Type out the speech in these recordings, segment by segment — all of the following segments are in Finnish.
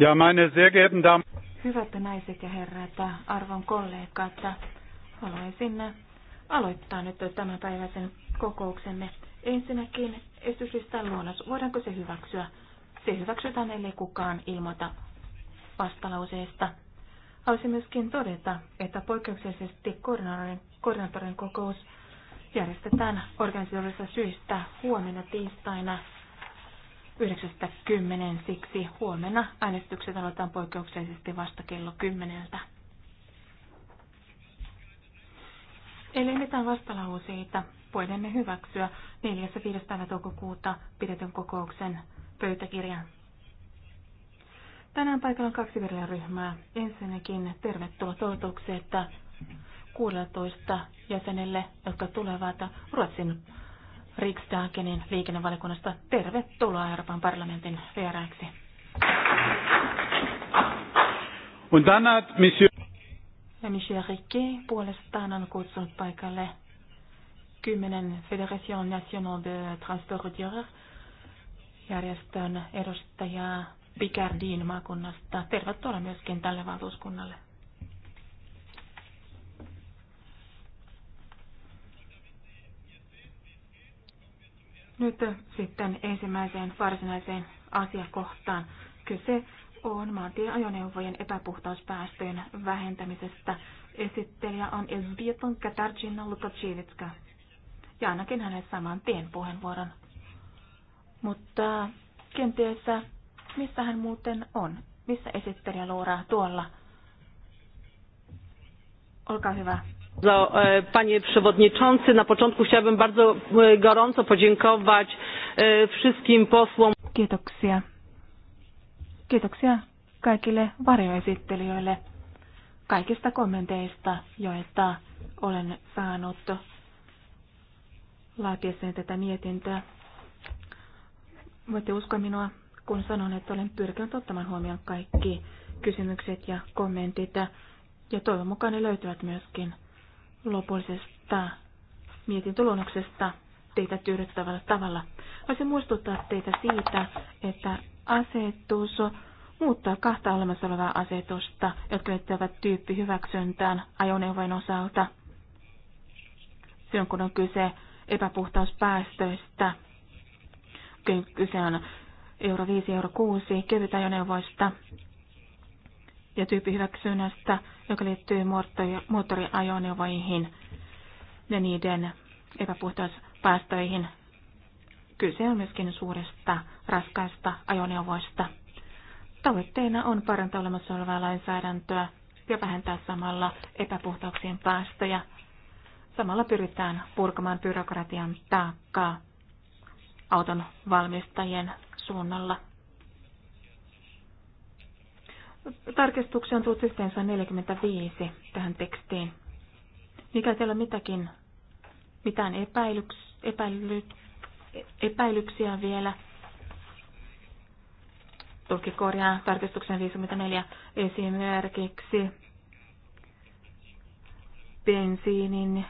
Ja meine sehr geehrten Damen. Hyvät naiset ja herrat, arvon kollegat, haluaisin aloittaa nyt tämän päiväisen kokouksemme. Ensinnäkin esitystä luonnos. Voidaanko se hyväksyä? Se hyväksytään, ellei kukaan ilmoita vastalauseesta. Haluaisin myöskin todeta, että poikkeuksellisesti koordinaattorin kokous järjestetään organisatorisista syistä huomenna tiistaina 9.10. Siksi huomenna äänestykset aloitetaan poikkeuksellisesti vasta kello 10. Eli mitään vastalauseita voidaan hyväksyä 4. ja 5. päivä toukokuuta pidetyn kokouksen pöytäkirjan. Tänään paikalla on kaksi ryhmää. Ensinnäkin tervetuloa että 16 jäsenelle, jotka tulevat Ruotsin Riksdagenin liikennevalikunnasta. Tervetuloa Euroopan parlamentin vieraiksi. Und dann hat Monsieur... Ja Michel Ricci puolestaan on kutsunut paikalle 10 Fédération Nationale de Transport järjestön edustajaa Picardin maakunnasta. Tervetuloa myöskin tälle valtuuskunnalle. Nyt sitten ensimmäiseen varsinaiseen asiakohtaan. Kyse on maantieajoneuvojen epäpuhtauspäästöjen vähentämisestä. Esittelijä on Elzbieton Katarjina Lukacivitska. Ja ainakin hänen saman tien puheenvuoron. Mutta kenties, missä hän muuten on? Missä esittelijä luuraa tuolla? Olkaa hyvä. E, panie Przewodniczący, na początku chciałabym bardzo e, gorąco podziękować e, wszystkim posłom. Kiitoksia. Kiitoksia kaikille varjoesittelijöille kaikista kommenteista, joita olen saanut laatiessani tätä mietintöä. Voitte uskoa minua, kun sanon, että olen pyrkinyt ottamaan huomioon kaikki kysymykset ja kommentit, ja toivon mukaan ne löytyvät myöskin lopullisesta mietintöluonnoksesta teitä tyydyttävällä tavalla. Voisin muistuttaa teitä siitä, että asetus muuttaa kahta olemassa olevaa asetusta, jotka liittyvät tyyppihyväksyntään ajoneuvojen osalta. Silloin kun on kyse epäpuhtauspäästöistä, kyse on euro 5, euro 6 kevytajoneuvoista ja tyyppihyväksynnästä, joka liittyy moottoriajoneuvoihin ja niiden epäpuhtauspäästöihin. Kyse on myöskin suurista raskaista ajoneuvoista. Tavoitteena on parantaa olemassa olevaa lainsäädäntöä ja vähentää samalla epäpuhtauksien päästöjä. Samalla pyritään purkamaan byrokratian taakkaa auton valmistajien suunnalla. Tarkistuksia on tullut yhteensä 45 tähän tekstiin. Mikä teillä on mitäkin, mitään epäilyks, epäily, epäilyksiä vielä? Tulki korjaa tarkistuksen 54 esimerkiksi bensiinin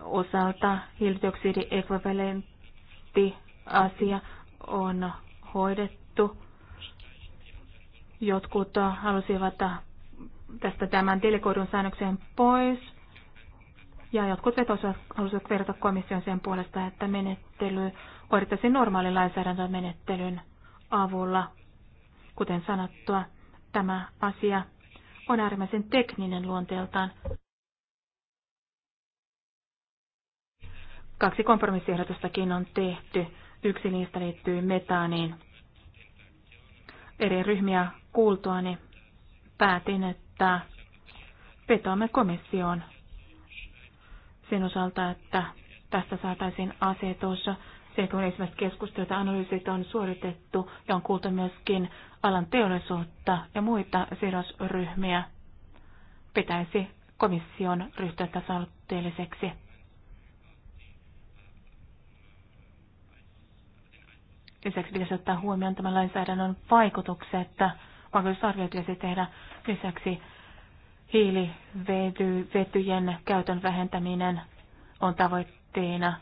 osalta hiilidioksidi ekvivalentti asia on hoidettu. Jotkut halusivat tästä tämän delegoidun säännöksen pois, ja jotkut vetosivat halusivat verrata komission sen puolesta, että menettely hoidettaisiin normaalin lainsäädäntömenettelyn avulla. Kuten sanottua, tämä asia on äärimmäisen tekninen luonteeltaan. Kaksi kompromissiehdotustakin on tehty. Yksi niistä liittyy metaaniin. Eri ryhmiä kuultuani päätin, että vetoamme komissioon sen osalta, että tästä saataisiin asetus. Se, kun ensimmäistä keskustelua analyysit on suoritettu ja on kuultu myöskin alan teollisuutta ja muita sidosryhmiä, pitäisi komission ryhtyä tasa Lisäksi pitäisi ottaa huomioon tämän lainsäädännön vaikutukset, vaikutusarviointia pitäisi tehdä. Lisäksi hiilivetyjen käytön vähentäminen on tavoitteena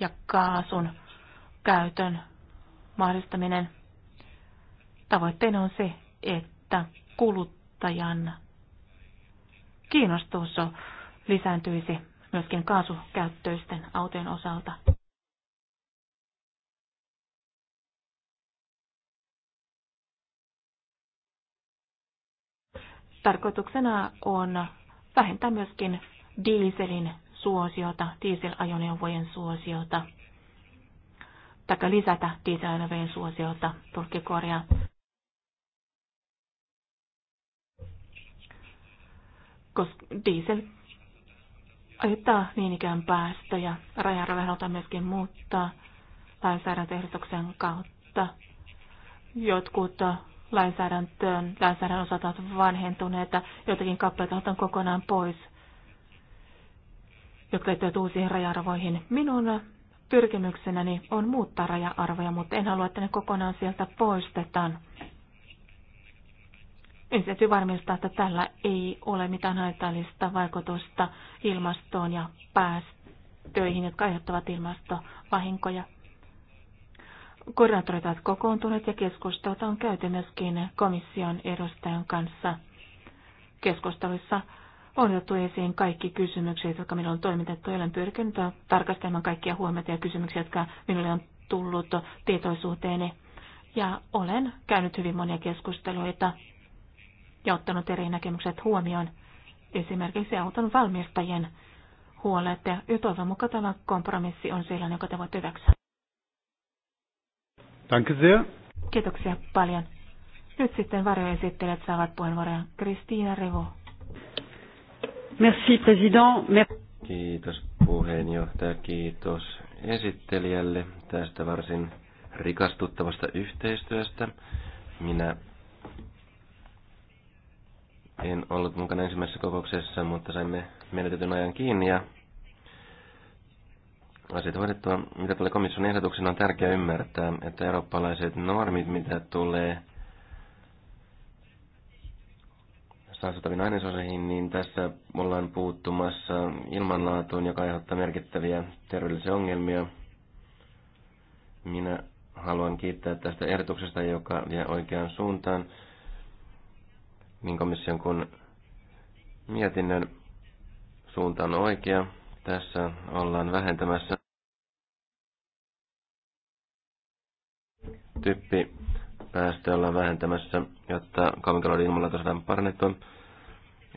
ja kaasun käytön mahdollistaminen. Tavoitteena on se, että kuluttajan kiinnostus lisääntyisi myöskin kaasukäyttöisten autojen osalta. Tarkoituksena on vähentää myöskin dieselin suosiota, dieselajoneuvojen suosiota, tai lisätä dieselajoneuvojen suosiota, tulkkikorjaa. Koska diesel aiheuttaa niin ikään päästöjä. Rajaralla halutaan myöskin muuttaa lainsäädäntöehdotuksen kautta. Jotkut lainsäädäntöön, lainsäädännön osalta ovat vanhentuneita, joitakin kappaleita otan kokonaan pois, jotka liittyvät uusiin raja-arvoihin. Minun pyrkimyksenäni on muuttaa raja-arvoja, mutta en halua, että ne kokonaan sieltä poistetaan. Ensin täytyy varmistaa, että tällä ei ole mitään haitallista vaikutusta ilmastoon ja päästöihin, jotka aiheuttavat ilmastovahinkoja. Koordinaattorit ovat kokoontuneet ja keskustelut on käyty myöskin komission edustajan kanssa. Keskusteluissa on otettu esiin kaikki kysymykset, jotka minulle on toimitettu. Olen pyrkinyt tarkastelemaan kaikkia huomioita ja kysymyksiä, jotka minulle on tullut tietoisuuteeni. Ja olen käynyt hyvin monia keskusteluita ja ottanut eri näkemykset huomioon. Esimerkiksi auton valmistajien huolet ja toivon mukaan tämä kompromissi on sellainen, joka te voitte hyväksyä. Danke sehr. Kiitoksia paljon. Nyt sitten varjoesittelijät saavat puheenvuoroja. Kristiina Revo. Merci, president. Kiitos puheenjohtaja, kiitos esittelijälle tästä varsin rikastuttavasta yhteistyöstä. Minä en ollut mukana ensimmäisessä kokouksessa, mutta saimme menetetyn ajan kiinni ja asiat hoidettua. Mitä tulee komission ehdotuksen, on tärkeää ymmärtää, että eurooppalaiset normit, mitä tulee saastuttaviin ainesoseihin, niin tässä ollaan puuttumassa ilmanlaatuun, joka aiheuttaa merkittäviä terveellisiä ongelmia. Minä haluan kiittää tästä ehdotuksesta, joka vie oikeaan suuntaan niin komission kuin mietinnön suunta on oikea. Tässä ollaan vähentämässä tyyppi päästöjä ollaan vähentämässä, jotta kaupunkilodin ilmanlaatu saadaan parannettua.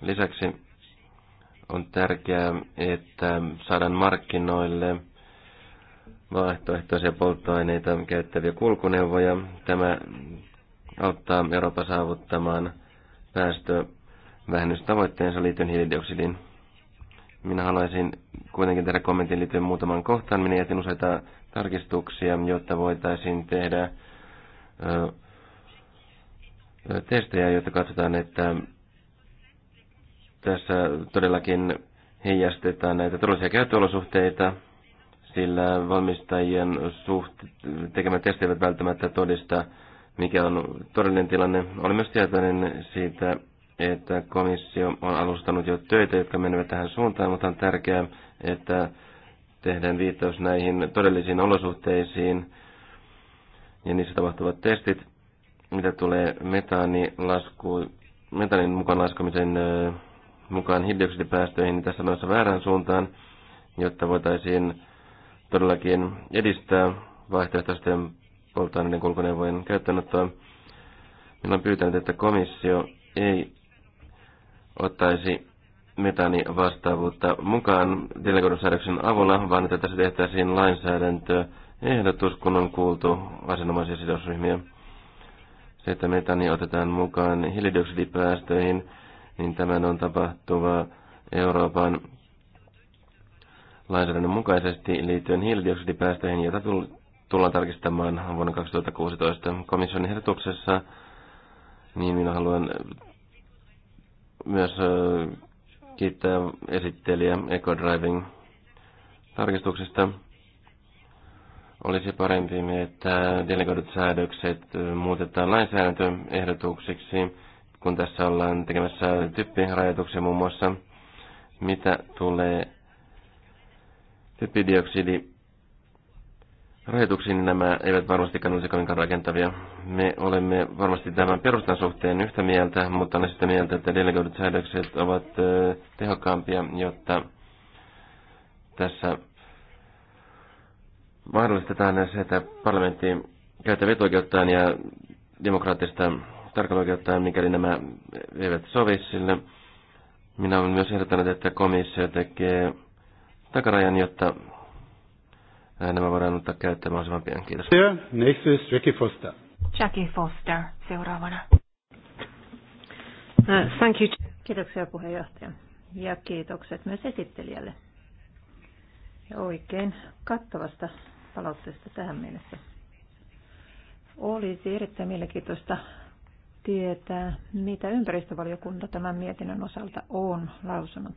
Lisäksi on tärkeää, että saadaan markkinoille vaihtoehtoisia polttoaineita käyttäviä kulkuneuvoja. Tämä auttaa Eurooppa saavuttamaan päästövähennystavoitteensa liittyen hiilidioksidin. Minä haluaisin kuitenkin tehdä kommentin liittyen muutaman kohtaan. Minä jätin useita tarkistuksia, jotta voitaisiin tehdä testejä, joita katsotaan, että tässä todellakin heijastetaan näitä todellisia käyttöolosuhteita, sillä valmistajien suht, tekemät testit eivät välttämättä todista, mikä on todellinen tilanne. Olen myös tietoinen siitä, että komissio on alustanut jo töitä, jotka menevät tähän suuntaan, mutta on tärkeää, että tehdään viittaus näihin todellisiin olosuhteisiin ja niissä tapahtuvat testit, mitä tulee metaanilaskuun, metanin mukaan laskemisen mukaan hiilidioksidipäästöihin, niin tässä menossa väärään suuntaan, jotta voitaisiin todellakin edistää vaihtoehtoisten polttoaineiden kulkuneuvojen käyttöönottoa. Minä olen pyytänyt, että komissio ei ottaisi metaanivastaavuutta mukaan delegoidun säädöksen avulla, vaan että tässä tehtäisiin lainsäädäntö ehdotus, kun on kuultu asianomaisia sidosryhmiä. Se, että metani otetaan mukaan hiilidioksidipäästöihin, niin tämän on tapahtuva Euroopan lainsäädännön mukaisesti liittyen hiilidioksidipäästöihin, jota tullaan tarkistamaan vuonna 2016 komission ehdotuksessa, niin minä haluan myös kiittää esittelijä EcoDriving tarkistuksesta. Olisi parempi, että delegoidut säädökset muutetaan lainsäädäntöehdotuksiksi, kun tässä ollaan tekemässä typpirajoituksia muun muassa, mitä tulee typpidioksidi rajoituksiin, niin nämä eivät varmasti olisi kovinkaan rakentavia. Me olemme varmasti tämän perustan suhteen yhtä mieltä, mutta olen sitä mieltä, että delegoidut säädökset ovat tehokkaampia, jotta tässä mahdollistetaan se, että parlamentti käyttää vetoikeuttaan ja demokraattista tarkkailuoikeuttaan, mikäli nämä eivät sovi sille. Minä olen myös ehdottanut, että komissio tekee takarajan, jotta nämä voidaan ottaa käyttöön mahdollisimman pian. Kiitos. Next is Jackie Foster. Jackie Foster seuraavana. Uh, thank you. Kiitoksia puheenjohtaja ja kiitokset myös esittelijälle oikein kattavasta palautteesta tähän mennessä. Olisi erittäin mielenkiintoista tietää, mitä ympäristövaliokunta tämän mietinnön osalta on lausunut.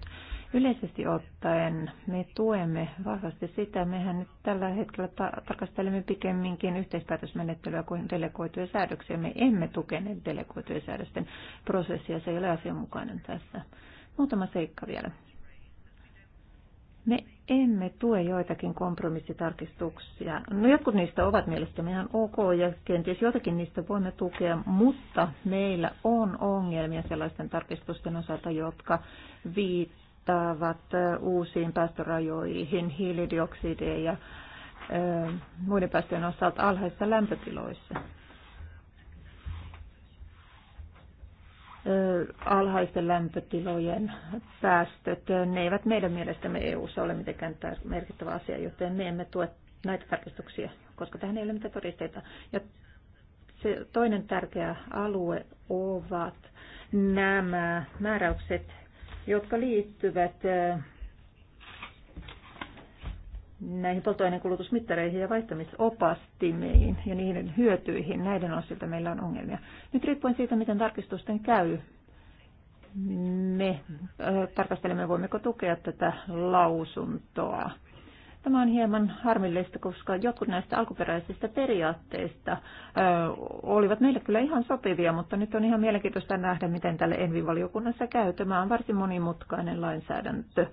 Yleisesti ottaen me tuemme vahvasti sitä. Mehän nyt tällä hetkellä ta- tarkastelemme pikemminkin yhteispäätösmenettelyä kuin delegoituja säädöksiä. Me emme tukeneet delegoituja säädösten prosessia, se ei ole asianmukainen tässä. Muutama seikka vielä. Me emme tue joitakin kompromissitarkistuksia. No, jotkut niistä ovat mielestäni ihan ok ja kenties jotakin niistä voimme tukea, mutta meillä on ongelmia sellaisten tarkistusten osalta, jotka viittaavat uusiin päästörajoihin, hiilidioksideja ja muiden päästöjen osalta alhaisissa lämpötiloissa. alhaisten lämpötilojen päästöt, ne eivät meidän mielestämme EU-ssa ole mitenkään merkittävä asia, joten me emme tue näitä tarkistuksia, koska tähän ei ole mitään todisteita. Ja se toinen tärkeä alue ovat nämä määräykset, jotka liittyvät näihin polttoaineen kulutusmittareihin ja vaihtamisopastimiin ja niiden hyötyihin. Näiden osilta meillä on ongelmia. Nyt riippuen siitä, miten tarkistusten käy, me tarkastelemme, voimmeko tukea tätä lausuntoa. Tämä on hieman harmillista, koska jotkut näistä alkuperäisistä periaatteista ö, olivat meille kyllä ihan sopivia, mutta nyt on ihan mielenkiintoista nähdä, miten tälle Envivaliokunnassa käy. Tämä on varsin monimutkainen lainsäädäntö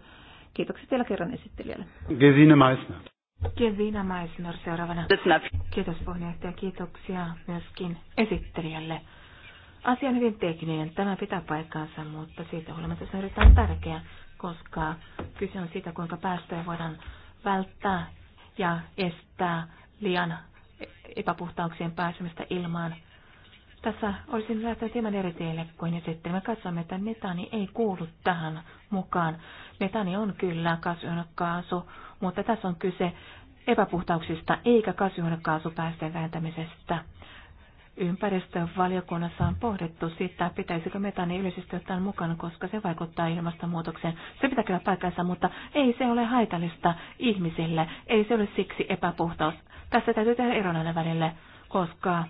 Kiitokset vielä kerran esittelijälle. Gesine Meissner. Gesine Meissner seuraavana. Kiitos puheenjohtaja, kiitoksia myöskin esittelijälle. Asia on hyvin tekninen, tämä pitää paikkaansa, mutta siitä huolimatta se on erittäin tärkeä, koska kyse on siitä, kuinka päästöjä voidaan välttää ja estää liian epäpuhtauksien pääsemistä ilmaan tässä olisin lähtenyt hieman eri teille kun nyt sitten. Me katsomme, että metani ei kuulu tähän mukaan. Metani on kyllä kasvihuonekaasu, mutta tässä on kyse epäpuhtauksista eikä kasvihuonekaasupäästöjen vähentämisestä. Ympäristövaliokunnassa on pohdittu sitä, pitäisikö metani yleisesti ottaa mukaan, koska se vaikuttaa ilmastonmuutokseen. Se pitää kyllä paikkansa, mutta ei se ole haitallista ihmisille, ei se ole siksi epäpuhtaus. Tässä täytyy tehdä ero välille, koska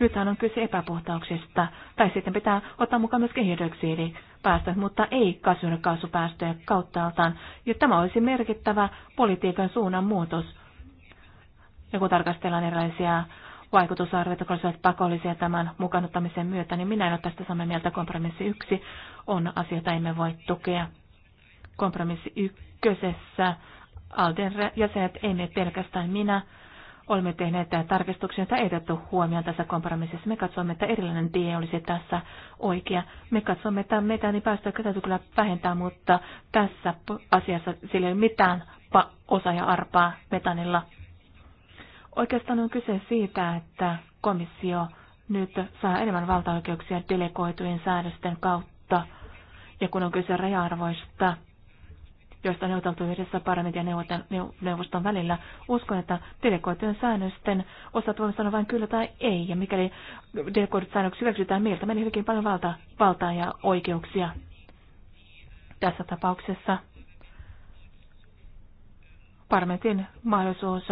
Nythän on kyse epäpuhtauksista, tai sitten pitää ottaa mukaan myös hiilidioksidipäästöt, mutta ei kasvihuonekaasupäästöjä kauttaaltaan. Ja tämä olisi merkittävä politiikan suunnan muutos. Ja kun tarkastellaan erilaisia vaikutusarvioita, jotka olisivat pakollisia tämän mukaanottamisen myötä, niin minä en ole tästä samaa mieltä. Kompromissi yksi on asia, jota emme voi tukea. Kompromissi ykkösessä Alden jäsenet, ei pelkästään minä, Olemme tehneet tarkistuksia, joita ei otettu huomioon tässä kompromississa. Me katsomme, että erilainen tie olisi tässä oikea. Me katsomme, että meitä metaanipäästöjä niin täytyy kyllä vähentää, mutta tässä asiassa sillä ei ole mitään osa ja arpaa metanilla. Oikeastaan on kyse siitä, että komissio nyt saa enemmän valtaoikeuksia delegoitujen säädösten kautta. Ja kun on kyse raja-arvoista, joista on neuvoteltu yhdessä parlamentin ja neuvoston välillä. Uskon, että delegoitujen säännösten osat voivat sanoa vain kyllä tai ei, ja mikäli delegoidut säännökset hyväksytään, mieltä meni hyvinkin paljon valta, valtaa ja oikeuksia. Tässä tapauksessa parlamentin mahdollisuus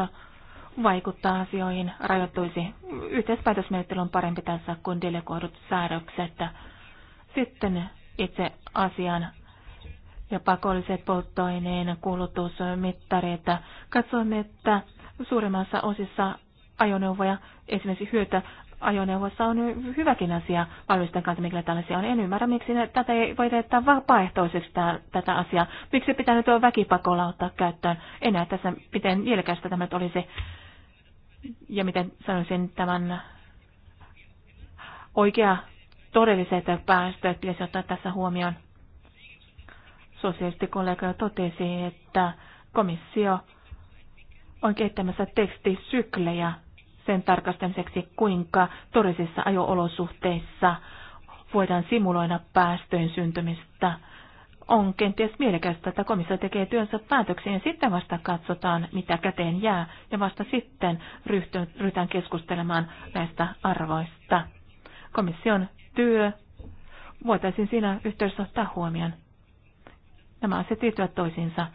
vaikuttaa asioihin rajoittuisi. Yhteispäätösmenettely on parempi tässä kuin delegoidut säädökset. Sitten itse asian ja pakolliset polttoaineen kulutusmittareita. Katsoimme, että suurimmassa osissa ajoneuvoja, esimerkiksi hyötä ajoneuvossa on hyväkin asia valmistajan kanssa, mikä tällaisia on. En ymmärrä, miksi ne, tätä ei voi tehdä vapaaehtoiseksi tää, tätä asiaa. Miksi pitää nyt väkipakolla ottaa käyttöön? En näe tässä, miten mielekästä tämä olisi ja miten sanoisin tämän oikea todelliset päästöt pitäisi ottaa tässä huomioon sosialistikollega totesi, että komissio on kehittämässä tekstisyklejä sen tarkastamiseksi, kuinka todellisissa ajo-olosuhteissa voidaan simuloida päästöjen syntymistä. On kenties mielekästä, että komissio tekee työnsä päätöksiä ja sitten vasta katsotaan, mitä käteen jää, ja vasta sitten ryhdytään keskustelemaan näistä arvoista. Komission työ voitaisiin siinä yhteydessä ottaa huomioon. Nämä asiat liittyvät toisiinsa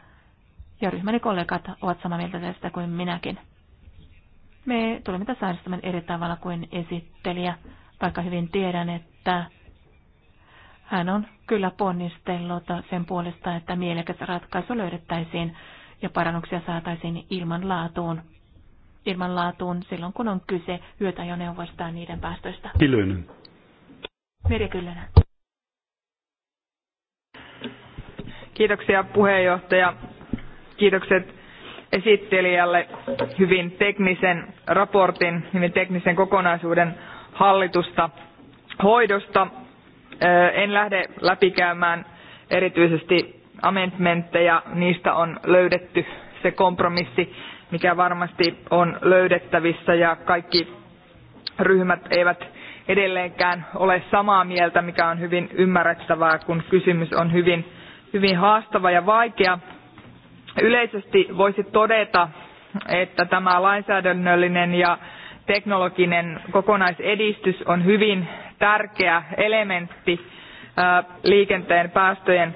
ja ryhmäni kollegat ovat samaa mieltä tästä kuin minäkin. Me tulemme tässä äänestämään eri tavalla kuin esittelijä, vaikka hyvin tiedän, että hän on kyllä ponnistellut sen puolesta, että mielekäs ratkaisu löydettäisiin ja parannuksia saataisiin ilman laatuun. Ilman laatuun silloin, kun on kyse hyötäjoneuvoista ja niiden päästöistä. Ilöinen. Merja Kyllönen. Kiitoksia puheenjohtaja. Kiitokset esittelijälle hyvin teknisen raportin, hyvin teknisen kokonaisuuden hallitusta hoidosta. En lähde läpikäymään erityisesti amendmentteja, niistä on löydetty se kompromissi, mikä varmasti on löydettävissä ja kaikki ryhmät eivät edelleenkään ole samaa mieltä, mikä on hyvin ymmärrettävää, kun kysymys on hyvin hyvin haastava ja vaikea. Yleisesti voisi todeta, että tämä lainsäädännöllinen ja teknologinen kokonaisedistys on hyvin tärkeä elementti liikenteen päästöjen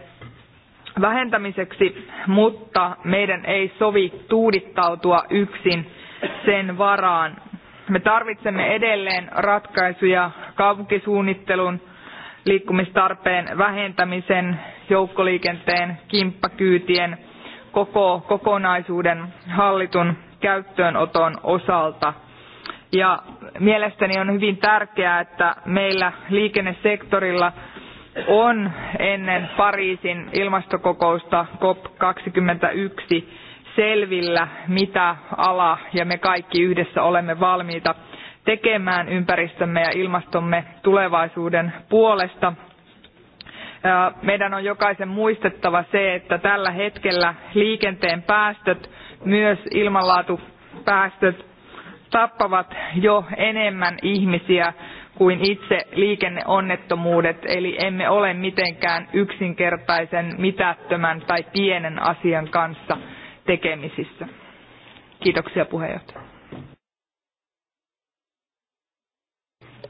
vähentämiseksi, mutta meidän ei sovi tuudittautua yksin sen varaan. Me tarvitsemme edelleen ratkaisuja kaupunkisuunnittelun, liikkumistarpeen vähentämisen, joukkoliikenteen, kimppakyytien, koko kokonaisuuden hallitun käyttöönoton osalta. Ja mielestäni on hyvin tärkeää, että meillä liikennesektorilla on ennen Pariisin ilmastokokousta COP21 selvillä, mitä ala ja me kaikki yhdessä olemme valmiita tekemään ympäristömme ja ilmastomme tulevaisuuden puolesta. Meidän on jokaisen muistettava se, että tällä hetkellä liikenteen päästöt, myös ilmanlaatupäästöt, tappavat jo enemmän ihmisiä kuin itse liikenneonnettomuudet, eli emme ole mitenkään yksinkertaisen, mitättömän tai pienen asian kanssa tekemisissä. Kiitoksia puheenjohtaja.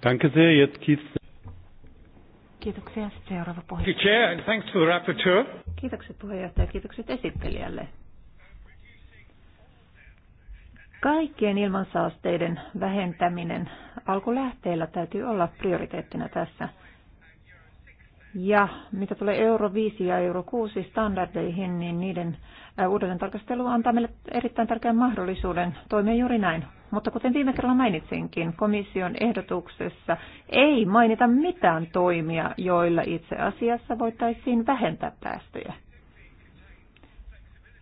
Danke sehr, jetzt Keith. Kiitoksia. Seuraava puheenjohtaja. Kiitokset puheenjohtaja. Kiitokset esittelijälle. Kaikkien ilmansaasteiden vähentäminen alkulähteillä täytyy olla prioriteettina tässä ja mitä tulee euro 5 ja euro 6 standardeihin, niin niiden äh, uudelleen tarkastelu antaa meille erittäin tärkeän mahdollisuuden toimia juuri näin. Mutta kuten viime kerralla mainitsinkin, komission ehdotuksessa ei mainita mitään toimia, joilla itse asiassa voitaisiin vähentää päästöjä.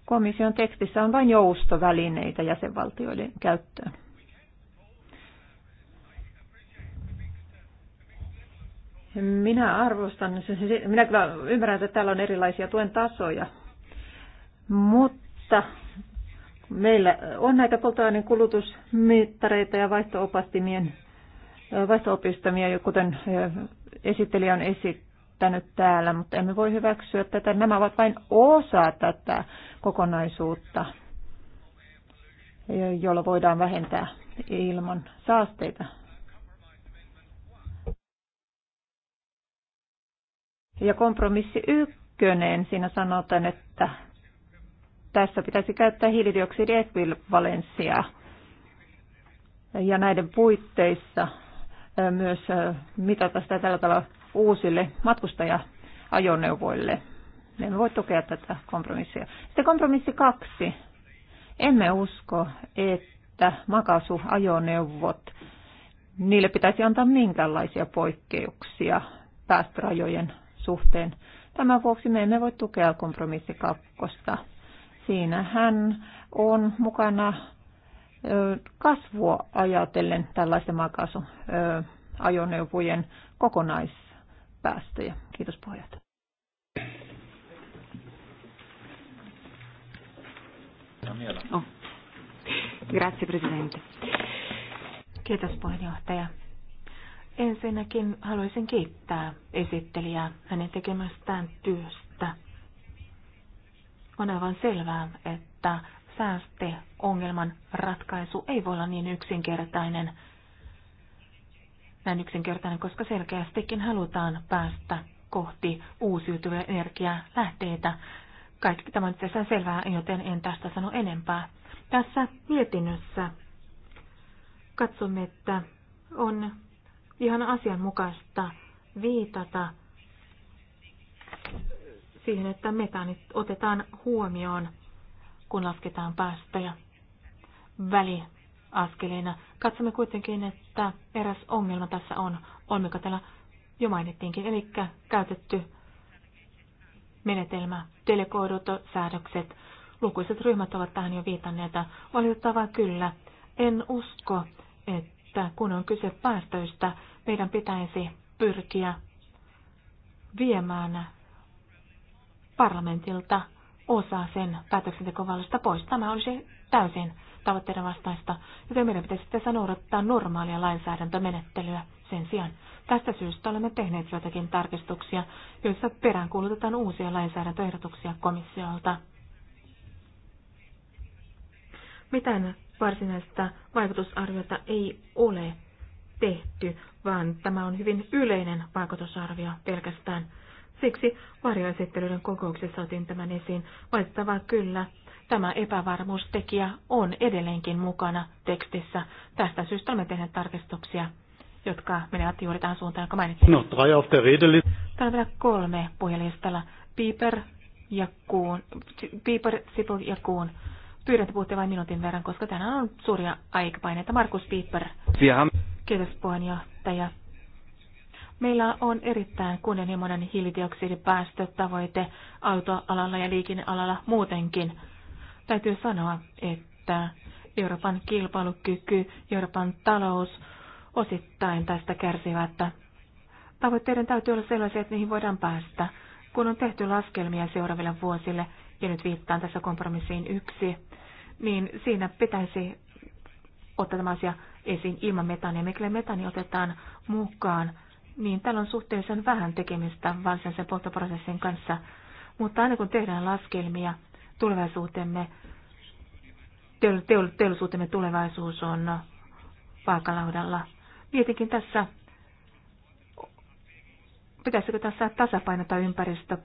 Komission tekstissä on vain joustovälineitä jäsenvaltioiden käyttöön. Minä arvostan, minä kyllä ymmärrän, että täällä on erilaisia tuen tasoja, mutta meillä on näitä polttoaineen kulutusmittareita ja vaihtoopastimien vaihtoopistamia, kuten esittelijä on esittänyt täällä, mutta emme voi hyväksyä tätä. Nämä ovat vain osa tätä kokonaisuutta, jolla voidaan vähentää ilman saasteita. Ja kompromissi ykkönen, siinä sanotaan, että tässä pitäisi käyttää hiilidioksidiekvivalenssia. Ja näiden puitteissa myös mitata sitä tällä tavalla uusille matkustaja-ajoneuvoille. Me emme voi tukea tätä kompromissia. Sitten kompromissi kaksi. Emme usko, että makasuajoneuvot, niille pitäisi antaa minkäänlaisia poikkeuksia päästörajojen suhteen. Tämän vuoksi me emme voi tukea kompromissikakkosta. Siinä hän on mukana kasvua ajatellen tällaisten maakaasuajoneuvojen kokonaispäästöjä. Kiitos pohjat. Oh. Grazie Presidente. Kiitos puheenjohtaja. Ensinnäkin haluaisin kiittää esittelijää hänen tekemästään työstä. On aivan selvää, että säästeongelman ratkaisu ei voi olla niin yksinkertainen. Näin yksinkertainen, koska selkeästikin halutaan päästä kohti uusiutuvia energialähteitä. Kaikki tämä on itsessään selvää, joten en tästä sano enempää. Tässä mietinnössä katsomme, että on ihan asianmukaista viitata siihen, että metaanit otetaan huomioon, kun lasketaan päästöjä väliaskeleina. Katsomme kuitenkin, että eräs ongelma tässä on, on mikä täällä jo mainittiinkin, eli käytetty menetelmä, delegoidut säädökset. Lukuiset ryhmät ovat tähän jo viitanneet. Valitettavaa kyllä. En usko, että että kun on kyse päästöistä, meidän pitäisi pyrkiä viemään parlamentilta osa sen päätöksentekovallasta pois. Tämä olisi täysin tavoitteiden vastaista, joten meidän pitäisi tässä noudattaa normaalia lainsäädäntömenettelyä sen sijaan. Tästä syystä olemme tehneet joitakin tarkistuksia, joissa peräänkuulutetaan uusia lainsäädäntöehdotuksia komissiolta. Mitään varsinaista vaikutusarviota ei ole tehty, vaan tämä on hyvin yleinen vaikutusarvio pelkästään. Siksi varjoesittelyiden kokouksessa otin tämän esiin. Valitettavaa kyllä, tämä epävarmuustekijä on edelleenkin mukana tekstissä. Tästä syystä olemme tehneet tarkistuksia, jotka menevät juuri tähän suuntaan, joka mainitsin. No, Täällä on vielä kolme puhelistalla. Piper ja Kuun. Piper, Sipul ja Kuun. Pyydän, että puhutte vain minuutin verran, koska tänään on suuria aikapaineita. Markus Piipper. Kiitos puheenjohtaja. Meillä on erittäin kunnianhimoinen hiilidioksidipäästötavoite autoalalla ja liikennealalla muutenkin. Täytyy sanoa, että Euroopan kilpailukyky, Euroopan talous osittain tästä kärsivät. Tavoitteiden täytyy olla sellaisia, että niihin voidaan päästä. Kun on tehty laskelmia seuraaville vuosille, ja nyt viittaan tässä kompromissiin yksi, niin siinä pitäisi ottaa tämä asia esiin ilman metania. Mikäli metani otetaan mukaan, niin täällä on suhteellisen vähän tekemistä varsinaisen polttoprosessin kanssa. Mutta aina kun tehdään laskelmia, tulevaisuutemme, teollisuutemme tulevaisuus on vaakalaudalla. Mietinkin tässä, pitäisikö tässä tasapainota ympäristö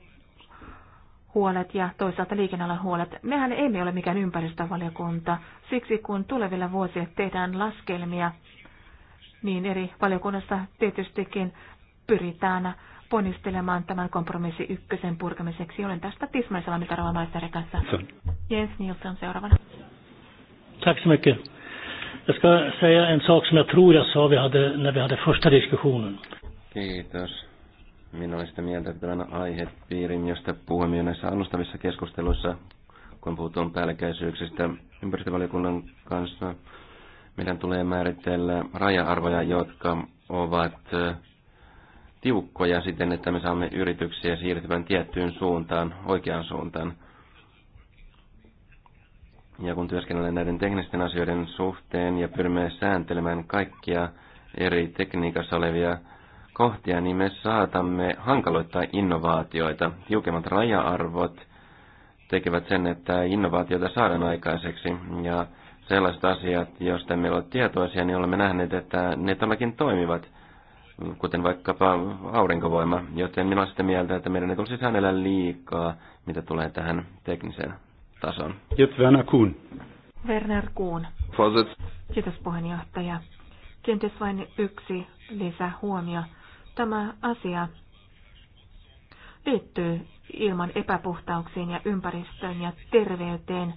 huolet ja toisaalta liikennealan huolet. Mehän emme ole mikään ympäristövaliokunta. Siksi kun tulevilla vuosia tehdään laskelmia, niin eri valiokunnassa tietystikin pyritään ponnistelemaan tämän kompromissi ykkösen purkamiseksi. Olen tästä Tismaisella mitä mieltä kanssa. Jens Nilsson seuraavana. Tack så mycket. Jag ska säga en sak som jag tror jag sa vi hade, när vi hade första diskussionen. Kiitos. Minä olen sitä mieltä, että tämän aihepiirin, josta puhumme jo näissä alustavissa keskusteluissa, kun puhutaan päällekkäisyyksistä ympäristövaliokunnan kanssa, meidän tulee määritellä raja-arvoja, jotka ovat tiukkoja siten, että me saamme yrityksiä siirtymään tiettyyn suuntaan, oikeaan suuntaan. Ja kun työskennellään näiden teknisten asioiden suhteen ja pyrimme sääntelemään kaikkia eri tekniikassa olevia kohtia, niin me saatamme hankaloittaa innovaatioita. Tiukemmat raja-arvot tekevät sen, että innovaatioita saadaan aikaiseksi. Ja sellaiset asiat, joista meillä ole tietoisia, niin olemme nähneet, että ne todellakin toimivat, kuten vaikkapa aurinkovoima. Joten minä olen sitä mieltä, että meidän ei tulisi säännellä liikaa, mitä tulee tähän tekniseen tasoon. Jep, Werner Kuhn. Werner Kuhn. Kiitos puheenjohtaja. Kenties vain yksi lisähuomio. Tämä asia liittyy ilman epäpuhtauksiin ja ympäristöön ja terveyteen.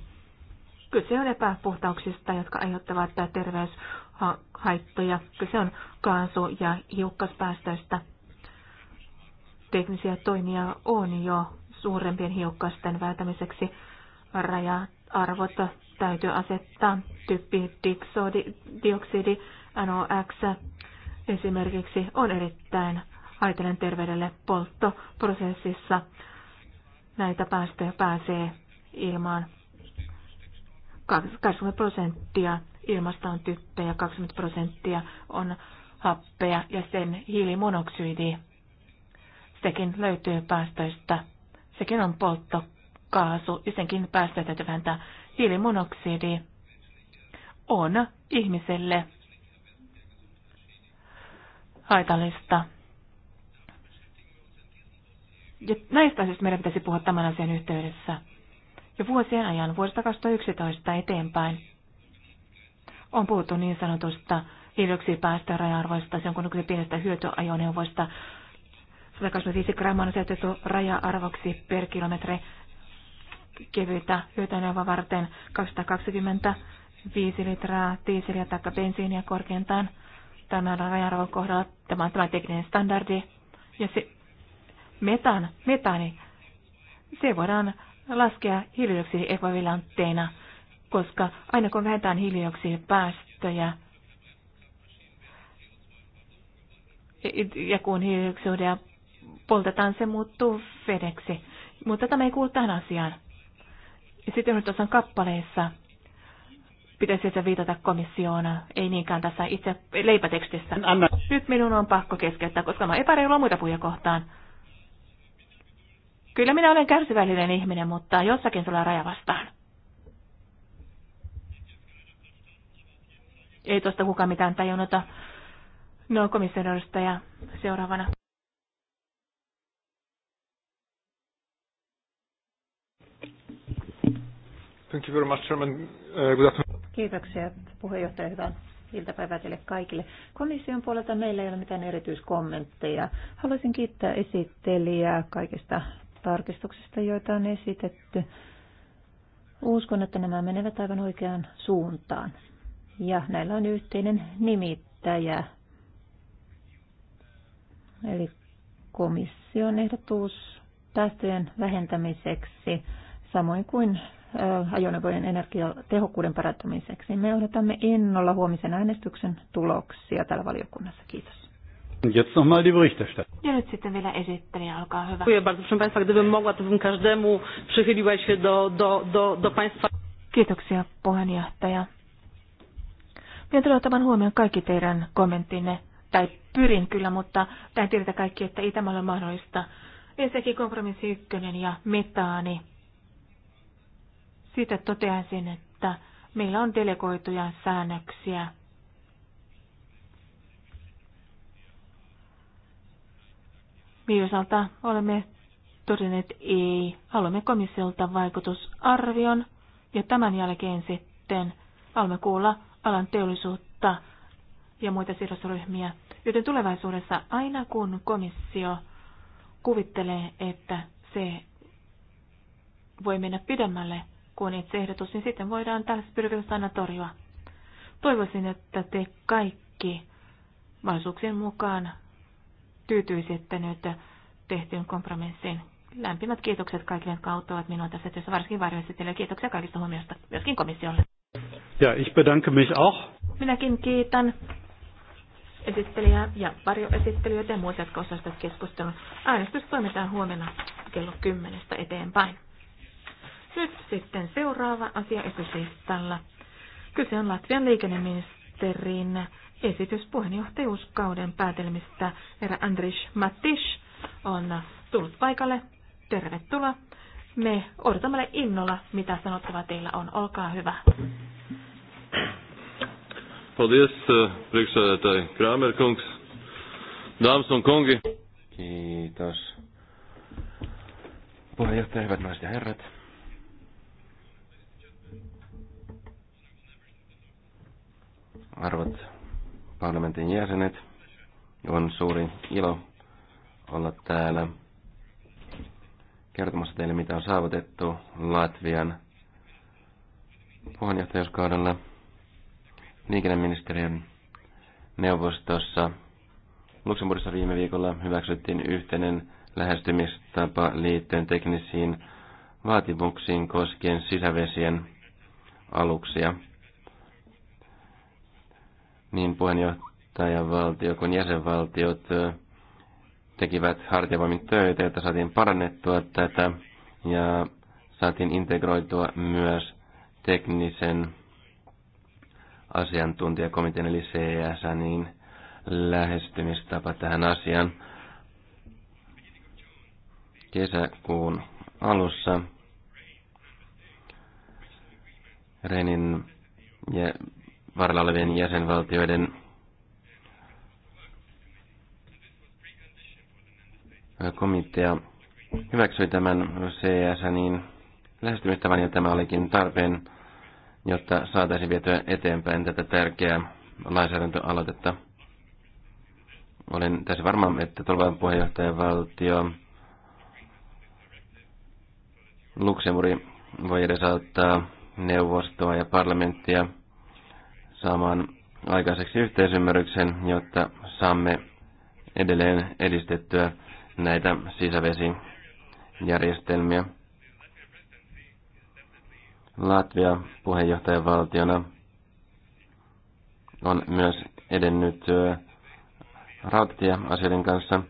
Kyse on epäpuhtauksista, jotka aiheuttavat terveyshaittoja. Kyse on kaasu- ja hiukkaspäästöistä. Teknisiä toimia on jo suurempien hiukkasten vältämiseksi. Raja-arvot täytyy asettaa typpi dioksidi NOx esimerkiksi on erittäin haitallinen terveydelle polttoprosessissa. Näitä päästöjä pääsee ilmaan 20 prosenttia ilmasta on typpeä ja 20 prosenttia on happea ja sen hiilimonoksidi. Sekin löytyy päästöistä. Sekin on polttokaasu ja senkin päästöitä täytyy vähentää. Hiilimonoksidi on ihmiselle haitallista. Ja näistä asioista meidän pitäisi puhua tämän asian yhteydessä. Jo vuosien ajan, vuodesta 2011 eteenpäin, on puhuttu niin sanotusta raja arvoista se on kuin pienestä hyötyajoneuvoista. 125 grammaa on asetettu raja-arvoksi per kilometri kevyitä hyötyajoneuvoa varten 225 litraa diiseliä tai bensiiniä korkeintaan – tämän rajanarvon kohdalla. Tämä on tämä tekninen standardi. Ja se metan, metani, se voidaan laskea hiilidioksidiekvivalentteina, koska aina kun vähentään hiilidioksidipäästöjä, ja kun hiilidioksidia poltetaan, se muuttuu vedeksi. Mutta tämä ei kuulu tähän asiaan. Ja Sitten nyt tuossa kappaleessa pitäisi se viitata komissioon, ei niinkään tässä itse leipätekstissä. Anna. Nyt minun on pakko keskeyttää, koska mä epäreilu muita puja kohtaan. Kyllä minä olen kärsivällinen ihminen, mutta jossakin tulee raja vastaan. Ei tuosta kukaan mitään tajunnut. No, komission edustaja seuraavana. Thank you very much, Chairman. Uh, good afternoon. Kiitoksia puheenjohtaja. Hyvää iltapäivää teille kaikille. Komission puolelta meillä ei ole mitään erityiskommentteja. Haluaisin kiittää esittelijää kaikista tarkistuksista, joita on esitetty. Uskon, että nämä menevät aivan oikeaan suuntaan. Ja näillä on yhteinen nimittäjä. Eli komission ehdotus päästöjen vähentämiseksi, samoin kuin Äh, ajoneuvojen energiatehokkuuden parantamiseksi. Me odotamme innolla huomisen äänestyksen tuloksia täällä valiokunnassa. Kiitos. Jetzt nochmal die Berichterstattung. Ja nyt sitten vielä esittelijä, olkaa hyvä. Dziękuję bardzo. Proszę Państwa, gdybym mogła, to bym każdemu przychyliła się do, do, do, do Państwa. Kiitoksia puheenjohtaja. Minä tulen ottamaan huomioon kaikki teidän kommenttinne, tai pyrin kyllä, mutta tämä tiedetä kaikki, että Itämällä on mahdollista. Ensinnäkin kompromissi ykkönen ja metaani siitä toteaisin, että meillä on delegoituja säännöksiä. Miisalta olemme todenneet ei. Haluamme komissiolta vaikutusarvion ja tämän jälkeen sitten haluamme kuulla alan teollisuutta ja muita sidosryhmiä. Joten tulevaisuudessa aina kun komissio kuvittelee, että se voi mennä pidemmälle kuin itse ehdotus, niin sitten voidaan tällaiset pyrkimykset aina torjua. Toivoisin, että te kaikki mahdollisuuksien mukaan tyytyisitte nyt tehtyyn kompromissiin. Lämpimät kiitokset kaikille, jotka auttavat minua tässä työssä, varsinkin varjoesittelijöille. Kiitoksia kaikista huomiosta, myöskin komissiolle. Ja, ich bedanke mich auch. Minäkin kiitän esittelijää ja varjoesittelijöitä ja muita, jotka osallistuvat keskustelun. Äänestys toimitaan huomenna kello 10 eteenpäin. Nyt sitten seuraava asia esityslistalla. Kyse on Latvian liikenneministerin puheenjohtajuuskauden päätelmistä. Herra Andris Mattis on tullut paikalle. Tervetuloa. Me odotamme innolla, mitä sanottavaa teillä on. Olkaa hyvä. Paldies, eh, priekšsēdētāji Krāmerkungs. Dāmas un Kiitos. Puheenjohtaja, hyvät naiset ja herrat. Arvot parlamentin jäsenet, on suuri ilo olla täällä kertomassa teille, mitä on saavutettu Latvian puheenjohtajuuskaudella liikenneministeriön neuvostossa. Luxemburgissa viime viikolla hyväksyttiin yhteinen lähestymistapa liittyen teknisiin vaatimuksiin koskien sisävesien aluksia niin valtio kuin jäsenvaltiot tekivät hartiavoimin töitä, jotta saatiin parannettua tätä ja saatiin integroitua myös teknisen asiantuntijakomitean eli CSNin lähestymistapa tähän asiaan. Kesäkuun alussa Renin ja varrella olevien jäsenvaltioiden komitea hyväksyi tämän CS, niin lähestymistavan ja tämä olikin tarpeen, jotta saataisiin vietyä eteenpäin tätä tärkeää lainsäädäntöaloitetta. Olen tässä varma, että tulevan puheenjohtajavaltio Luxemburg voi edesauttaa neuvostoa ja parlamenttia – saamaan aikaiseksi yhteisymmärryksen, jotta saamme edelleen edistettyä näitä sisävesijärjestelmiä. Latvia puheenjohtajavaltiona on myös edennyt rautatieasioiden kanssa.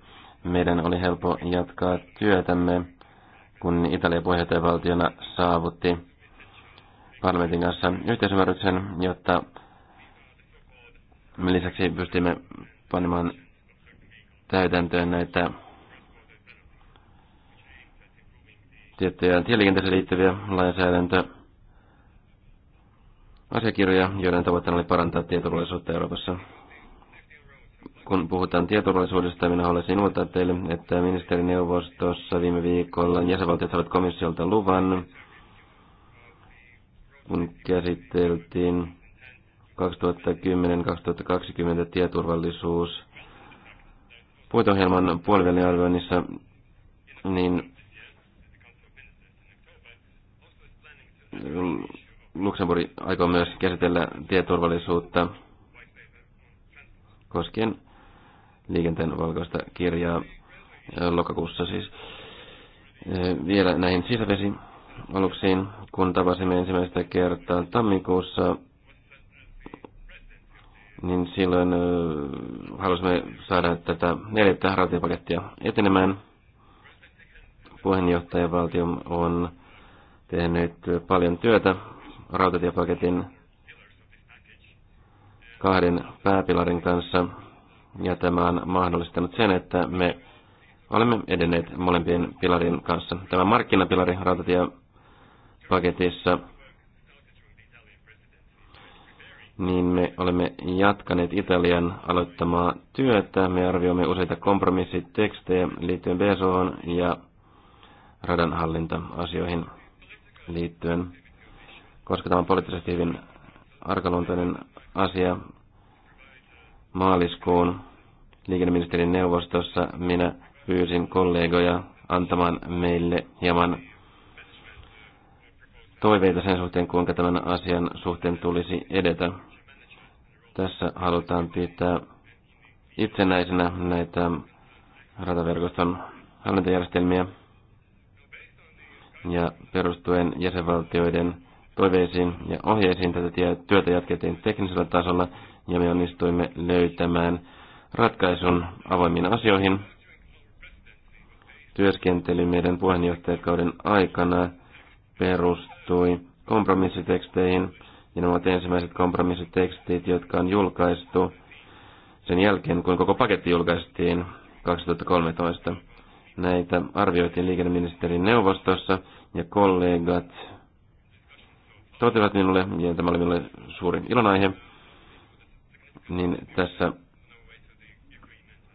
Meidän oli helppo jatkaa työtämme, kun Italia puheenjohtajavaltiona saavutti parlamentin kanssa yhteisymmärryksen, jotta me Lisäksi pystymme panemaan täytäntöön näitä tiettyjä tieliikenteeseen liittyviä lainsäädäntö asiakirjoja, joiden tavoitteena oli parantaa tieturvallisuutta Euroopassa. Kun puhutaan tieturvallisuudesta, minä haluaisin ilmoittaa teille, että ministerineuvostossa viime viikolla jäsenvaltiot saivat komissiolta luvan, kun käsiteltiin 2010-2020 tieturvallisuus Puitohjelman puolivälin arvioinnissa, niin Luxemburg aikoo myös käsitellä tieturvallisuutta koskien liikenteen valkoista kirjaa lokakuussa siis. Vielä näihin sisävesialuksiin, kun tapasimme ensimmäistä kertaa tammikuussa niin silloin halusimme saada tätä neljättä rautatiepakettia etenemään. Puheenjohtajavaltio on tehnyt paljon työtä rautatiepaketin kahden pääpilarin kanssa, ja tämä on mahdollistanut sen, että me olemme edenneet molempien pilarin kanssa. Tämä markkinapilari rautatiepaketissa – niin me olemme jatkaneet Italian aloittamaa työtä. Me arvioimme useita kompromissitekstejä liittyen besoon ja radanhallinta-asioihin liittyen. Koska tämä on poliittisesti hyvin arkaluontoinen asia maaliskuun liikenneministerin neuvostossa, minä pyysin kollegoja antamaan meille hieman toiveita sen suhteen, kuinka tämän asian suhteen tulisi edetä. Tässä halutaan pitää itsenäisenä näitä rataverkoston hallintajärjestelmiä ja perustuen jäsenvaltioiden toiveisiin ja ohjeisiin tätä työtä jatkettiin teknisellä tasolla ja me onnistuimme löytämään ratkaisun avoimiin asioihin. Työskentely meidän puheenjohtajakauden aikana perustuu osallistui kompromissiteksteihin, ja ne ovat ensimmäiset kompromissitekstit, jotka on julkaistu sen jälkeen, kun koko paketti julkaistiin 2013. Näitä arvioitiin liikenneministerin neuvostossa, ja kollegat totivat minulle, ja tämä oli minulle suuri ilonaihe, niin tässä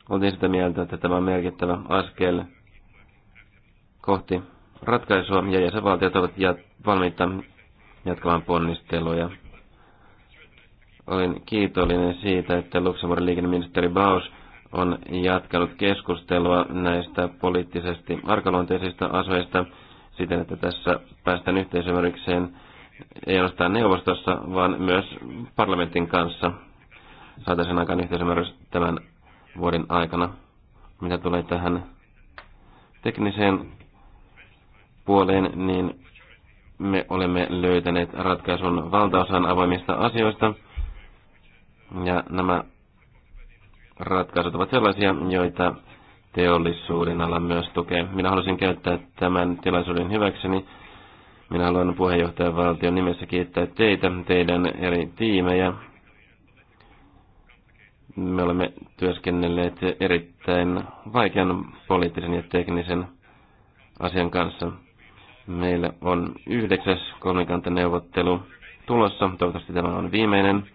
oltiin sitä mieltä, että tämä on merkittävä askel kohti ratkaisua ja jäsenvaltiot ovat valmiita jatkamaan ponnisteluja. Olin kiitollinen siitä, että Luxemburgin liikenneministeri Baus on jatkanut keskustelua näistä poliittisesti arkaluonteisista asioista siten, että tässä päästään yhteisymmärrykseen ei ainoastaan neuvostossa, vaan myös parlamentin kanssa saataisiin aikaan yhteisymmärrys tämän vuoden aikana. Mitä tulee tähän tekniseen puoleen, niin me olemme löytäneet ratkaisun valtaosan avoimista asioista. Ja nämä ratkaisut ovat sellaisia, joita teollisuuden ala myös tukee. Minä haluaisin käyttää tämän tilaisuuden hyväkseni. Minä haluan puheenjohtajan valtion nimessä kiittää teitä, teidän eri tiimejä. Me olemme työskennelleet erittäin vaikean poliittisen ja teknisen asian kanssa. Meillä on yhdeksäs kolmikantaneuvottelu tulossa. Toivottavasti tämä on viimeinen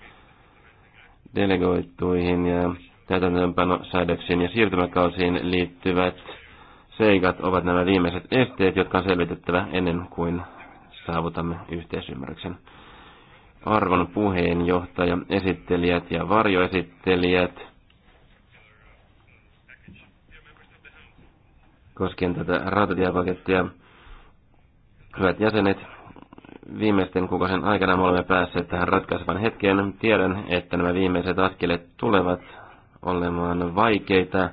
delegoituihin ja täytäntöönpanosäädöksiin ja siirtymäkausiin liittyvät seikat ovat nämä viimeiset esteet, jotka on selvitettävä ennen kuin saavutamme yhteisymmärryksen. Arvon puheenjohtaja, esittelijät ja varjoesittelijät, koskien tätä rautatiepakettia, Hyvät jäsenet, viimeisten kuukausien aikana me olemme päässeet tähän ratkaisevan hetkeen. Tiedän, että nämä viimeiset askeleet tulevat olemaan vaikeita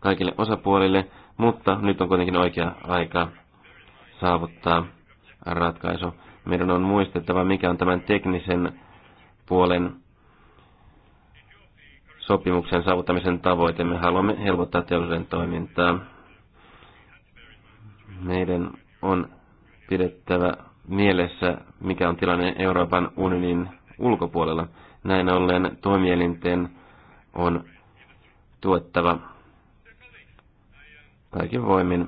kaikille osapuolille, mutta nyt on kuitenkin oikea aika saavuttaa ratkaisu. Meidän on muistettava, mikä on tämän teknisen puolen sopimuksen saavuttamisen tavoite. Me haluamme helpottaa teollisuuden toimintaa. Meidän on pidettävä mielessä, mikä on tilanne Euroopan unionin ulkopuolella. Näin ollen toimielinten on tuottava kaikin voimin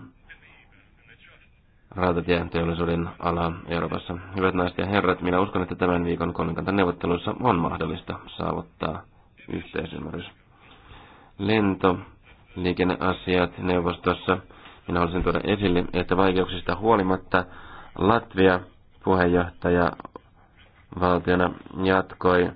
rautatieteollisuuden alaa Euroopassa. Hyvät naiset ja herrat, minä uskon, että tämän viikon kolmikantaneuvotteluissa on mahdollista saavuttaa yhteisymmärrys. Lento, liikenneasiat neuvostossa. Minä haluaisin tuoda esille, että vaikeuksista huolimatta Latvia puheenjohtaja valtiona jatkoi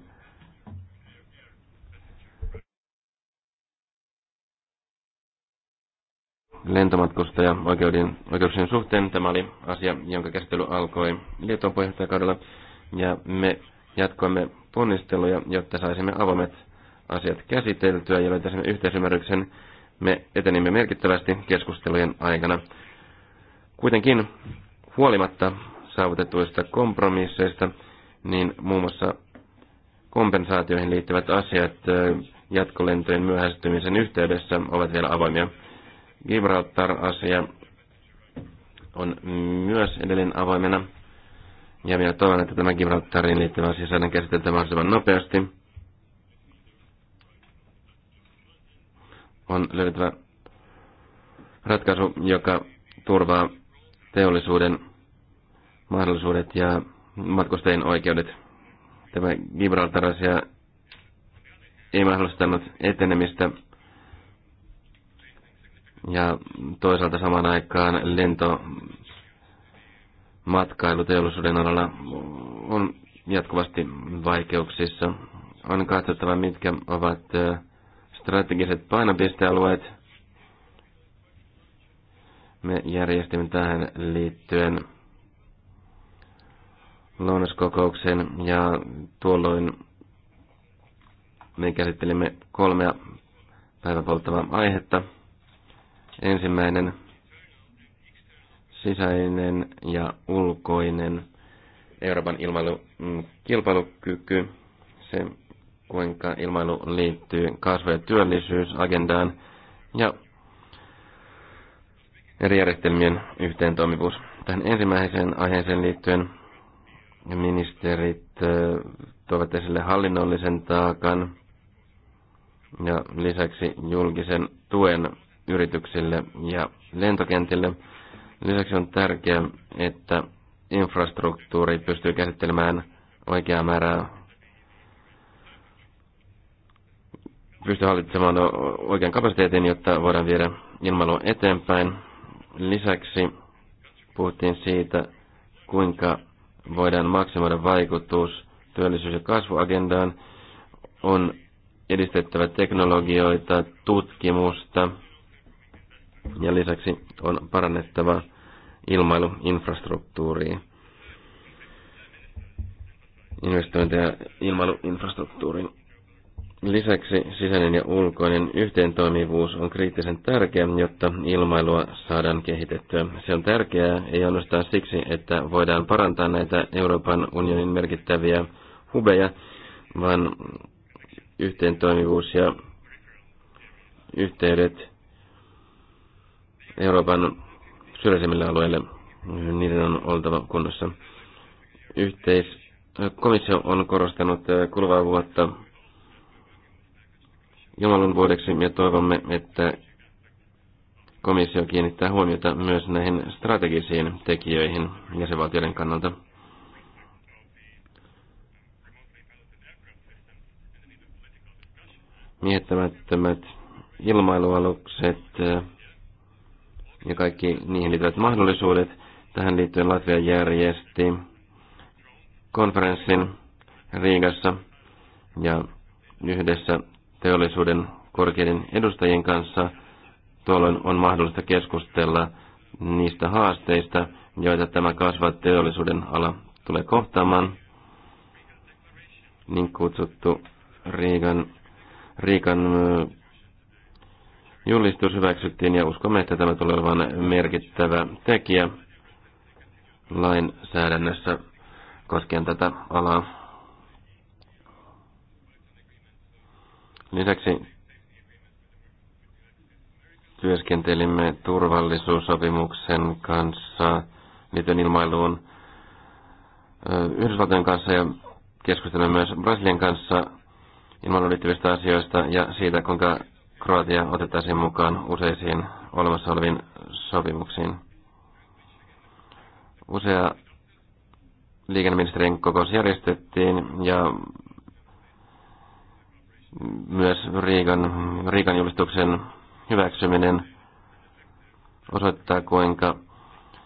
lentomatkustaja oikeuden, oikeuksien suhteen. Tämä oli asia, jonka käsittely alkoi Liettuan puheenjohtajakaudella. Ja me jatkoimme ponnisteluja, jotta saisimme avoimet asiat käsiteltyä ja löytäisimme yhteisymmärryksen. Me etenimme merkittävästi keskustelujen aikana. Kuitenkin Huolimatta saavutetuista kompromisseista, niin muun muassa kompensaatioihin liittyvät asiat jatkolentojen myöhästymisen yhteydessä ovat vielä avoimia. Gibraltar-asia on myös edelleen avoimena. Ja minä toivon, että tämä Gibraltariin liittyvä asia saadaan käsiteltä mahdollisimman nopeasti. On löydettävä ratkaisu, joka turvaa teollisuuden mahdollisuudet ja matkustajien oikeudet. Tämä Gibraltarasia ei mahdollistanut etenemistä ja toisaalta samaan aikaan lento matkailuteollisuuden alalla on jatkuvasti vaikeuksissa. On katsottava, mitkä ovat strategiset painopistealueet. Me järjestimme tähän liittyen lounaskokouksen ja tuolloin me käsittelimme kolmea päivän polttavaa aihetta. Ensimmäinen sisäinen ja ulkoinen Euroopan ilmailu mm, kilpailukyky, se kuinka ilmailu liittyy kasvu- ja työllisyysagendaan ja eri järjestelmien yhteentoimivuus. Tähän ensimmäiseen aiheeseen liittyen Ministerit äh, tuovat esille hallinnollisen taakan ja lisäksi julkisen tuen yrityksille ja lentokentille. Lisäksi on tärkeää, että infrastruktuuri pystyy käsittelemään oikeaa määrää, pystyy hallitsemaan oikean kapasiteetin, jotta voidaan viedä ilmailu eteenpäin. Lisäksi puhuttiin siitä, kuinka voidaan maksimoida vaikutus työllisyys- ja kasvuagendaan, on edistettävä teknologioita, tutkimusta ja lisäksi on parannettava ilmailuinfrastruktuuria. Investointeja ilmailuinfrastruktuuriin. Lisäksi sisäinen ja ulkoinen yhteentoimivuus on kriittisen tärkeä, jotta ilmailua saadaan kehitettyä. Se on tärkeää ei ainoastaan siksi, että voidaan parantaa näitä Euroopan unionin merkittäviä hubeja, vaan yhteentoimivuus ja yhteydet Euroopan syrjäisemmille alueille, niiden on oltava kunnossa. Yhteis, komissio on korostanut kuluvaa vuotta Jumalan vuodeksi ja toivomme, että komissio kiinnittää huomiota myös näihin strategisiin tekijöihin jäsenvaltioiden kannalta. Miettämättömät ilmailualukset äh, ja kaikki niihin liittyvät mahdollisuudet. Tähän liittyen Latvia järjesti konferenssin Riigassa ja yhdessä teollisuuden korkeiden edustajien kanssa. Tuolloin on mahdollista keskustella niistä haasteista, joita tämä kasvava teollisuuden ala tulee kohtaamaan. Niin kutsuttu Riikan, Riikan julistus hyväksyttiin ja uskomme, että tämä tulee olemaan merkittävä tekijä lainsäädännössä koskien tätä alaa. Lisäksi työskentelimme turvallisuussopimuksen kanssa niiden ilmailuun Yhdysvaltojen kanssa ja keskustelimme myös Brasilian kanssa ilmailuun liittyvistä asioista ja siitä, kuinka Kroatia otettaisiin mukaan useisiin olemassa oleviin sopimuksiin. Usea liikenneministerin kokous järjestettiin ja myös Riikan, Riikan julistuksen hyväksyminen osoittaa, kuinka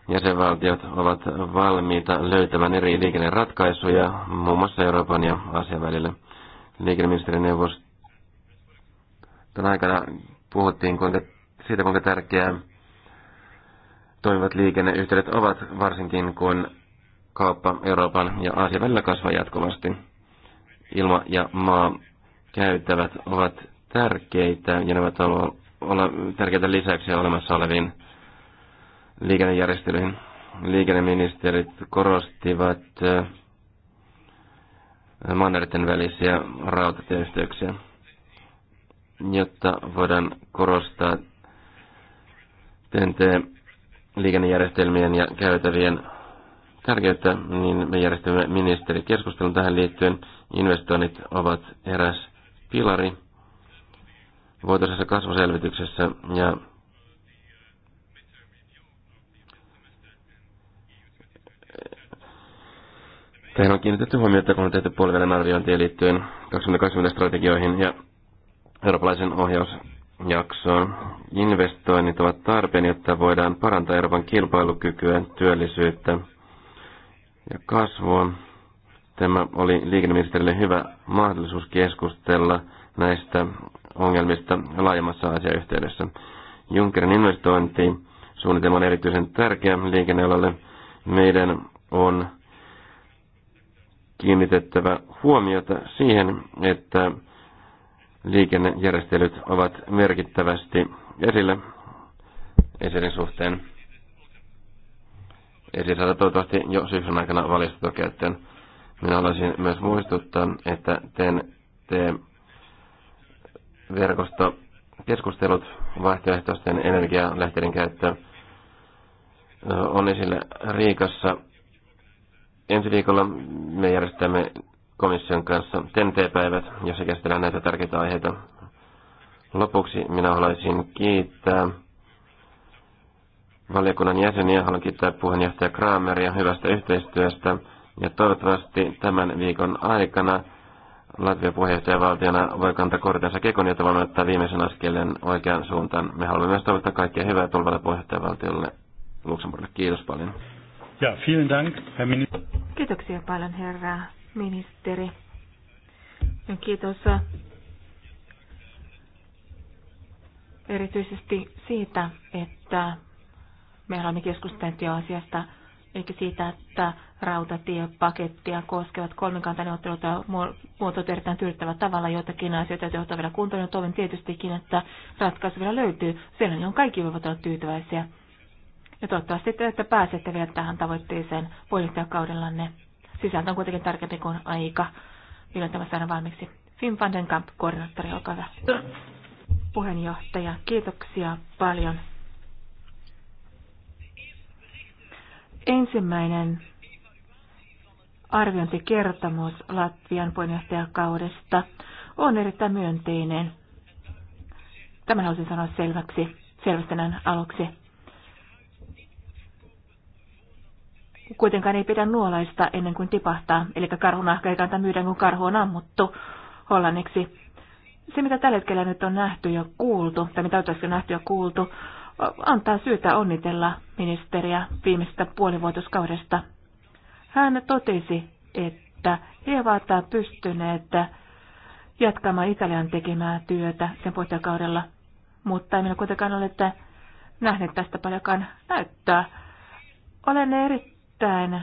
jäsenvaltiot ovat valmiita löytämään eri liikenneratkaisuja muun muassa Euroopan ja Aasian välillä. Liikenneministerineuvoston aikana puhuttiin kuinka, siitä, kuinka tärkeää toimivat liikenneyhteydet ovat, varsinkin kun kauppa Euroopan ja Aasian välillä kasvaa jatkuvasti. Ilma ja maa käytävät ovat tärkeitä ja ne ovat olla tärkeitä lisäyksiä olemassa oleviin liikennejärjestelyihin. Liikenneministerit korostivat äh, mannerten välisiä rautatieyhteyksiä, jotta voidaan korostaa TNT-liikennejärjestelmien ja käytävien tärkeyttä, niin me järjestämme ministerikeskustelun tähän liittyen. Investoinnit ovat eräs pilari vuotuisessa kasvuselvityksessä ja Tähän on kiinnitetty huomiota, kun on tehty puolivälin arviointia liittyen 2020-strategioihin ja eurooppalaisen ohjausjaksoon. Investoinnit ovat tarpeen, jotta voidaan parantaa Euroopan kilpailukykyä, työllisyyttä ja kasvua. Tämä oli liikenneministerille hyvä mahdollisuus keskustella näistä ongelmista laajemmassa asiayhteydessä. Junckerin suunnitelma on erityisen tärkeä liikennealalle. Meidän on kiinnitettävä huomiota siihen, että liikennejärjestelyt ovat merkittävästi esillä esiden suhteen. Esi saada toivottavasti jo syksyn aikana valistettua käyttöön. Minä haluaisin myös muistuttaa, että teen, te verkosto keskustelut vaihtoehtoisten energialähteiden käyttö on esillä Riikassa. Ensi viikolla me järjestämme komission kanssa TNT-päivät, jossa käsitellään näitä tärkeitä aiheita. Lopuksi minä haluaisin kiittää valiokunnan jäseniä, haluan kiittää puheenjohtaja Krameria hyvästä yhteistyöstä. Ja toivottavasti tämän viikon aikana Latvian puheenjohtajavaltiona voi kantaa kortensa kekon, jota voimme ottaa viimeisen askeleen oikean suuntaan. Me haluamme myös toivottaa kaikkia hyvää tulvalle puheenjohtajavaltiolle Luxemburgille. Kiitos paljon. Ja, vielen dank, herr minister. Kiitoksia paljon, herra ministeri. Ja kiitos äh, erityisesti siitä, että me olemme keskustelleet jo asiasta eli siitä, että rautatiepakettia koskevat kolmikantaneuvottelut muotoilut erittäin tyydyttävällä tavalla joitakin asioita, joita ottaa vielä kuntoon. ja Toivon tietystikin, että ratkaisu vielä löytyy. sen niin on kaikki voivat olla tyytyväisiä. Ja toivottavasti, että pääsette vielä tähän tavoitteeseen puheenjohtajakaudellanne. Sisältö on kuitenkin tärkeämpi kuin aika. Milloin tämä saadaan valmiiksi? Finn van den Kamp, koordinaattori, olkaa hyvä. Puheenjohtaja, kiitoksia paljon. Ensimmäinen arviointikertomus Latvian puheenjohtajakaudesta on erittäin myönteinen. Tämän haluaisin sanoa selväksi, selvästi näin aluksi. Kuitenkaan ei pidä nuolaista ennen kuin tipahtaa, eli karhunahka ei kannata myydä, kun karhu on ammuttu hollanniksi. Se, mitä tällä hetkellä nyt on nähty ja kuultu, tai mitä oltaisiin nähty ja kuultu, antaa syytä onnitella ministeriä viimeisestä puolivuotoskaudesta. Hän totesi, että he ovat pystyneet jatkamaan Italian tekemää työtä sen puheenjohtajakaudella, mutta en minä kuitenkaan ole että nähnyt tästä paljonkaan näyttää. Olen erittäin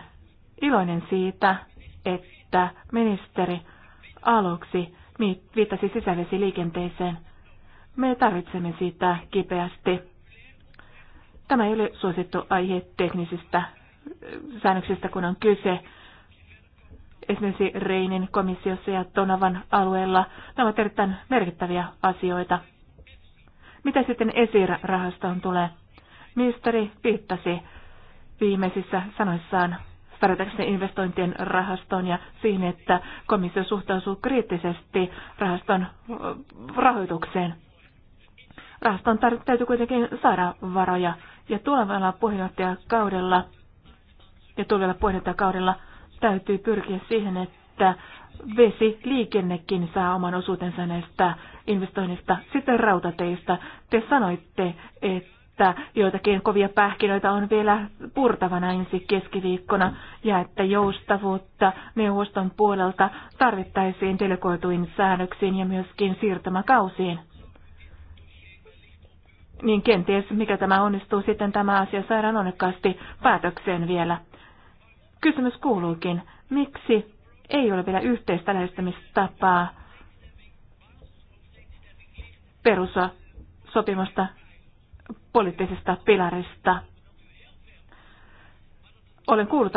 iloinen siitä, että ministeri aluksi viittasi sisävesiliikenteeseen. Me tarvitsemme sitä kipeästi. Tämä ei ole suosittu aihe teknisistä säännöksistä, kun on kyse esimerkiksi Reinin komissiossa ja Tonavan alueella. Nämä ovat erittäin merkittäviä asioita. Mitä sitten esirahastoon tulee? Ministeri viittasi viimeisissä sanoissaan strategisten investointien rahastoon ja siihen, että komissio suhtautuu kriittisesti rahaston rahoitukseen. Rahaston tar- täytyy kuitenkin saada varoja. Ja tulevalla puheenjohtajakaudella ja tulevalla puheenjohtajakaudella täytyy pyrkiä siihen, että liikennekin saa oman osuutensa näistä investoinnista. Sitten rautateista. Te sanoitte, että joitakin kovia pähkinöitä on vielä purtavana ensi keskiviikkona ja että joustavuutta neuvoston puolelta tarvittaisiin delegoituin säännöksiin ja myöskin siirtymäkausiin niin kenties mikä tämä onnistuu sitten tämä asia saadaan onnekkaasti päätökseen vielä. Kysymys kuuluukin, miksi ei ole vielä yhteistä lähestymistapaa perusa sopimusta poliittisesta pilarista? Olen kuullut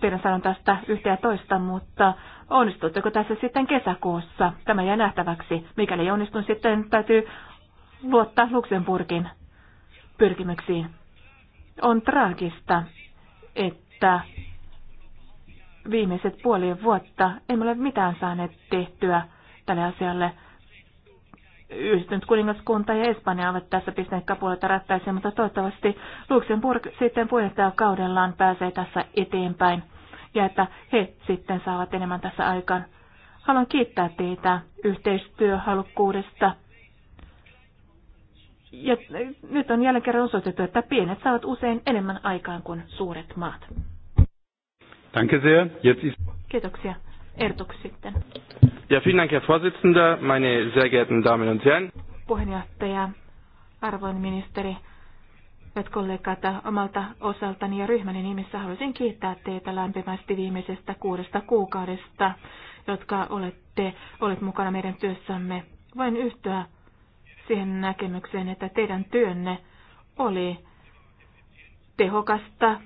teidän sanon tästä yhtä ja toista, mutta onnistutteko tässä sitten kesäkuussa? Tämä jää nähtäväksi. Mikäli onnistun sitten, täytyy luottaa Luxemburgin pyrkimyksiin. On traagista, että viimeiset puoli vuotta emme ole mitään saaneet tehtyä tälle asialle. Yhdistynyt kuningaskunta ja Espanja ovat tässä pistäneet kapuolta rattaisiin, mutta toivottavasti Luxemburg sitten kaudellaan pääsee tässä eteenpäin ja että he sitten saavat enemmän tässä aikaan. Haluan kiittää teitä yhteistyöhalukkuudesta ja nyt on jälleen kerran osoitettu, että pienet saavat usein enemmän aikaan kuin suuret maat. Danke sehr. Jetzt ist... Kiitoksia. Ertuks sitten. Ja vielen Dank, Herr Vorsitzender, meine sehr geehrten Damen und Herren. Puheenjohtaja, arvoin ministeri, hyvät kollegat, omalta osaltani ja ryhmäni nimissä haluaisin kiittää teitä lämpimästi viimeisestä kuudesta kuukaudesta, jotka olette olleet mukana meidän työssämme. Voin yhtyä siihen näkemykseen, että teidän työnne oli tehokasta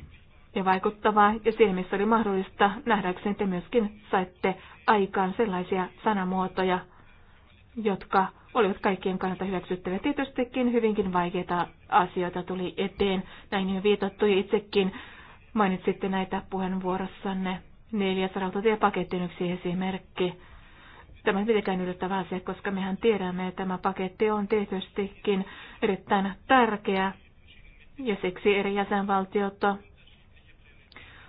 ja vaikuttavaa, ja siinä missä oli mahdollista nähdäkseen te myöskin saitte aikaan sellaisia sanamuotoja, jotka olivat kaikkien kannalta hyväksyttäviä. Tietystikin hyvinkin vaikeita asioita tuli eteen, näin on viitattu, itsekin mainitsitte näitä puheenvuorossanne. Neljäs rautatiepaketti on yksi esimerkki Tämä ei mitenkään yllättävä asia, koska mehän tiedämme, että tämä paketti on tietystikin erittäin tärkeä ja siksi eri jäsenvaltiot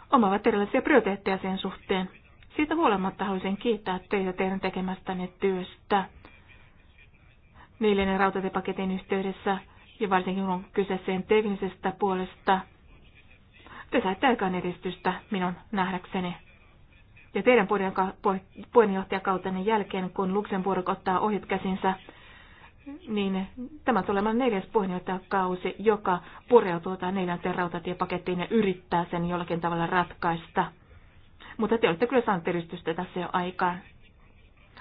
omavat erilaisia prioriteetteja sen suhteen. Siitä huolimatta haluaisin kiittää teitä teidän tekemästänne työstä neljännen rautatiepaketin yhteydessä ja varsinkin kun on kyse sen teknisestä puolesta. Te saitte aikaan edistystä minun nähdäkseni. Ja teidän puheenjohtajakautenne jälkeen, kun Luxemburg ottaa ohjat käsinsä, niin tämä tulee olemaan neljäs puheenjohtajakausi, joka pureutuu tähän neljänteen rautatiepakettiin ja yrittää sen jollakin tavalla ratkaista. Mutta te olette kyllä saaneet edistystä tässä jo aikaan.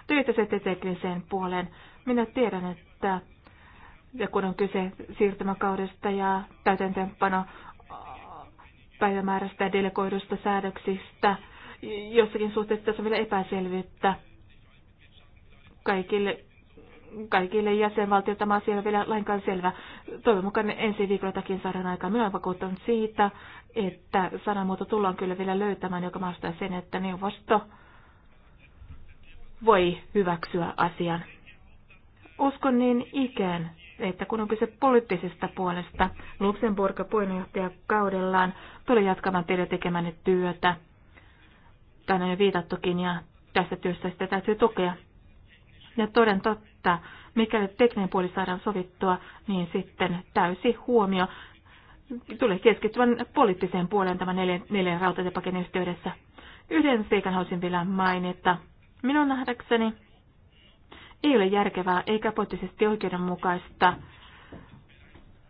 Te se tekniseen puoleen. Minä tiedän, että ja kun on kyse siirtymäkaudesta ja täytäntöönpano päivämäärästä ja delegoidusta säädöksistä, jossakin suhteessa tässä on vielä epäselvyyttä. Kaikille, kaikille jäsenvaltioille tämä asia on vielä lainkaan selvä. Toivon mukaan ensi viikolla takin saadaan aikaa. Minä olen vakuuttanut siitä, että sanamuoto tullaan kyllä vielä löytämään, joka mahdollistaa sen, että neuvosto voi hyväksyä asian. Uskon niin ikään, että kun on kyse poliittisesta puolesta, Luxemburg puheenjohtajakaudellaan kaudellaan tulee jatkamaan teille tekemänne työtä Tänne on jo viitattukin ja tässä työssä sitä täytyy tukea. Ja toden totta, mikäli tekninen puoli saadaan sovittua, niin sitten täysi huomio tulee keskittyvän poliittiseen puoleen tämän neljän, neljän rautatiepaketin yhteydessä. Yhden seikan haluaisin vielä mainita. Minun nähdäkseni ei ole järkevää eikä poliittisesti oikeudenmukaista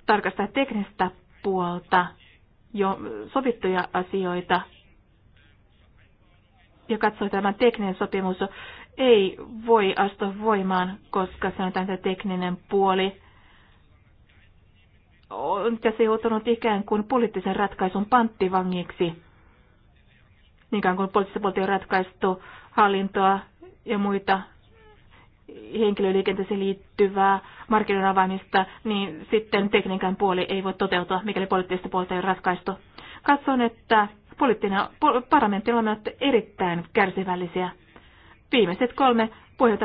tarkastaa teknistä puolta jo sovittuja asioita ja katsoi tämän tekninen sopimus, ei voi astua voimaan, koska sanotaan, että tekninen puoli on tässä joutunut ikään kuin poliittisen ratkaisun panttivangiksi. Niinkään kuin poliittisen puolta on ratkaistu hallintoa ja muita henkilöliikenteeseen liittyvää markkinoiden avaamista, niin sitten tekniikan puoli ei voi toteutua, mikäli poliittisesta puolta ei ole ratkaistu. Katson, että poliittinen parlamentti on ollut erittäin kärsivällisiä. Viimeiset kolme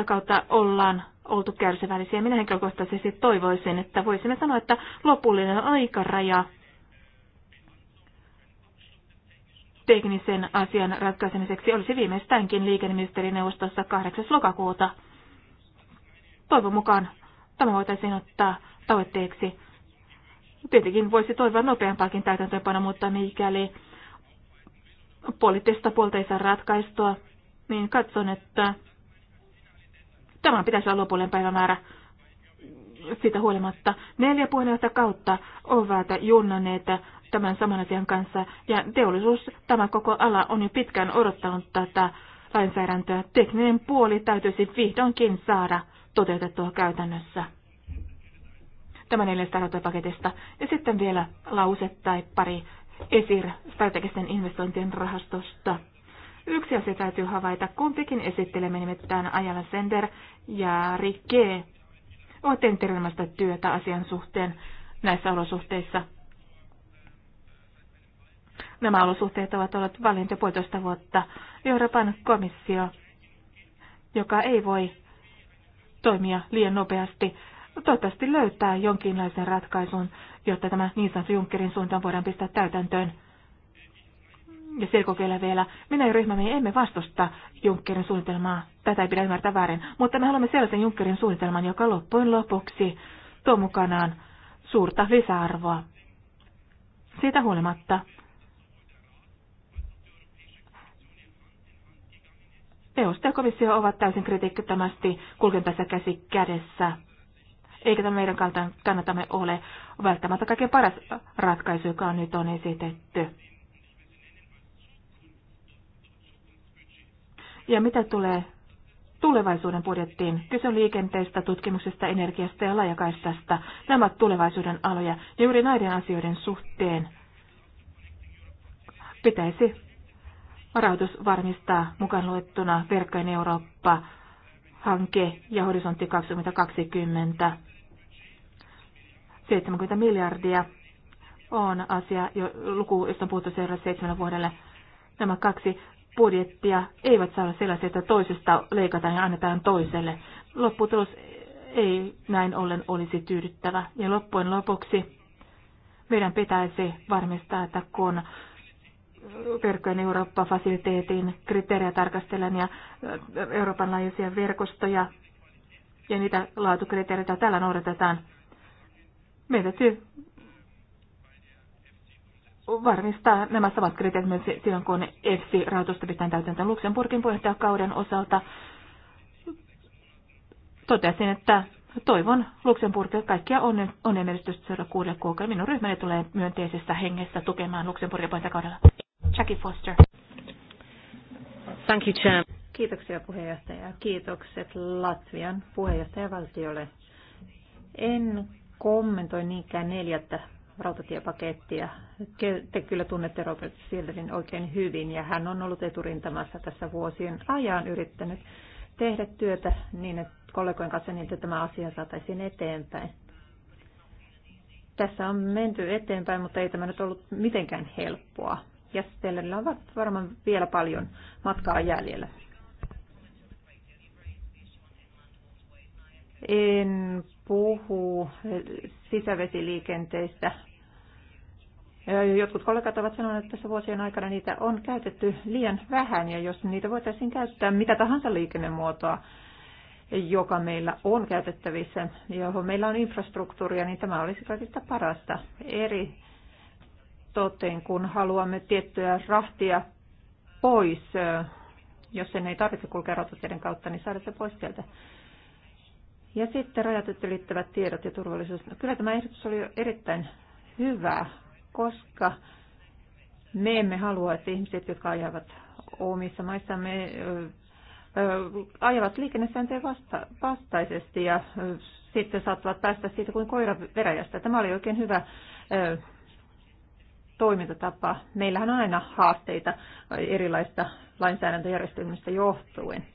kautta ollaan oltu kärsivällisiä. Minä henkilökohtaisesti toivoisin, että voisimme sanoa, että lopullinen aikaraja teknisen asian ratkaisemiseksi olisi viimeistäänkin liikenneministerineuvostossa 8. lokakuuta. Toivon mukaan tämä voitaisiin ottaa tavoitteeksi. Tietenkin voisi toivoa nopeampaakin täytäntöönpanoa, mutta mikäli poliittista puolta ei saa ratkaistua, niin katson, että tämän pitäisi olla lopullinen päivämäärä siitä huolimatta. Neljä puheenjohtaja kautta ovat junnaneet tämän saman asian kanssa, ja teollisuus, tämä koko ala on jo pitkään odottanut tätä lainsäädäntöä. Tekninen puoli täytyisi vihdoinkin saada toteutettua käytännössä. Tämä neljästä paketista. Ja sitten vielä lause tai pari ESIR-strategisten investointien rahastosta. Yksi asia täytyy havaita. Kumpikin esittelemme nimittäin Ajala Sender ja Rikke ovat tehneet työtä asian suhteen näissä olosuhteissa. Nämä olosuhteet ovat olleet valinta puolitoista vuotta. Euroopan komissio, joka ei voi toimia liian nopeasti, toivottavasti löytää jonkinlaisen ratkaisun jotta tämä niin sanottu Junckerin suuntaan voidaan pistää täytäntöön. Ja selkokielellä vielä, minä ja ryhmämme emme vastusta Junckerin suunnitelmaa. Tätä ei pidä ymmärtää väärin, mutta me haluamme sellaisen Junckerin suunnitelman, joka loppujen lopuksi tuo mukanaan suurta lisäarvoa. Siitä huolimatta EU ja komissio ovat täysin kritiikkittömästi kulkeneet käsi kädessä eikä tämä meidän kannatamme ole välttämättä kaikkein paras ratkaisu, joka on nyt on esitetty. Ja mitä tulee tulevaisuuden budjettiin? Kyse on liikenteestä, tutkimuksesta, energiasta ja laajakaistasta. Nämä ovat tulevaisuuden aloja ja juuri näiden asioiden suhteen pitäisi rahoitus varmistaa mukaan luettuna Verkkojen Eurooppa-hanke ja Horisontti 2020 70 miljardia on asia, jo, luku, josta on puhuttu seuraavalle seitsemän vuodelle. Nämä kaksi budjettia eivät saa olla sellaisia, että toisesta leikataan ja annetaan toiselle. Lopputulos ei näin ollen olisi tyydyttävä. Ja loppujen lopuksi meidän pitäisi varmistaa, että kun verkkojen Eurooppa-fasiliteetin kriteerejä tarkastellaan ja Euroopan laajuisia verkostoja ja niitä laatukriteereitä täällä noudatetaan, meidän täytyy varmistaa nämä samat kriteerit myös silloin, kun EFSI-rahoitusta pitää täytäntöön Luxemburgin puheenjohtajakauden osalta. Totesin, että toivon Luxemburgille kaikkia onnen, onnenmenestystä seuraa kuudelle kuukaudelle. Minun ryhmäni tulee myönteisessä hengessä tukemaan Luxemburgin puheenjohtajakaudella. Jackie Foster. Thank you, Chair. Kiitoksia puheenjohtaja. Kiitokset Latvian puheenjohtajavaltiolle. En kommentoi niinkään neljättä rautatiepakettia. Te kyllä tunnette Robert Silverin oikein hyvin ja hän on ollut eturintamassa tässä vuosien ajan yrittänyt tehdä työtä niin, että kollegojen kanssa niin, että tämä asia saataisiin eteenpäin. Tässä on menty eteenpäin, mutta ei tämä nyt ollut mitenkään helppoa. Ja teillä on varmaan vielä paljon matkaa jäljellä. En puhu sisävesiliikenteistä. Jotkut kollegat ovat sanoneet, että tässä vuosien aikana niitä on käytetty liian vähän, ja jos niitä voitaisiin käyttää mitä tahansa liikennemuotoa, joka meillä on käytettävissä, johon meillä on infrastruktuuria, niin tämä olisi kaikista parasta. Eri toteen, kun haluamme tiettyä rahtia pois, jos sen ei tarvitse kulkea rautateiden kautta, niin saada se pois sieltä. Ja sitten rajat ylittävät tiedot ja turvallisuus. No, kyllä tämä ehdotus oli erittäin hyvä, koska me emme halua, että ihmiset, jotka ajavat omissa maissamme, ajavat liikennesääntöjen vasta- vastaisesti ja sitten saattavat päästä siitä kuin koira veräjästä. Tämä oli oikein hyvä toimintatapa. Meillähän on aina haasteita erilaista lainsäädäntöjärjestelmistä johtuen.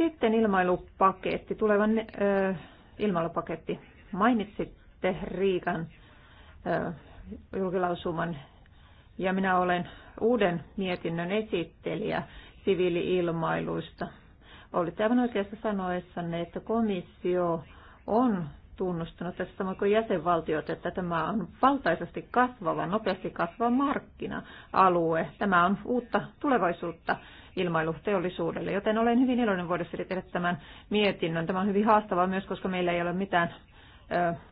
Sitten ilmailupaketti, tulevan ö, ilmailupaketti. Mainitsitte Riikan ö, julkilausuman ja minä olen uuden mietinnön esittelijä siviiliilmailuista. Olitte aivan oikeassa sanoessanne, että komissio on tunnustanut tässä samoin kuin jäsenvaltiot, että tämä on valtaisesti kasvava, nopeasti kasvava markkina-alue. Tämä on uutta tulevaisuutta ilmailuteollisuudelle. Joten olen hyvin iloinen voidessani tehdä tämän mietinnön. Tämä on hyvin haastavaa myös, koska meillä ei ole mitään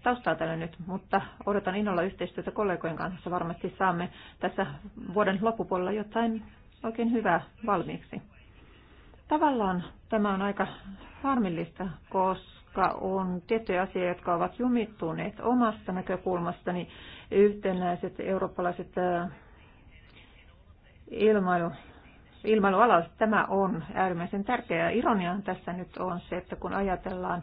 taustaa tällä nyt, mutta odotan innolla yhteistyötä kollegojen kanssa. Varmasti saamme tässä vuoden loppupuolella jotain oikein hyvää valmiiksi. Tavallaan tämä on aika harmillista, koska on tiettyjä asioita, jotka ovat jumittuneet omasta näkökulmastani. Yhtenäiset eurooppalaiset ilmailu ilmailualalla tämä on äärimmäisen tärkeää. Ironia tässä nyt on se, että kun ajatellaan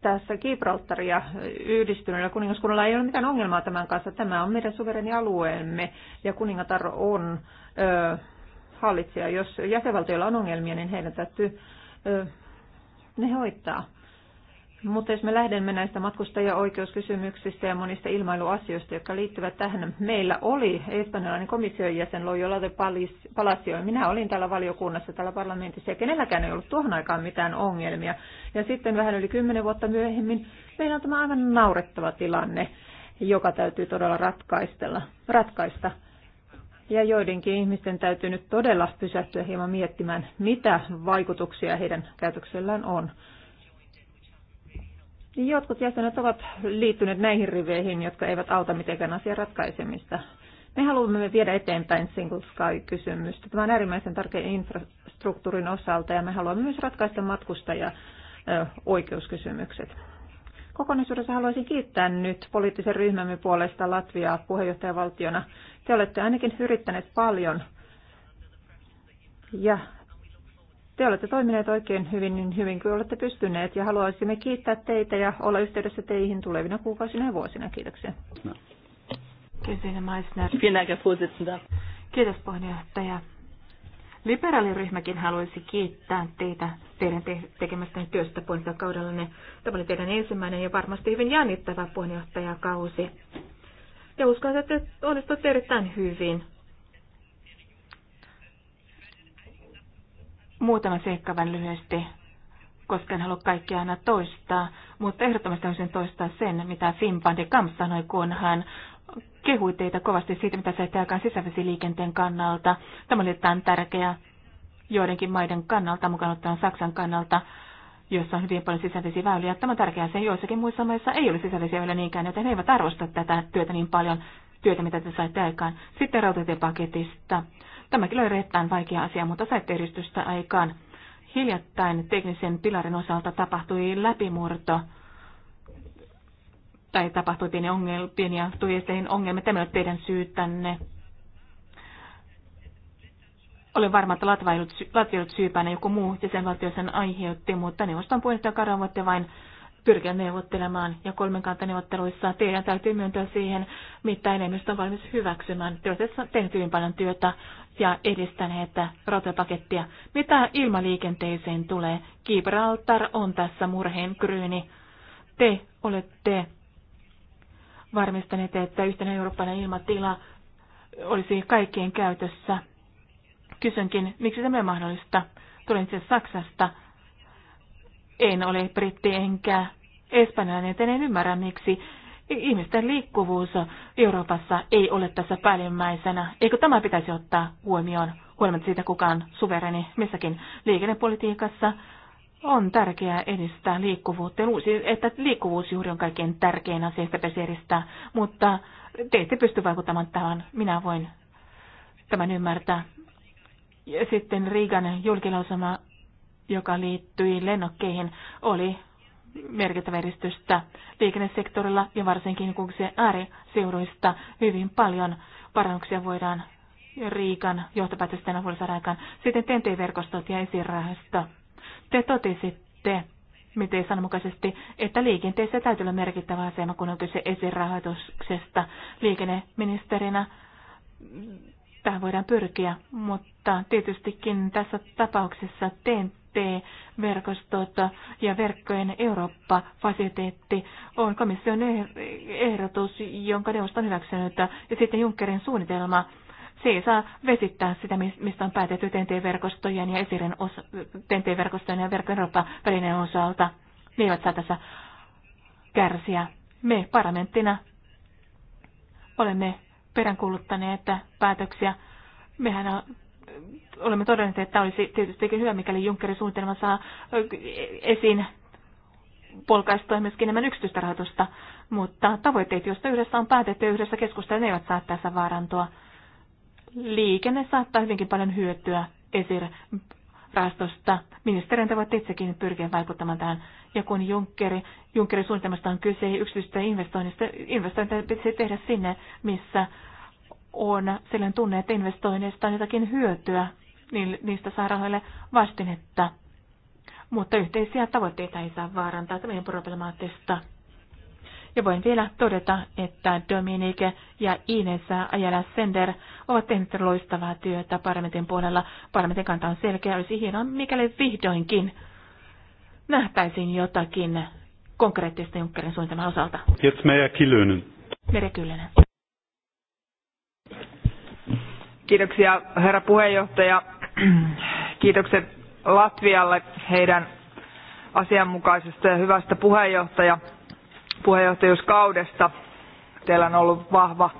tässä Gibraltaria yhdistyneellä kuningaskunnalla ei ole mitään ongelmaa tämän kanssa. Tämä on meidän suvereni alueemme ja kuningatar on ö, hallitsija. Jos jäsenvaltioilla on ongelmia, niin heidän täytyy ö, ne hoitaa. Mutta jos me lähdemme näistä matkustajaoikeuskysymyksistä ja monista ilmailuasioista, jotka liittyvät tähän, meillä oli espanjalainen komission jäsen Loyola de Palacio. Minä olin täällä valiokunnassa, täällä parlamentissa ja kenelläkään ei ollut tuohon aikaan mitään ongelmia. Ja sitten vähän yli kymmenen vuotta myöhemmin meillä on tämä aivan naurettava tilanne, joka täytyy todella ratkaistella, ratkaista. Ja joidenkin ihmisten täytyy nyt todella pysähtyä hieman miettimään, mitä vaikutuksia heidän käytöksellään on. Jotkut jäsenet ovat liittyneet näihin riveihin, jotka eivät auta mitenkään asian ratkaisemista. Me haluamme viedä eteenpäin Single Sky-kysymystä. Tämä on äärimmäisen tärkeä infrastruktuurin osalta ja me haluamme myös ratkaista matkustaja oikeuskysymykset. Kokonaisuudessa haluaisin kiittää nyt poliittisen ryhmämme puolesta Latviaa puheenjohtajavaltiona. Te olette ainakin yrittäneet paljon ja te olette toimineet oikein hyvin, niin hyvin kuin olette pystyneet, ja haluaisimme kiittää teitä ja olla yhteydessä teihin tulevina kuukausina ja vuosina. Kiitoksia. No. Kiitos puheenjohtaja. Liberaaliryhmäkin haluaisi kiittää teitä teidän te- tekemästä työstä puheenjohtajakaudellanne. Tämä oli teidän ensimmäinen ja varmasti hyvin jännittävä puheenjohtajakausi. Ja uskon, että onnistutte erittäin hyvin. Muutama seikka vain lyhyesti, koska en halua kaikkia aina toistaa, mutta ehdottomasti haluaisin toistaa sen, mitä Fimpan de Kamp sanoi, kun hän kehui teitä kovasti siitä, mitä saitte aikaan sisävesiliikenteen kannalta. Tämä oli erittäin tärkeää joidenkin maiden kannalta, mukaan ottaen Saksan kannalta, jossa on hyvin paljon sisävesiväyliä. Tämä on tärkeää se, joissakin muissa maissa ei ole sisävesiväyliä niinkään, joten he eivät arvosta tätä työtä niin paljon, työtä mitä te saitte aikaan. Sitten rautatiepaketista. Tämä kyllä on erittäin vaikea asia, mutta saitte eristystä aikaan. Hiljattain teknisen pilarin osalta tapahtui läpimurto tai tapahtui pieni ongel, pieniä tuijesteihin ongelmia. Tämä on teidän syytänne. Olen varma, että Latvia latvailut syypäänä joku muu jäsenvaltio sen aiheutti, mutta neuvoston Karan voitte vain pyrkiä neuvottelemaan ja neuvotteluissa teidän täytyy myöntää siihen, mitä enemmistö on valmis hyväksymään. Te olette tehneet hyvin paljon työtä ja edistäneet rotepakettia. Mitä ilmaliikenteeseen tulee, Gibraltar on tässä murheen kryyni. Te olette varmistaneet, että yhtenä eurooppalainen ilmatila olisi kaikkien käytössä. Kysynkin, miksi tämä on mahdollista? Tulen itse Saksasta. En ole britti enkä espanjalainen, en ymmärrä, miksi Ihmisten liikkuvuus Euroopassa ei ole tässä päällimmäisenä. Eikö tämä pitäisi ottaa huomioon, huolimatta siitä kukaan suvereni missäkin liikennepolitiikassa? On tärkeää edistää liikkuvuutta, että liikkuvuus juuri on kaikkein tärkein asia, sitä edistää, mutta te ette pysty vaikuttamaan tähän. Minä voin tämän ymmärtää. Ja sitten Riigan julkilausuma, joka liittyi lennokkeihin, oli merkittävä edistystä liikennesektorilla ja varsinkin kun se ääriseuduista hyvin paljon parannuksia voidaan Riikan johtopäätösten avulla saada aikaan. Sitten TNT-verkostot ja esirahasto. Te totisitte, miten sanomukaisesti, että liikenteessä täytyy olla merkittävä asema, kun on kyse esirahoituksesta liikenneministerinä. Tähän voidaan pyrkiä, mutta tietystikin tässä tapauksessa TNT ten verkostot ja verkkojen eurooppa fasiteetti on komission ehdotus, jonka neuvosto on hyväksynyt, ja sitten Junckerin suunnitelma. Se ei saa vesittää sitä, mistä on päätetty TNT-verkostojen ja esiren osa, TNT-verkostojen ja verkkojen Eurooppa-välineen osalta. Ne eivät saa tässä kärsiä. Me parlamenttina olemme peräänkuuluttaneet päätöksiä. Mehän olemme todenneet, että olisi tietysti hyvä, mikäli Junckerin suunnitelma saa esiin polkaistua myöskin enemmän yksityistä rahoitusta, mutta tavoitteet, joista yhdessä on päätetty ja yhdessä keskustella, ne eivät saa tässä vaarantua. Liikenne saattaa hyvinkin paljon hyötyä ESIR-rahastosta. Ministerin voivat itsekin pyrkiä vaikuttamaan tähän. Ja kun Junckeri, suunnitelmasta on kyse yksityistä investoinnista, investointeja pitäisi tehdä sinne, missä on sellainen tunne, että investoinneista on jotakin hyötyä, niin, niistä sairaaloille vastinetta. Mutta yhteisiä tavoitteita ei saa vaarantaa, tämän problemaattista. Ja voin vielä todeta, että Dominique ja Ines Ajala Sender ovat tehneet loistavaa työtä parlamentin puolella. Parlamentin kanta on selkeä, olisi hienoa, mikäli vihdoinkin nähtäisiin jotakin konkreettista Junckerin suunnitelman osalta. Merja Kyllönen. Kiitoksia herra puheenjohtaja. Kiitokset Latvialle heidän asianmukaisesta ja hyvästä puheenjohtaja, puheenjohtajuuskaudesta. Teillä on ollut vahva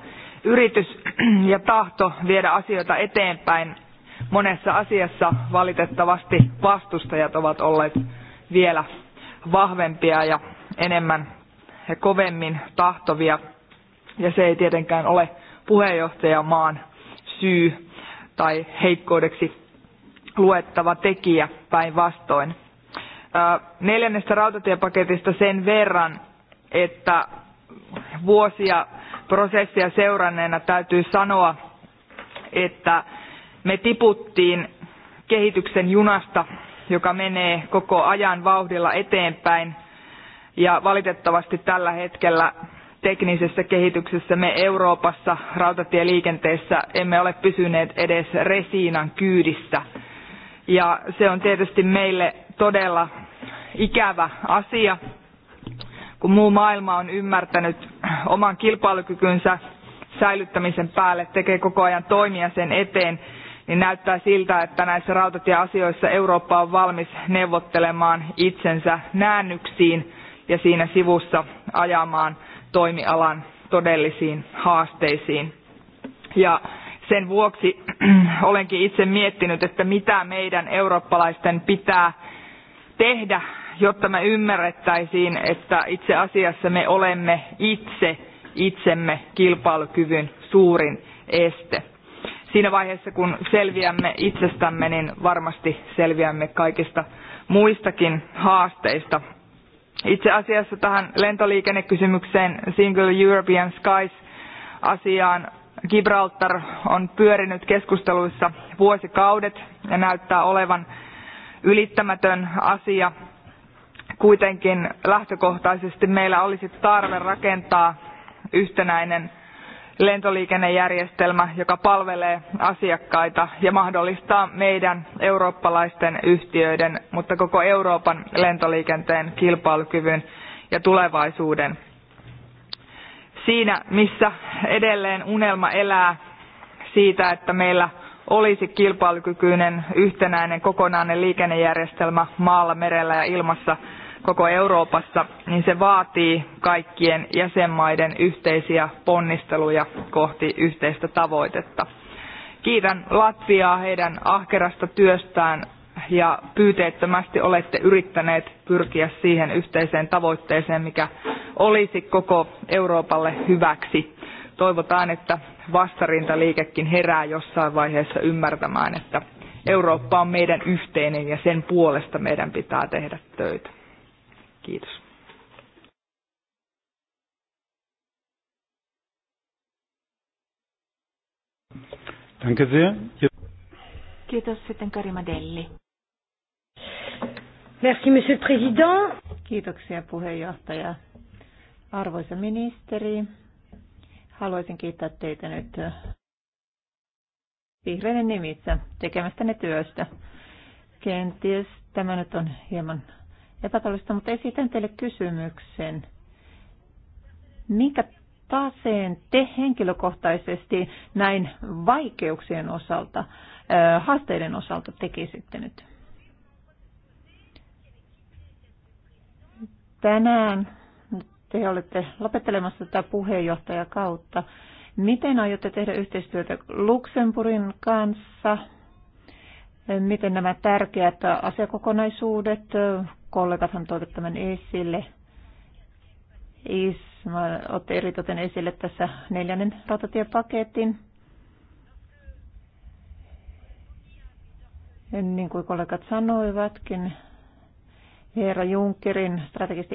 yritys ja tahto viedä asioita eteenpäin. Monessa asiassa valitettavasti vastustajat ovat olleet vielä vahvempia ja enemmän ja kovemmin tahtovia. Ja se ei tietenkään ole puheenjohtajamaan syy tai heikkoudeksi luettava tekijä päinvastoin. Neljännestä rautatiepaketista sen verran, että vuosia prosessia seuranneena täytyy sanoa, että me tiputtiin kehityksen junasta, joka menee koko ajan vauhdilla eteenpäin. Ja valitettavasti tällä hetkellä teknisessä kehityksessä me Euroopassa rautatieliikenteessä emme ole pysyneet edes resiinan kyydissä. Ja se on tietysti meille todella ikävä asia, kun muu maailma on ymmärtänyt oman kilpailukykynsä säilyttämisen päälle, tekee koko ajan toimia sen eteen, niin näyttää siltä, että näissä rautatieasioissa Eurooppa on valmis neuvottelemaan itsensä näännyksiin ja siinä sivussa ajamaan toimialan todellisiin haasteisiin. Ja sen vuoksi olenkin itse miettinyt, että mitä meidän eurooppalaisten pitää tehdä, jotta me ymmärrettäisiin, että itse asiassa me olemme itse itsemme kilpailukyvyn suurin este. Siinä vaiheessa, kun selviämme itsestämme, niin varmasti selviämme kaikista muistakin haasteista itse asiassa tähän lentoliikennekysymykseen Single European Skies asiaan Gibraltar on pyörinyt keskusteluissa vuosikaudet ja näyttää olevan ylittämätön asia. Kuitenkin lähtökohtaisesti meillä olisi tarve rakentaa yhtenäinen lentoliikennejärjestelmä, joka palvelee asiakkaita ja mahdollistaa meidän eurooppalaisten yhtiöiden, mutta koko Euroopan lentoliikenteen kilpailukyvyn ja tulevaisuuden. Siinä, missä edelleen unelma elää siitä, että meillä olisi kilpailukykyinen, yhtenäinen, kokonainen liikennejärjestelmä maalla, merellä ja ilmassa – koko Euroopassa, niin se vaatii kaikkien jäsenmaiden yhteisiä ponnisteluja kohti yhteistä tavoitetta. Kiitän Latviaa heidän ahkerasta työstään ja pyyteettömästi olette yrittäneet pyrkiä siihen yhteiseen tavoitteeseen, mikä olisi koko Euroopalle hyväksi. Toivotaan, että vastarintaliikekin herää jossain vaiheessa ymmärtämään, että Eurooppa on meidän yhteinen ja sen puolesta meidän pitää tehdä töitä. Kiitos. Danke sehr. Kiitos sitten Karima Delli. Merci, monsieur le président. Kiitoksia puheenjohtaja. Arvoisa ministeri, haluaisin kiittää teitä nyt vihreiden nimissä tekemästäne työstä. Kenties tämä nyt on hieman epätaloudellista, mutta esitän teille kysymyksen. Minkä taseen te henkilökohtaisesti näin vaikeuksien osalta, haasteiden osalta tekisitte nyt? Tänään te olette lopettelemassa tätä puheenjohtajakautta. Miten aiotte tehdä yhteistyötä Luxemburgin kanssa? miten nämä tärkeät asiakokonaisuudet, kollegathan toivat tämän esille, Isma otti eritoten esille tässä neljännen rautatiepaketin. Niin kuin kollegat sanoivatkin, herra Junckerin strategiset,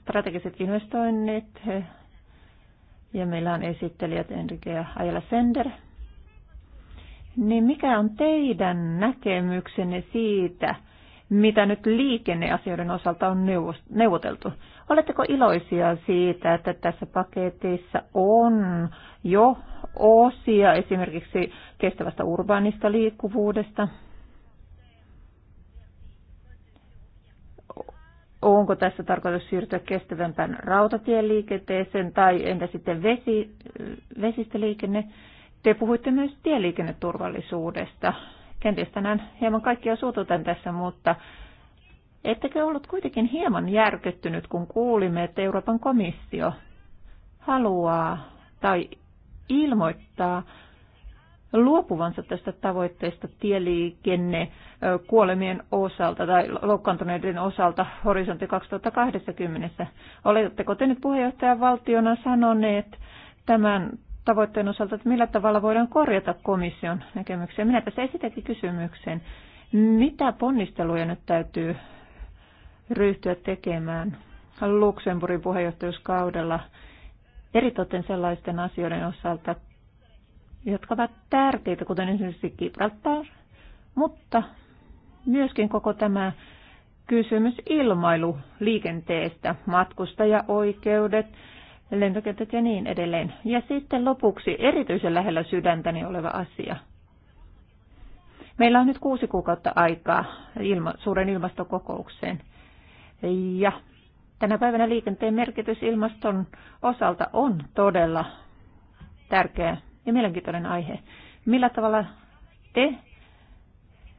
strategiset investoinnit ja meillä on esittelijät Enrique ja Ayala Sender – niin mikä on teidän näkemyksenne siitä, mitä nyt liikenneasioiden osalta on neuvoteltu? Oletteko iloisia siitä, että tässä paketissa on jo osia esimerkiksi kestävästä urbaanista liikkuvuudesta? Onko tässä tarkoitus siirtyä kestävämpään rautatieliikenteeseen tai entä sitten vesi, vesistöliikenne? liikenne? Te puhuitte myös tieliikenneturvallisuudesta. Kenties tänään hieman kaikkia suututan tässä, mutta ettekö ollut kuitenkin hieman järkyttynyt, kun kuulimme, että Euroopan komissio haluaa tai ilmoittaa luopuvansa tästä tavoitteesta tieliikenne kuolemien osalta tai loukkaantuneiden osalta horisontti 2020. Oletteko te nyt puheenjohtajan valtiona sanoneet tämän tavoitteen osalta, että millä tavalla voidaan korjata komission näkemyksiä. Minä tässä esitäkin kysymyksen, mitä ponnisteluja nyt täytyy ryhtyä tekemään Luxemburgin puheenjohtajuuskaudella eritoten sellaisten asioiden osalta, jotka ovat tärkeitä, kuten esimerkiksi Gibraltar, mutta myöskin koko tämä kysymys ilmailuliikenteestä, matkustajaoikeudet, lentokentät ja niin edelleen. Ja sitten lopuksi erityisen lähellä sydäntäni oleva asia. Meillä on nyt kuusi kuukautta aikaa ilma, suuren ilmastokokoukseen. Ja tänä päivänä liikenteen merkitys ilmaston osalta on todella tärkeä ja mielenkiintoinen aihe. Millä tavalla te,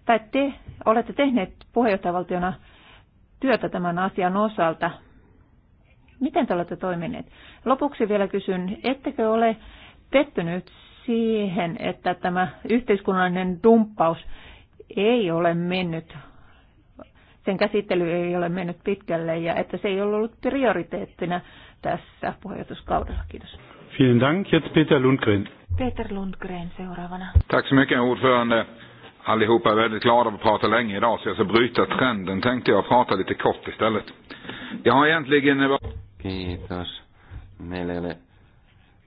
tai te olette tehneet puheenjohtajavaltiona työtä tämän asian osalta Miten te olette toimineet? Lopuksi vielä kysyn, ettekö ole pettynyt siihen, että tämä yhteiskunnallinen dumppaus ei ole mennyt, sen käsittely ei ole mennyt pitkälle ja että se ei ollut prioriteettina tässä puheenjohtajuuskaudella. Kiitos. Vielen Dank. Jetzt Peter Lundgren. Peter Lundgren seuraavana. Tack så mycket ordförande. Allihopa är väldigt glada att prata länge idag så jag ska bryta trenden tänkte jag prata lite kort istället. Jag har egentligen... Kiitos. Meillä ei ole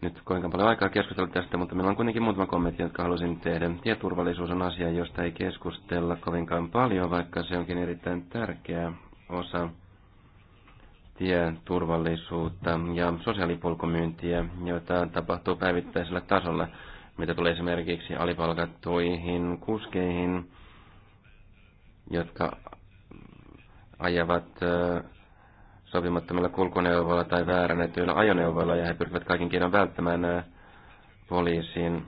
nyt kuinka paljon aikaa keskustella tästä, mutta meillä on kuitenkin muutama kommentti, jotka halusin tehdä. Tieturvallisuus on asia, josta ei keskustella kovinkaan paljon, vaikka se onkin erittäin tärkeä osa tieturvallisuutta ja sosiaalipolkumyyntiä, joita tapahtuu päivittäisellä tasolla, mitä tulee esimerkiksi alipalkattuihin kuskeihin, jotka ajavat sopimattomilla kulkuneuvoilla tai väärännetyillä ajoneuvoilla ja he pyrkivät kaiken keinoin välttämään poliisin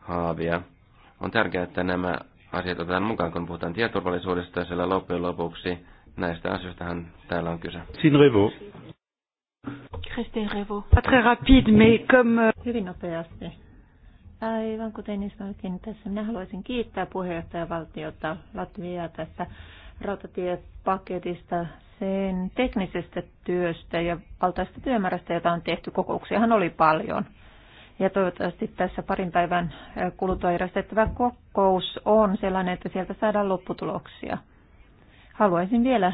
haavia. On tärkeää, että nämä asiat otetaan mukaan, kun puhutaan tieturvallisuudesta, sillä loppujen lopuksi näistä asioistahan täällä on kyse. Christine Revo. Très rapide, mais comme... Euh, Hyvin nopeasti. Aivan kuten Ismailkin tässä, minä haluaisin kiittää puheenjohtajavaltiota Latviaa tässä rautatiepaketista sen teknisestä työstä ja valtaista työmäärästä, jota on tehty. Kokouksiahan oli paljon. Ja toivottavasti tässä parin päivän kuluttua järjestettävä kokous on sellainen, että sieltä saadaan lopputuloksia. Haluaisin vielä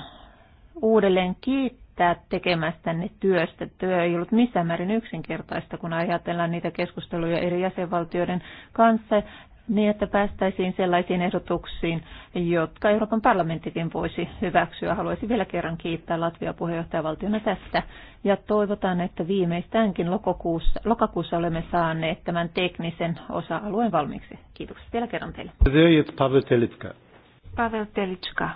uudelleen kiittää tekemästänne työstä. Työ ei ollut missään määrin yksinkertaista, kun ajatellaan niitä keskusteluja eri jäsenvaltioiden kanssa niin, että päästäisiin sellaisiin ehdotuksiin, jotka Euroopan parlamenttikin voisi hyväksyä. Haluaisin vielä kerran kiittää Latvia puheenjohtajavaltiona tästä ja toivotaan, että viimeistäänkin lokakuussa, lokakuussa olemme saaneet tämän teknisen osa-alueen valmiiksi. Kiitokset vielä kerran teille. Pavel Telitska. Pavel Telitska.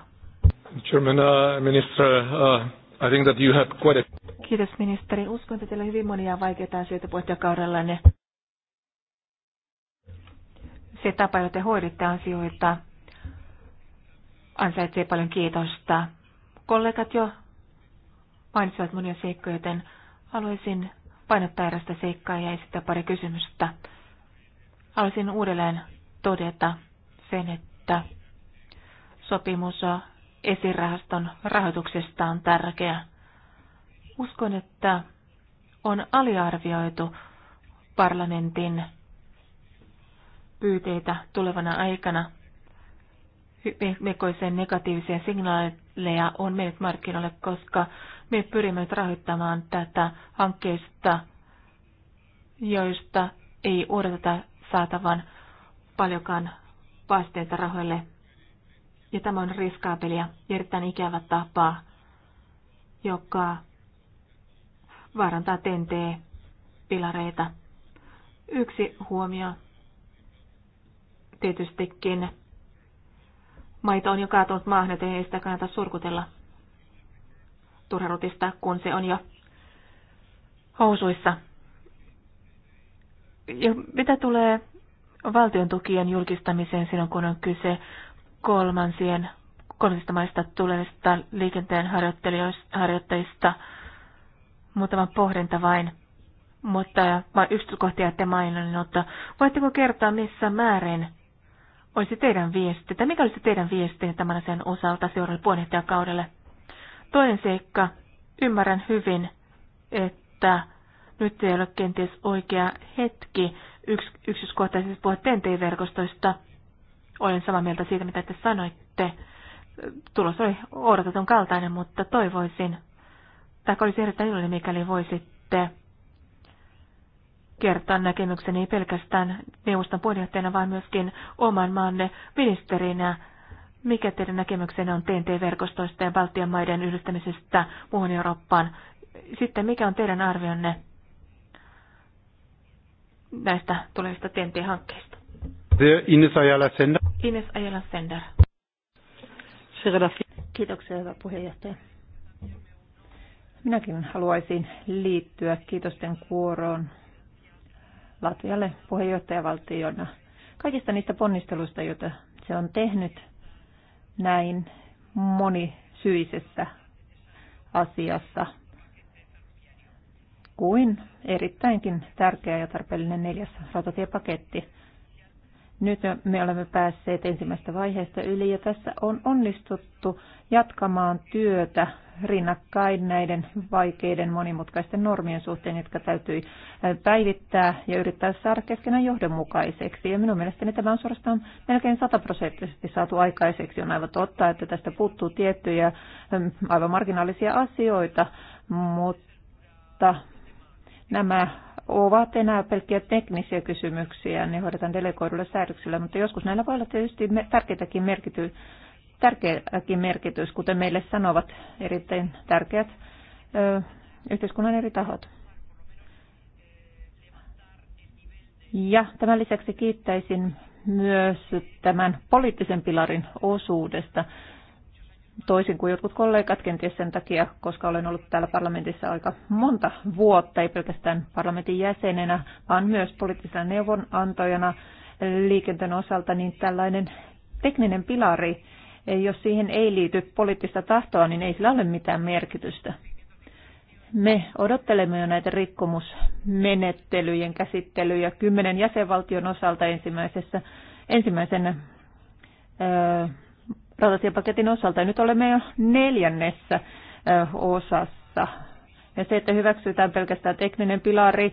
German uh, minister, uh, I think that you have quite a... Kiitos ministeri. Uskon, että teillä on hyvin monia vaikeita asioita puheenjohtajakaudellanne se tapa, jolla te hoiditte asioita, ansaitsee paljon kiitosta. Kollegat jo mainitsivat monia seikkoja, joten haluaisin painottaa erästä seikkaa ja esittää pari kysymystä. Haluaisin uudelleen todeta sen, että sopimus esirahaston rahoituksesta on tärkeä. Uskon, että on aliarvioitu parlamentin pyyteitä tulevana aikana. Mekoisen negatiivisia signaaleja on mennyt markkinoille, koska me pyrimme nyt rahoittamaan tätä hankkeista, joista ei odoteta saatavan paljonkaan vasteita rahoille. Ja tämä on riskaapelia ja erittäin ikävä tapa, joka vaarantaa TNT-pilareita. Yksi huomio tietystikin maito on jo kaatunut maahan, joten ei sitä kannata surkutella turharutista, kun se on jo housuissa. Ja mitä tulee valtion tukien julkistamiseen silloin, kun on kyse kolmansien kolmansista maista tulevista liikenteen harjoittajista, muutama pohdinta vain, mutta vain yksityiskohtia ette maininnut. Voitteko kertoa, missä määrin olisi teidän viesti, tai mikä olisi teidän viestinne tämän asian osalta seuraavalle puheenjohtajakaudelle? Toinen seikka, ymmärrän hyvin, että nyt ei ole kenties oikea hetki yks, yksityiskohtaisesti puhua TNT-verkostoista. Olen samaa mieltä siitä, mitä te sanoitte. Tulos oli odotetun kaltainen, mutta toivoisin, tai olisi erittäin iloinen, mikäli voisitte kertaan näkemykseni pelkästään neuvoston puheenjohtajana, vaan myöskin oman maanne ministerinä. Mikä teidän näkemyksenne on TNT-verkostoista ja Baltian maiden yhdistämisestä muuhun Eurooppaan? Sitten mikä on teidän arvionne näistä tulevista TNT-hankkeista? Ines Ajala-Sender. Ines Ajala-Sender. Kiitoksia, hyvä puheenjohtaja. Minäkin haluaisin liittyä kiitosten kuoroon Latvialle puheenjohtajavaltiona kaikista niistä ponnisteluista, joita se on tehnyt näin monisyisessä asiassa kuin erittäinkin tärkeä ja tarpeellinen neljäs rautatiepaketti. Nyt me olemme päässeet ensimmäistä vaiheesta yli ja tässä on onnistuttu jatkamaan työtä rinnakkain näiden vaikeiden monimutkaisten normien suhteen, jotka täytyy päivittää ja yrittää saada keskenään johdonmukaiseksi. Ja minun mielestäni tämä on suorastaan melkein sataprosenttisesti saatu aikaiseksi. On aivan totta, että tästä puuttuu tiettyjä aivan marginaalisia asioita, mutta nämä ovat enää pelkkiä teknisiä kysymyksiä, ne hoidetaan delegoidulla säädöksillä, mutta joskus näillä voi olla tietysti tärkeitäkin merkity, tärkeäkin merkitys, kuten meille sanovat erittäin tärkeät ö, yhteiskunnan eri tahot. Ja tämän lisäksi kiittäisin myös tämän poliittisen pilarin osuudesta toisin kuin jotkut kollegat, kenties sen takia, koska olen ollut täällä parlamentissa aika monta vuotta, ei pelkästään parlamentin jäsenenä, vaan myös poliittisena neuvonantajana liikenteen osalta, niin tällainen tekninen pilari, jos siihen ei liity poliittista tahtoa, niin ei sillä ole mitään merkitystä. Me odottelemme jo näitä rikkomusmenettelyjen käsittelyjä kymmenen jäsenvaltion osalta ensimmäisessä, ensimmäisen öö, rautatiepaketin osalta. Ja nyt olemme jo neljännessä osassa. Ja se, että hyväksytään pelkästään tekninen pilari,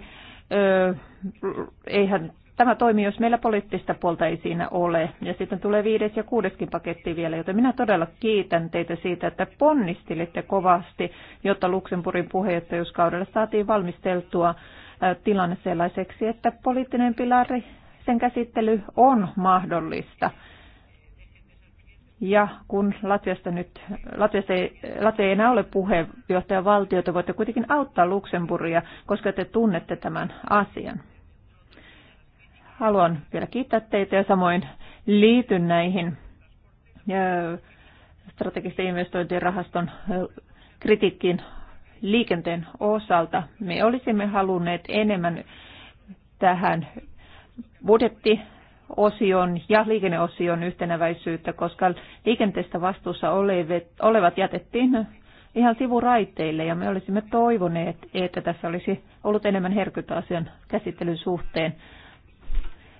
eihän tämä toimi, jos meillä poliittista puolta ei siinä ole. Ja sitten tulee viides ja kuudeskin paketti vielä, joten minä todella kiitän teitä siitä, että ponnistelitte kovasti, jotta Luxemburgin puheenjohtajuuskaudella saatiin valmisteltua tilanne sellaiseksi, että poliittinen pilari, sen käsittely on mahdollista. Ja kun Latviasta nyt, Latviasta ei, Latvia ei enää ole puheenjohtajavaltiota, voitte kuitenkin auttaa Luxemburgia, koska te tunnette tämän asian. Haluan vielä kiittää teitä ja samoin liityn näihin strategisten investointien rahaston kritiikkiin liikenteen osalta. Me olisimme halunneet enemmän tähän budjettiin osion ja liikenneosion yhtenäväisyyttä, koska liikenteestä vastuussa olevat jätettiin ihan sivuraiteille ja me olisimme toivoneet, että tässä olisi ollut enemmän herkytä asian käsittelyn suhteen.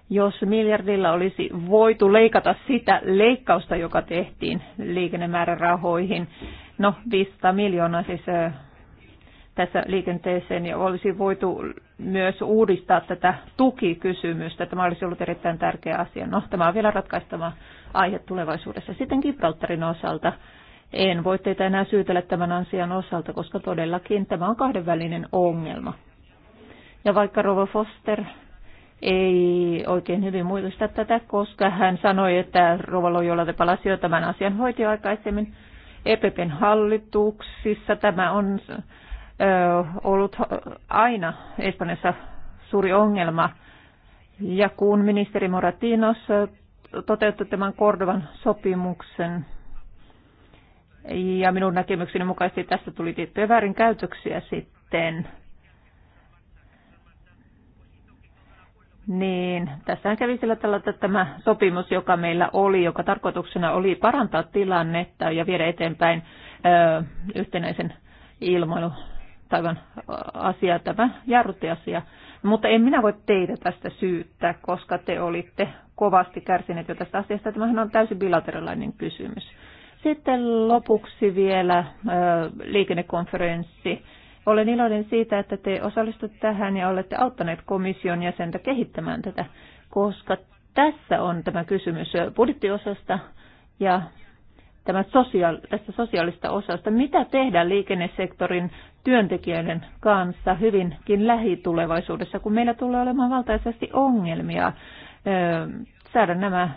Jos miljardilla olisi voitu leikata sitä leikkausta, joka tehtiin liikennemäärärahoihin, no 500 miljoonaa siis tässä liikenteeseen ja olisi voitu myös uudistaa tätä tukikysymystä. Tämä olisi ollut erittäin tärkeä asia. No, tämä on vielä ratkaistava aihe tulevaisuudessa. Sitten Gibraltarin osalta. En voi teitä enää syytellä tämän asian osalta, koska todellakin tämä on kahdenvälinen ongelma. Ja vaikka Rova Foster ei oikein hyvin muista tätä, koska hän sanoi, että Rova Loyola de Palacio tämän asian hoiti aikaisemmin EPPn hallituksissa. Tämä on ollut aina Espanjassa suuri ongelma. Ja kun ministeri Moratinos toteutti tämän Kordovan sopimuksen, ja minun näkemykseni mukaisesti tästä tuli tiettyjä väärinkäytöksiä sitten, Niin, tässä kävi sillä tavalla, että tämä sopimus, joka meillä oli, joka tarkoituksena oli parantaa tilannetta ja viedä eteenpäin ö, yhtenäisen ilmailu aivan asia, tämä jarruttiasia. No, mutta en minä voi teitä tästä syyttää, koska te olitte kovasti kärsineet jo tästä asiasta. Tämähän on täysin bilateraalinen kysymys. Sitten lopuksi vielä liikennekonferenssi. Olen iloinen siitä, että te osallistutte tähän ja olette auttaneet komission jäsentä kehittämään tätä, koska tässä on tämä kysymys budjettiosasta ja tämä sosiaal, tästä sosiaalista osasta. Mitä tehdään liikennesektorin työntekijöiden kanssa hyvinkin lähitulevaisuudessa, kun meillä tulee olemaan valtaisesti ongelmia saada nämä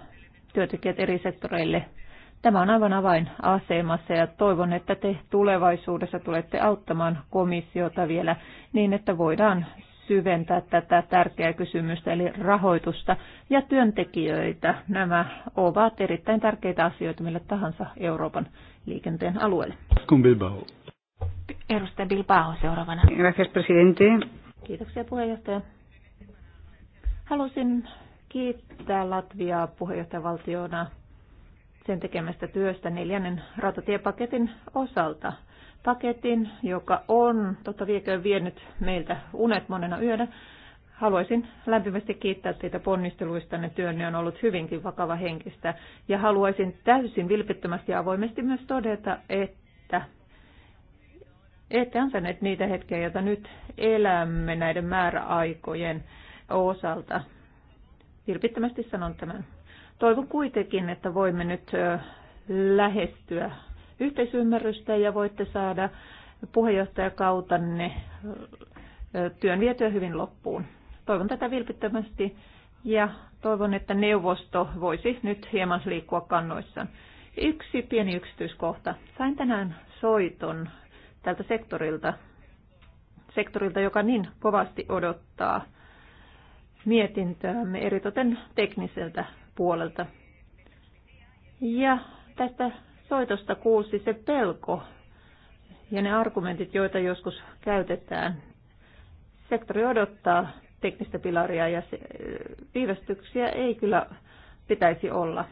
työntekijät eri sektoreille. Tämä on aivan avainasemassa ja toivon, että te tulevaisuudessa tulette auttamaan komissiota vielä niin, että voidaan syventää tätä tärkeää kysymystä, eli rahoitusta ja työntekijöitä. Nämä ovat erittäin tärkeitä asioita millä tahansa Euroopan liikenteen alueelle. Edustaja Bilbao seuraavana. Gracias, presidente. Kiitoksia puheenjohtaja. Halusin kiittää Latviaa puheenjohtajavaltiona sen tekemästä työstä neljännen rautatiepaketin osalta. Paketin, joka on totta vieköön vienyt meiltä unet monena yönä. Haluaisin lämpimästi kiittää teitä ponnisteluista. Ne työnne on ollut hyvinkin vakava henkistä. Ja haluaisin täysin vilpittömästi ja avoimesti myös todeta, että ette ansainneet niitä hetkiä, joita nyt elämme näiden määräaikojen osalta. Vilpittömästi sanon tämän. Toivon kuitenkin, että voimme nyt lähestyä yhteisymmärrystä ja voitte saada puheenjohtajakautanne työn vietyä hyvin loppuun. Toivon tätä vilpittömästi ja toivon, että neuvosto voisi nyt hieman liikkua kannoissaan. Yksi pieni yksityiskohta. Sain tänään soiton tältä sektorilta, sektorilta, joka niin kovasti odottaa mietintöämme eritoten tekniseltä puolelta. Ja tästä soitosta kuulsi se pelko ja ne argumentit, joita joskus käytetään. Sektori odottaa teknistä pilaria ja se, viivästyksiä ei kyllä pitäisi olla.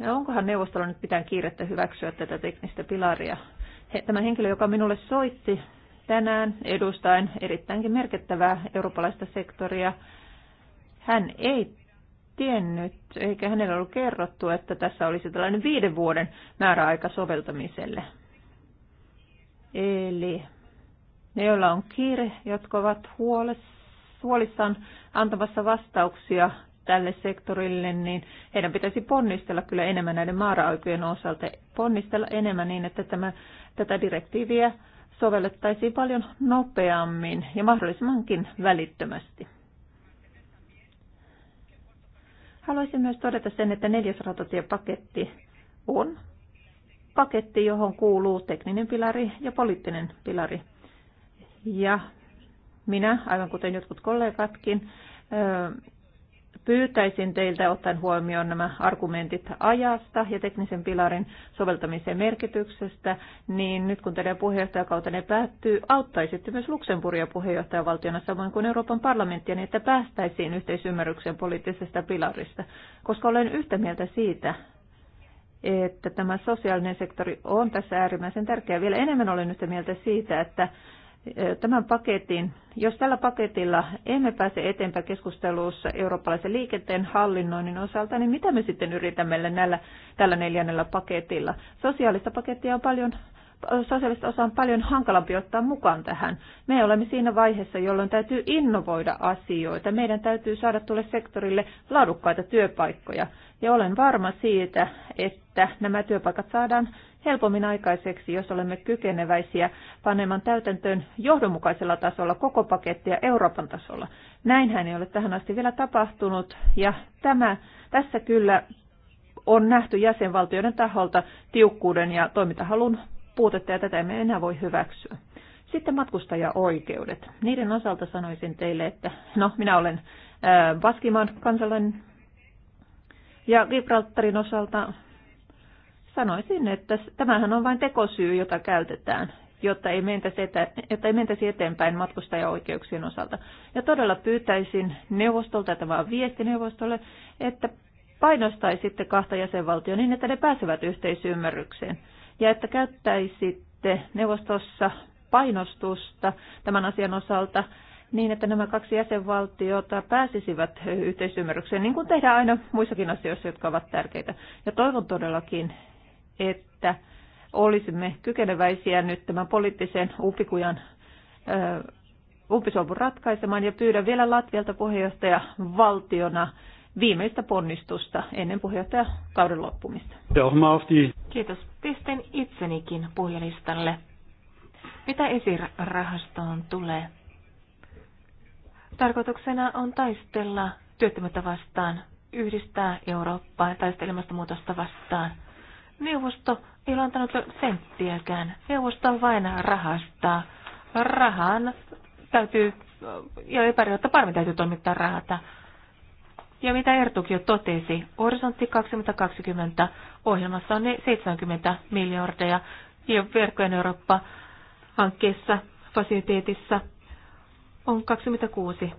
Ja onkohan neuvostolla nyt pitää kiirettä hyväksyä tätä teknistä pilaria? He, tämä henkilö, joka minulle soitti tänään edustaen erittäinkin merkittävää eurooppalaista sektoria, hän ei tiennyt, eikä hänellä ollut kerrottu, että tässä olisi tällainen viiden vuoden määräaika soveltamiselle. Eli ne, joilla on kiire, jotka ovat huolissaan antamassa vastauksia tälle sektorille, niin heidän pitäisi ponnistella kyllä enemmän näiden maaraikojen osalta, ponnistella enemmän niin, että tämä, tätä direktiiviä sovellettaisiin paljon nopeammin ja mahdollisimmankin välittömästi. Haluaisin myös todeta sen, että neljäs rautatiepaketti on paketti, johon kuuluu tekninen pilari ja poliittinen pilari. Ja minä, aivan kuten jotkut kollegatkin, pyytäisin teiltä ottaen huomioon nämä argumentit ajasta ja teknisen pilarin soveltamisen merkityksestä, niin nyt kun teidän puheenjohtajakautenne päättyy, auttaisitte myös Luxemburgia puheenjohtajavaltiona samoin kuin Euroopan parlamenttia, niin että päästäisiin yhteisymmärrykseen poliittisesta pilarista, koska olen yhtä mieltä siitä, että tämä sosiaalinen sektori on tässä äärimmäisen tärkeä. Vielä enemmän olen yhtä mieltä siitä, että tämän paketin, jos tällä paketilla emme pääse eteenpäin keskustelussa eurooppalaisen liikenteen hallinnoinnin osalta, niin mitä me sitten yritämme näillä, tällä neljännellä paketilla? Sosiaalista pakettia on paljon sosiaalista osaa on paljon hankalampi ottaa mukaan tähän. Me olemme siinä vaiheessa, jolloin täytyy innovoida asioita. Meidän täytyy saada tulle sektorille laadukkaita työpaikkoja. Ja olen varma siitä, että nämä työpaikat saadaan helpommin aikaiseksi, jos olemme kykeneväisiä panemaan täytäntöön johdonmukaisella tasolla koko pakettia Euroopan tasolla. Näinhän ei ole tähän asti vielä tapahtunut ja tämä, tässä kyllä on nähty jäsenvaltioiden taholta tiukkuuden ja toimintahalun puutetta ja tätä emme enää voi hyväksyä. Sitten matkustajaoikeudet. Niiden osalta sanoisin teille, että no, minä olen Vaskimaan äh, kansalainen, ja Gibraltarin osalta sanoisin, että tämähän on vain tekosyy, jota käytetään, jotta ei mentäisi, etä, että ei mentäisi eteenpäin matkustajaoikeuksien osalta. Ja todella pyytäisin neuvostolta, tämä on viesti neuvostolle, että painostaisitte kahta jäsenvaltioa niin, että ne pääsevät yhteisymmärrykseen. Ja että käyttäisitte neuvostossa painostusta tämän asian osalta niin, että nämä kaksi jäsenvaltiota pääsisivät yhteisymmärrykseen, niin kuin tehdään aina muissakin asioissa, jotka ovat tärkeitä. Ja toivon todellakin, että olisimme kykeneväisiä nyt tämän poliittisen umpikujan umpisolvun ratkaisemaan ja pyydän vielä Latvialta puheenjohtaja valtiona viimeistä ponnistusta ennen puheenjohtajakauden loppumista. Kiitos. Pistän itsenikin puhujalistalle. Mitä esirahastoon tulee? Tarkoituksena on taistella työttömyyttä vastaan, yhdistää Eurooppaa ja taistella ilmastonmuutosta vastaan. Neuvosto ei ole antanut senttiäkään. Neuvosto on vain rahastaa. Rahan täytyy, ja epäriotta paremmin täytyy toimittaa rahata. Ja mitä Ertukio totesi, Horisontti 2020 ohjelmassa on 70 miljardia ja verkkojen Eurooppa hankkeessa, fasiliteetissa on 26.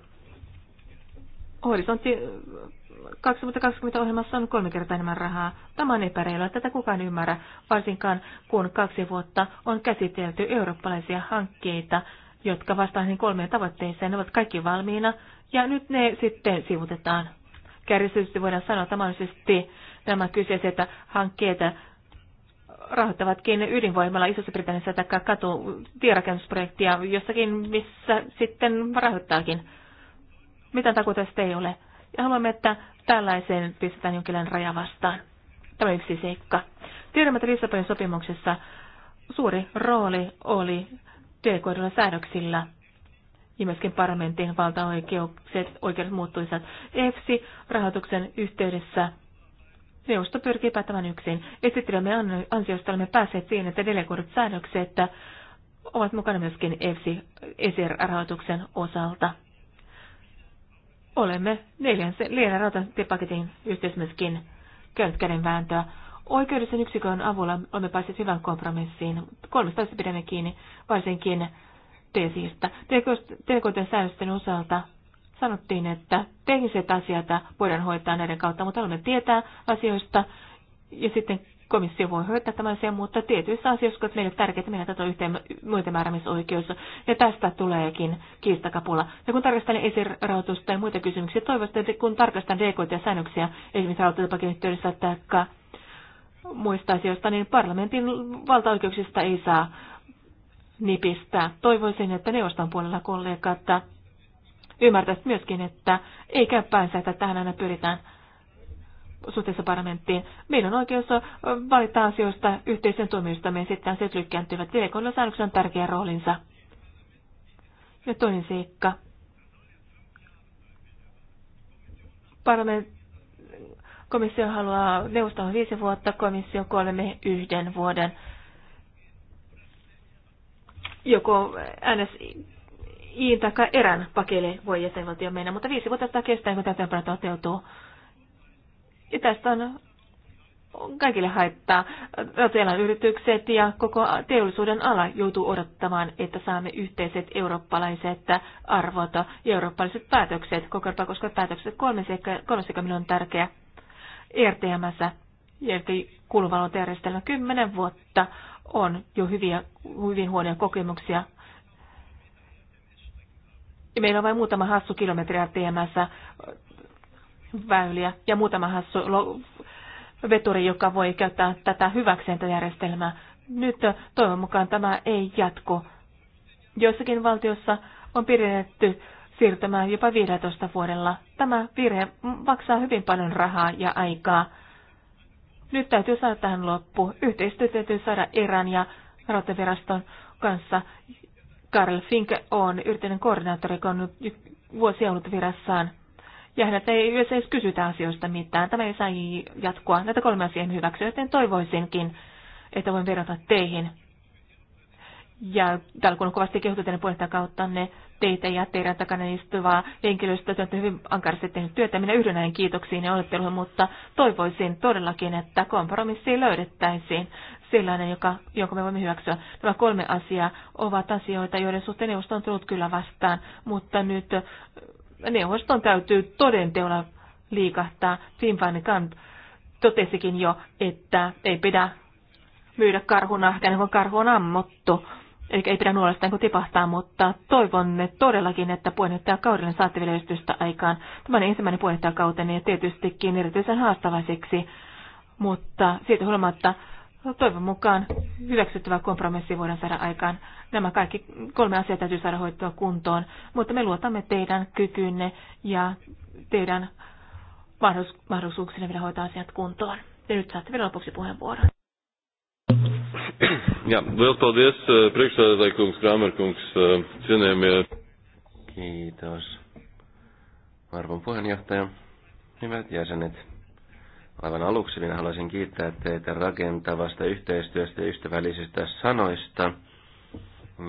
Horisontti 2020 äh, ohjelmassa on kolme kertaa enemmän rahaa. Tämä on epäreilua, tätä kukaan ymmärrä, varsinkaan kun kaksi vuotta on käsitelty eurooppalaisia hankkeita, jotka vastaavat niin kolmeen tavoitteeseen. Ne ovat kaikki valmiina ja nyt ne sitten sivutetaan. Kärjistetysti voidaan sanoa, että mahdollisesti nämä kyseiset hankkeet rahoittavatkin ydinvoimalla Isossa Britanniassa tai katu tierakennusprojektia jossakin, missä sitten rahoittaakin. Mitä takuuta tästä ei ole? Ja haluamme, että tällaiseen pistetään jonkinlainen raja vastaan. Tämä yksi seikka. Tiedämme, että Lissabonin sopimuksessa suuri rooli oli työkoidulla säädöksillä ja myöskin parlamentin valtaoikeukset, oikeudet muuttuisat EFSI-rahoituksen yhteydessä Neuvosto pyrkii päättämään yksin. Esittelemme ansiosta olemme päässeet siihen, että delegoidut säännökset ovat mukana myöskin EFSI, ESIR-rahoituksen e osalta. Olemme neljän, liian rautatiepaketin yhteydessä myöskin käynyt kädenvääntöä. Oikeudellisen yksikön avulla olemme päässeet hyvään kompromissiin. Kolmesta pidämme kiinni, varsinkin TESistä. Telekoiden säännösten osalta sanottiin, että tekniset asiat voidaan hoitaa näiden kautta, mutta haluamme tietää asioista ja sitten komissio voi hoitaa tämän asian, mutta tietyissä asioissa, jotka meille tärkeitä, meillä tätä yhteen määrämisoikeus, ja tästä tuleekin kiistakapula. Ja kun tarkastan esirahoitusta ja muita kysymyksiä, toivottavasti että kun tarkastan DKT-säännöksiä, esimerkiksi rahoituspakin yhteydessä tai muista asioista, niin parlamentin valtaoikeuksista ei saa nipistää. Toivoisin, että neuvoston puolella kollegat ymmärtäisivät myöskin, että ei käy päänsä, että tähän aina pyritään suhteessa parlamenttiin. Meillä on oikeus valita asioista yhteisen tuomioistamme sitten se lykkääntyvät. Delegoilla säännöksen on tärkeä roolinsa. Ja toinen seikka. Parlament, komissio haluaa neuvostoon viisi vuotta, komissio kolme yhden vuoden. Joko NS iin tai erän pakele voi jäsenvaltio mennä, mutta viisi vuotta tämä kestää, kun tämä toteutuu. Ja tästä on kaikille haittaa. Rautatiealan yritykset ja koko teollisuuden ala joutuu odottamaan, että saamme yhteiset eurooppalaiset arvot ja eurooppalaiset päätökset, koko koskevat päätökset. Kolme sekä, kolme seikkaa on tärkeä. ERTMS, eli kulunvalvontajärjestelmä, kymmenen vuotta on jo hyviä, hyvin huonoja kokemuksia ja meillä on vain muutama hassu kilometri RTMssä väyliä ja muutama hassu veturi, joka voi käyttää tätä hyväkseen tätä järjestelmää. Nyt toivon mukaan tämä ei jatku. Joissakin valtiossa on pidetty siirtämään jopa 15 vuodella. Tämä virhe maksaa hyvin paljon rahaa ja aikaa. Nyt täytyy saada tähän loppu. Yhteistyö täytyy saada Iran ja Roteviraston kanssa Karl Fink on yrittäjän koordinaattori, joka on nyt vuosia ollut virassaan. Ja häneltä ei yleensä edes kysytä asioista mitään. Tämä ei saa jatkoa. Näitä kolme asiaa hyväksyä, joten toivoisinkin, että voin verrata teihin. Ja täällä kun on kovasti kehuttu teidän kautta ne teitä ja teidän takana istuvaa henkilöstöä, te olette hyvin ankarasti tehnyt työtä. Minä yhden näihin kiitoksiin ja onnitteluihin, mutta toivoisin todellakin, että kompromissi löydettäisiin sellainen, joka, jonka me voimme hyväksyä. Nämä kolme asiaa ovat asioita, joiden suhteen neuvosto on tullut kyllä vastaan, mutta nyt neuvoston täytyy todenteolla liikahtaa. Van Kamp totesikin jo, että ei pidä myydä karhunahkana, kun karhu on ammuttu. Eli ei pidä nuolesta, kuin tipahtaa, mutta toivon todellakin, että puheenjohtajakaudelle saatte vielä ystystä aikaan. Tämä on ensimmäinen puheenjohtajakauteni ja tietystikin erityisen haastavaiseksi, mutta siitä huolimatta No, toivon mukaan hyväksyttävä kompromissi voidaan saada aikaan. Nämä kaikki kolme asiaa täytyy saada hoitoa kuntoon, mutta me luotamme teidän kykynne ja teidän mahdollisuuksinne vielä hoitaa asiat kuntoon. Ja nyt saatte vielä lopuksi puheenvuoron. Ja, vielä paldies, eh, priekšsēdētāji kungs, Kramer kungs, eh, cienējamie. Kiitos. Arvon puheenjohtaja, hyvät jäsenet. Aivan aluksi minä haluaisin kiittää teitä rakentavasta yhteistyöstä ja ystävällisistä sanoista,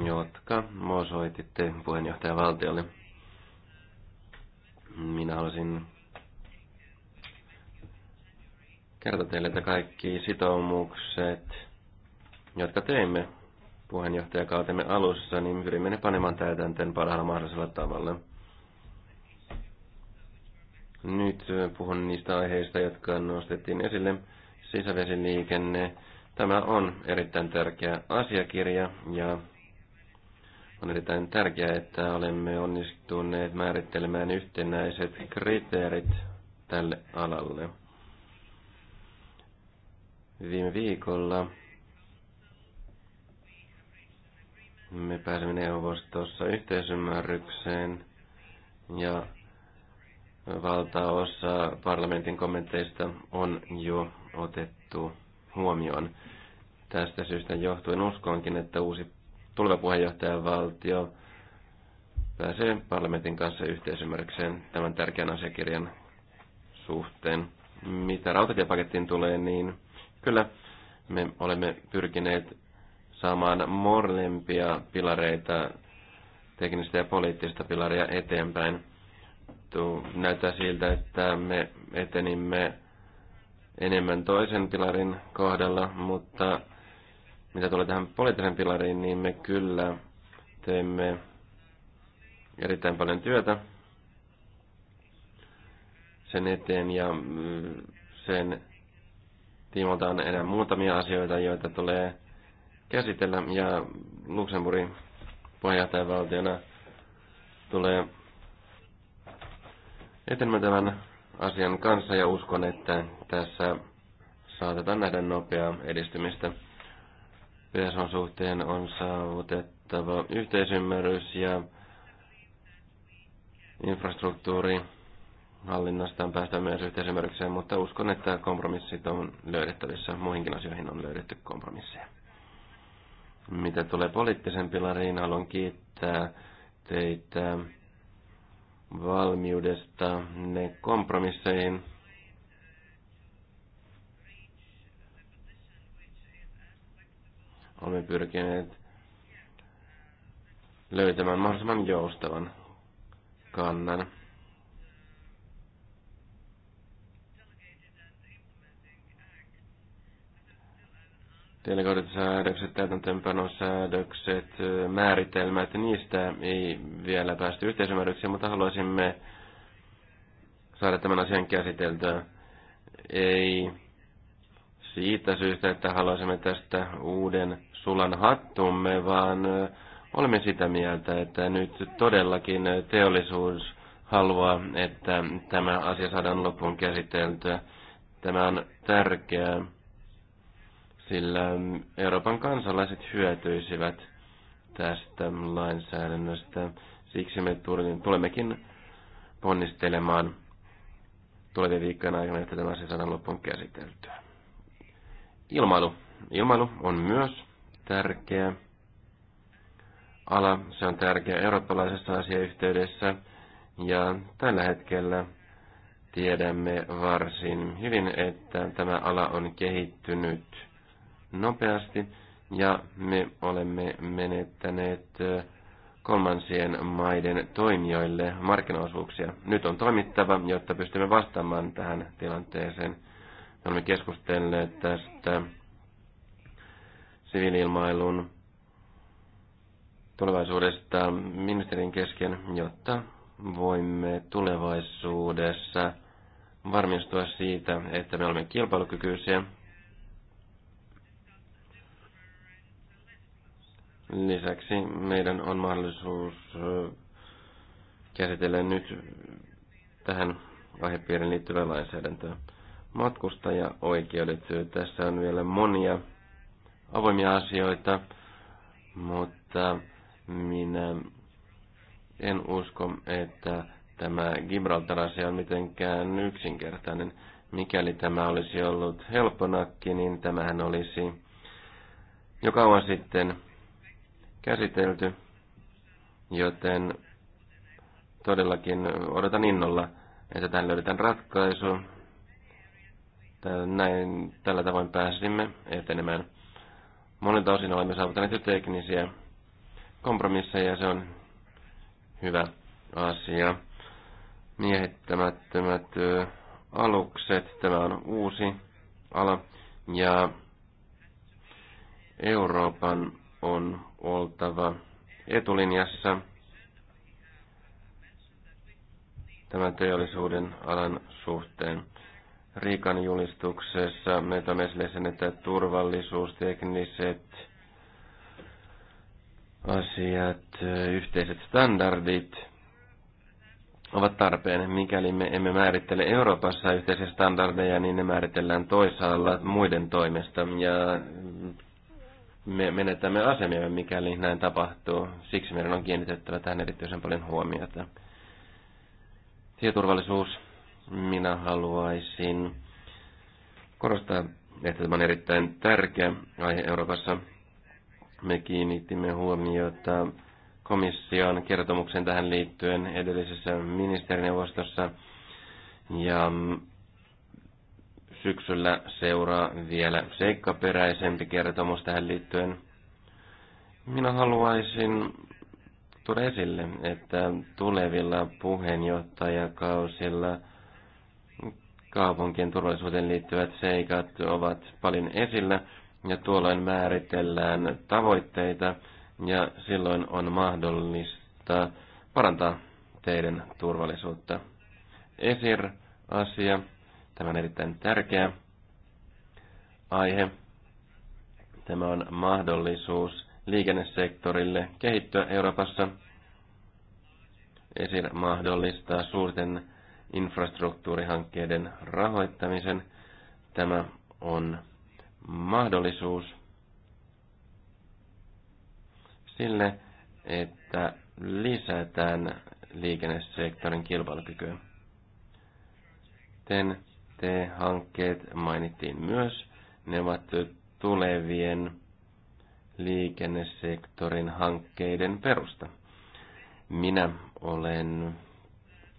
jotka osoititte puheenjohtajavaltiolle. Minä haluaisin kertoa teille, että kaikki sitoumukset, jotka teimme puheenjohtajakautemme alussa, niin pyrimme ne panemaan täytäntöön parhaalla mahdollisella tavalla – nyt puhun niistä aiheista, jotka nostettiin esille. Sisävesiliikenne. Tämä on erittäin tärkeä asiakirja ja on erittäin tärkeää, että olemme onnistuneet määrittelemään yhtenäiset kriteerit tälle alalle. Viime viikolla me pääsemme neuvostossa yhteisymmärrykseen ja Valtaosa parlamentin kommenteista on jo otettu huomioon. Tästä syystä johtuen uskonkin, että uusi tuleva puheenjohtajavaltio pääsee parlamentin kanssa yhteisymmärrykseen tämän tärkeän asiakirjan suhteen. Mitä rautatiepakettiin tulee, niin kyllä me olemme pyrkineet saamaan morlempia pilareita, teknistä ja poliittista pilaria eteenpäin näyttää siltä, että me etenimme enemmän toisen pilarin kohdalla, mutta mitä tulee tähän poliittisen pilariin, niin me kyllä teemme erittäin paljon työtä sen eteen ja mm, sen tiimolta on enää muutamia asioita, joita tulee käsitellä ja Luxemburgin puheenjohtajavaltiona tulee etenemme tämän asian kanssa ja uskon, että tässä saatetaan nähdä nopeaa edistymistä. PSOn suhteen on saavutettava yhteisymmärrys ja infrastruktuuri hallinnastaan päästä myös yhteisymmärrykseen, mutta uskon, että kompromissit on löydettävissä. Muihinkin asioihin on löydetty kompromisseja. Mitä tulee poliittisen pilariin, haluan kiittää teitä valmiudesta ne kompromisseihin. Olemme pyrkineet löytämään mahdollisimman joustavan kannan. delegoidut säädökset, säädökset määritelmät, niistä ei vielä päästy yhteisymmärrykseen, mutta haluaisimme saada tämän asian käsiteltyä. Ei siitä syystä, että haluaisimme tästä uuden sulan hattumme, vaan äh, olemme sitä mieltä, että nyt todellakin teollisuus haluaa, että tämä asia saadaan loppuun käsiteltyä. Tämä on tärkeää sillä ähm, Euroopan kansalaiset hyötyisivät tästä lainsäädännöstä. Siksi me tulemmekin ponnistelemaan tulevien viikkojen aikana, että tämä asia saadaan loppuun käsiteltyä. Ilmailu. Ilmailu on myös tärkeä ala. Se on tärkeä eurooppalaisessa asiayhteydessä ja tällä hetkellä tiedämme varsin hyvin, että tämä ala on kehittynyt nopeasti ja me olemme menettäneet kolmansien maiden toimijoille markkinaosuuksia. Nyt on toimittava, jotta pystymme vastaamaan tähän tilanteeseen. Me olemme keskustelleet tästä siviililmailun tulevaisuudesta ministerin kesken, jotta voimme tulevaisuudessa varmistua siitä, että me olemme kilpailukykyisiä Lisäksi meidän on mahdollisuus käsitellä nyt tähän aihepiirin liittyvää lainsäädäntöä. Matkustajaoikeudet. Tässä on vielä monia avoimia asioita, mutta minä en usko, että tämä Gibraltar-asia on mitenkään yksinkertainen. Mikäli tämä olisi ollut helponakki, niin tämähän olisi jo kauan sitten käsitelty, joten todellakin odotan innolla, että tähän löydetään ratkaisu. Näin, tällä tavoin pääsimme etenemään. Monilta osin olemme saavuttaneet jo teknisiä kompromisseja ja se on hyvä asia. Miehittämättömät alukset, tämä on uusi ala ja Euroopan on oltava etulinjassa tämän teollisuuden alan suhteen. Riikan julistuksessa me esille sen, että turvallisuustekniset asiat, yhteiset standardit ovat tarpeen. Mikäli me emme määrittele Euroopassa yhteisiä standardeja, niin ne määritellään toisaalla muiden toimesta. Ja me menetämme asemia, mikäli näin tapahtuu. Siksi meidän on kiinnitettävä tähän erityisen paljon huomiota. Tieturvallisuus. Minä haluaisin korostaa, että tämä on erittäin tärkeä aihe Euroopassa. Me kiinnitimme huomiota komission kertomuksen tähän liittyen edellisessä ministerineuvostossa. Ja mm, Syksyllä seuraa vielä seikkaperäisempi kertomus tähän liittyen. Minä haluaisin tuoda esille, että tulevilla puheenjohtajakausilla kaupunkien turvallisuuteen liittyvät seikat ovat paljon esillä, ja tuolloin määritellään tavoitteita, ja silloin on mahdollista parantaa teidän turvallisuutta. ESIR-asia Tämä on erittäin tärkeä aihe. Tämä on mahdollisuus liikennesektorille kehittyä Euroopassa. ESIR mahdollistaa suurten infrastruktuurihankkeiden rahoittamisen. Tämä on mahdollisuus sille, että lisätään liikennesektorin kilpailukykyä. TEN ict hankkeet mainittiin myös. Ne ovat tulevien liikennesektorin hankkeiden perusta. Minä olen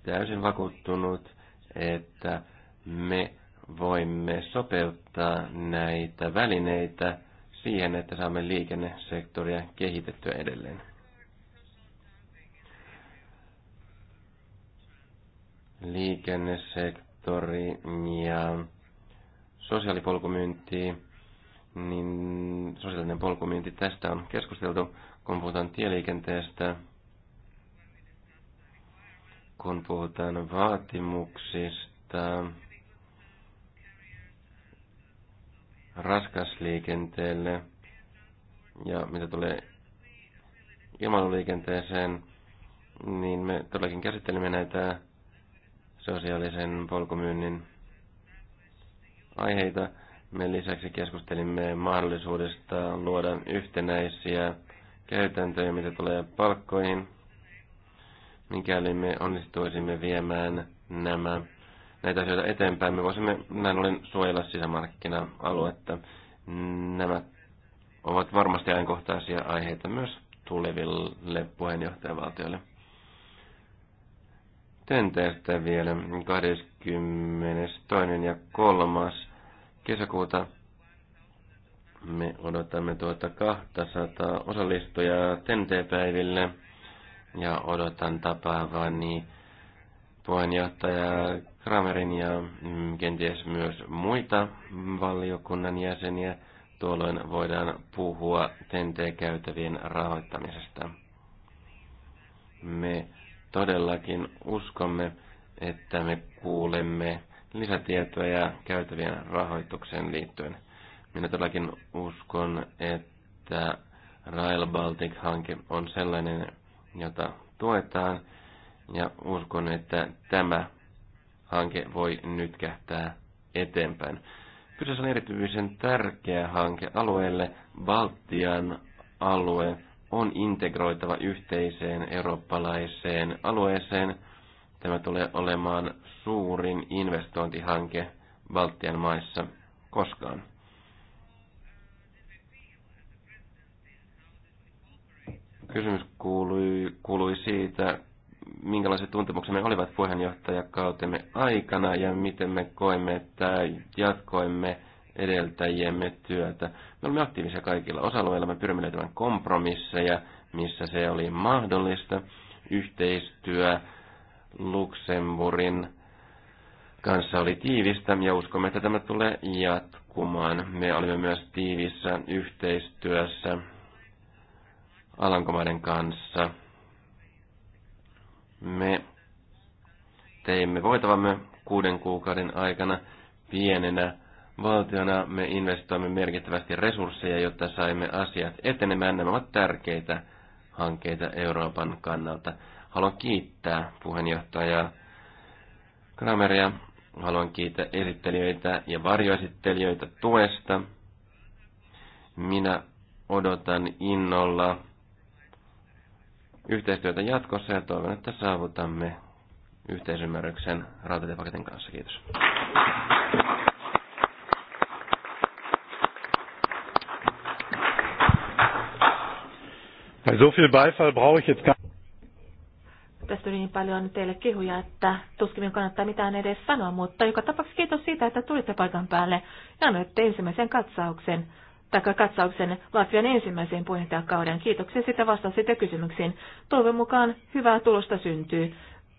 täysin vakuuttunut, että me voimme sopeuttaa näitä välineitä siihen, että saamme liikennesektoria kehitettyä edelleen. liikennesektori traktori- ja sosiaalipolkumyynti, niin sosiaalinen polkumyynti, tästä on keskusteltu, kun puhutaan tieliikenteestä, kun puhutaan vaatimuksista, raskasliikenteelle ja mitä tulee ilmailuliikenteeseen, niin me todellakin käsittelemme näitä sosiaalisen polkumyynnin aiheita. Me lisäksi keskustelimme mahdollisuudesta luoda yhtenäisiä käytäntöjä, mitä tulee palkkoihin, mikäli me onnistuisimme viemään nämä, näitä asioita eteenpäin. Me voisimme näin ollen suojella sisämarkkina-aluetta. Nämä ovat varmasti ajankohtaisia aiheita myös tuleville puheenjohtajavaltioille. TENTELTä vielä 22. ja 3. kesäkuuta. Me odotamme tuota 200 osallistujaa tnt päiville ja odotan tapaavani puheenjohtaja Kramerin ja mm, kenties myös muita valiokunnan jäseniä. Tuolloin voidaan puhua tnt käytävien rahoittamisesta. Me todellakin uskomme, että me kuulemme lisätietoja ja käytävien rahoitukseen liittyen. Minä todellakin uskon, että Rail Baltic-hanke on sellainen, jota tuetaan, ja uskon, että tämä hanke voi nyt kähtää eteenpäin. Kyseessä on erityisen tärkeä hanke alueelle. Baltian alue on integroitava yhteiseen eurooppalaiseen alueeseen. Tämä tulee olemaan suurin investointihanke Baltian maissa koskaan. Kysymys kuului, kuului siitä, minkälaiset tuntemuksemme olivat puheenjohtajakautemme aikana ja miten me koemme, että jatkoimme edeltäjiemme työtä. Me olimme aktiivisia kaikilla osa-alueilla, me pyrimme löytämään kompromisseja, missä se oli mahdollista. Yhteistyö Luxemburgin kanssa oli tiivistä ja uskomme, että tämä tulee jatkumaan. Me olimme myös tiivissä yhteistyössä Alankomaiden kanssa. Me teimme voitavamme kuuden kuukauden aikana pienenä Valtiona me investoimme merkittävästi resursseja, jotta saimme asiat etenemään. Nämä ovat tärkeitä hankkeita Euroopan kannalta. Haluan kiittää puheenjohtaja Krameria. Haluan kiittää esittelijöitä ja varjoesittelijöitä tuesta. Minä odotan innolla yhteistyötä jatkossa ja toivon, että saavutamme yhteisymmärryksen rautatiepaketin kanssa. Kiitos. So viel Beifall brauche ich jetzt gar Tästä tuli niin paljon teille kehuja, että tuskin kannattaa mitään edes sanoa, mutta joka tapauksessa kiitos siitä, että tulitte paikan päälle ja annoitte ensimmäisen katsauksen katsauksen Latvian ensimmäiseen puheenjohtajakauden. Kiitoksia sitä vastasitte kysymyksiin. Toivon mukaan hyvää tulosta syntyy.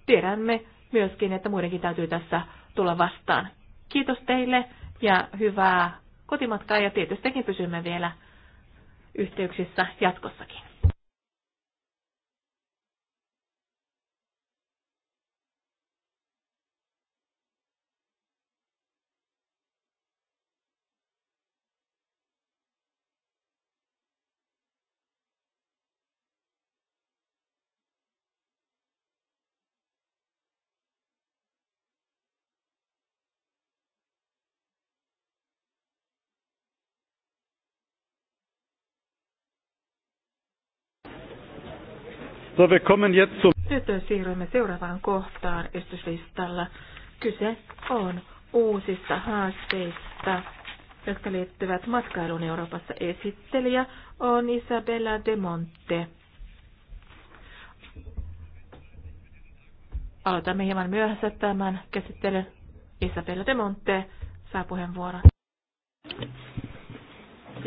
Tiedämme myöskin, että muidenkin täytyy tässä tulla vastaan. Kiitos teille ja hyvää kotimatkaa ja tietystikin pysymme vielä yhteyksissä jatkossakin. So, wir kommen jetzt zum... Nyt siirrymme seuraavaan kohtaan esityslistalla. Kyse on uusista haasteista, jotka liittyvät matkailun Euroopassa. Esittelijä on Isabella de Monte. Aloitamme hieman myöhässä tämän käsittelyn. Isabella de Monte saa puheenvuoron.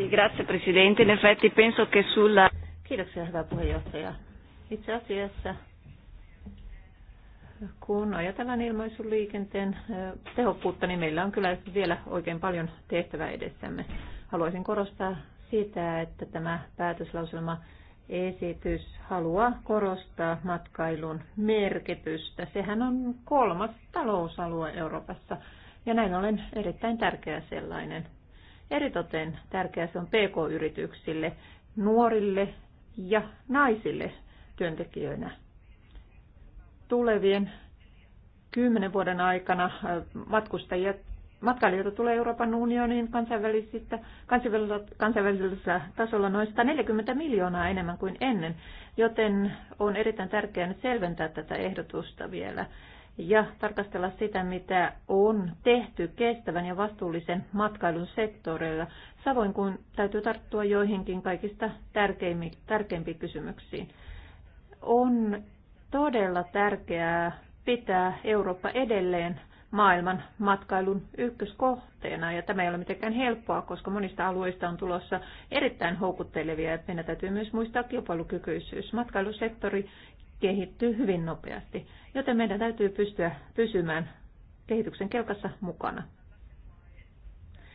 Grazie Presidente. In effetti penso che sulla... Kiitoksia hyvä puheenjohtaja itse asiassa kun ajatellaan liikenteen tehokkuutta, niin meillä on kyllä vielä oikein paljon tehtävää edessämme. Haluaisin korostaa sitä, että tämä päätöslauselma esitys haluaa korostaa matkailun merkitystä. Sehän on kolmas talousalue Euroopassa ja näin ollen erittäin tärkeä sellainen. Eritoten tärkeä se on PK-yrityksille, nuorille ja naisille työntekijöinä. Tulevien kymmenen vuoden aikana äh, matkustajia, matkailijoita tulee Euroopan unionin kansainvälisistä, kansainvälisellä tasolla noin 140 miljoonaa enemmän kuin ennen, joten on erittäin tärkeää nyt selventää tätä ehdotusta vielä ja tarkastella sitä, mitä on tehty kestävän ja vastuullisen matkailun sektoreilla, samoin kuin täytyy tarttua joihinkin kaikista tärkeimpiin kysymyksiin on todella tärkeää pitää Eurooppa edelleen maailman matkailun ykköskohteena. Ja tämä ei ole mitenkään helppoa, koska monista alueista on tulossa erittäin houkuttelevia. Ja meidän täytyy myös muistaa kilpailukykyisyys. Matkailusektori kehittyy hyvin nopeasti, joten meidän täytyy pystyä pysymään kehityksen kelkassa mukana.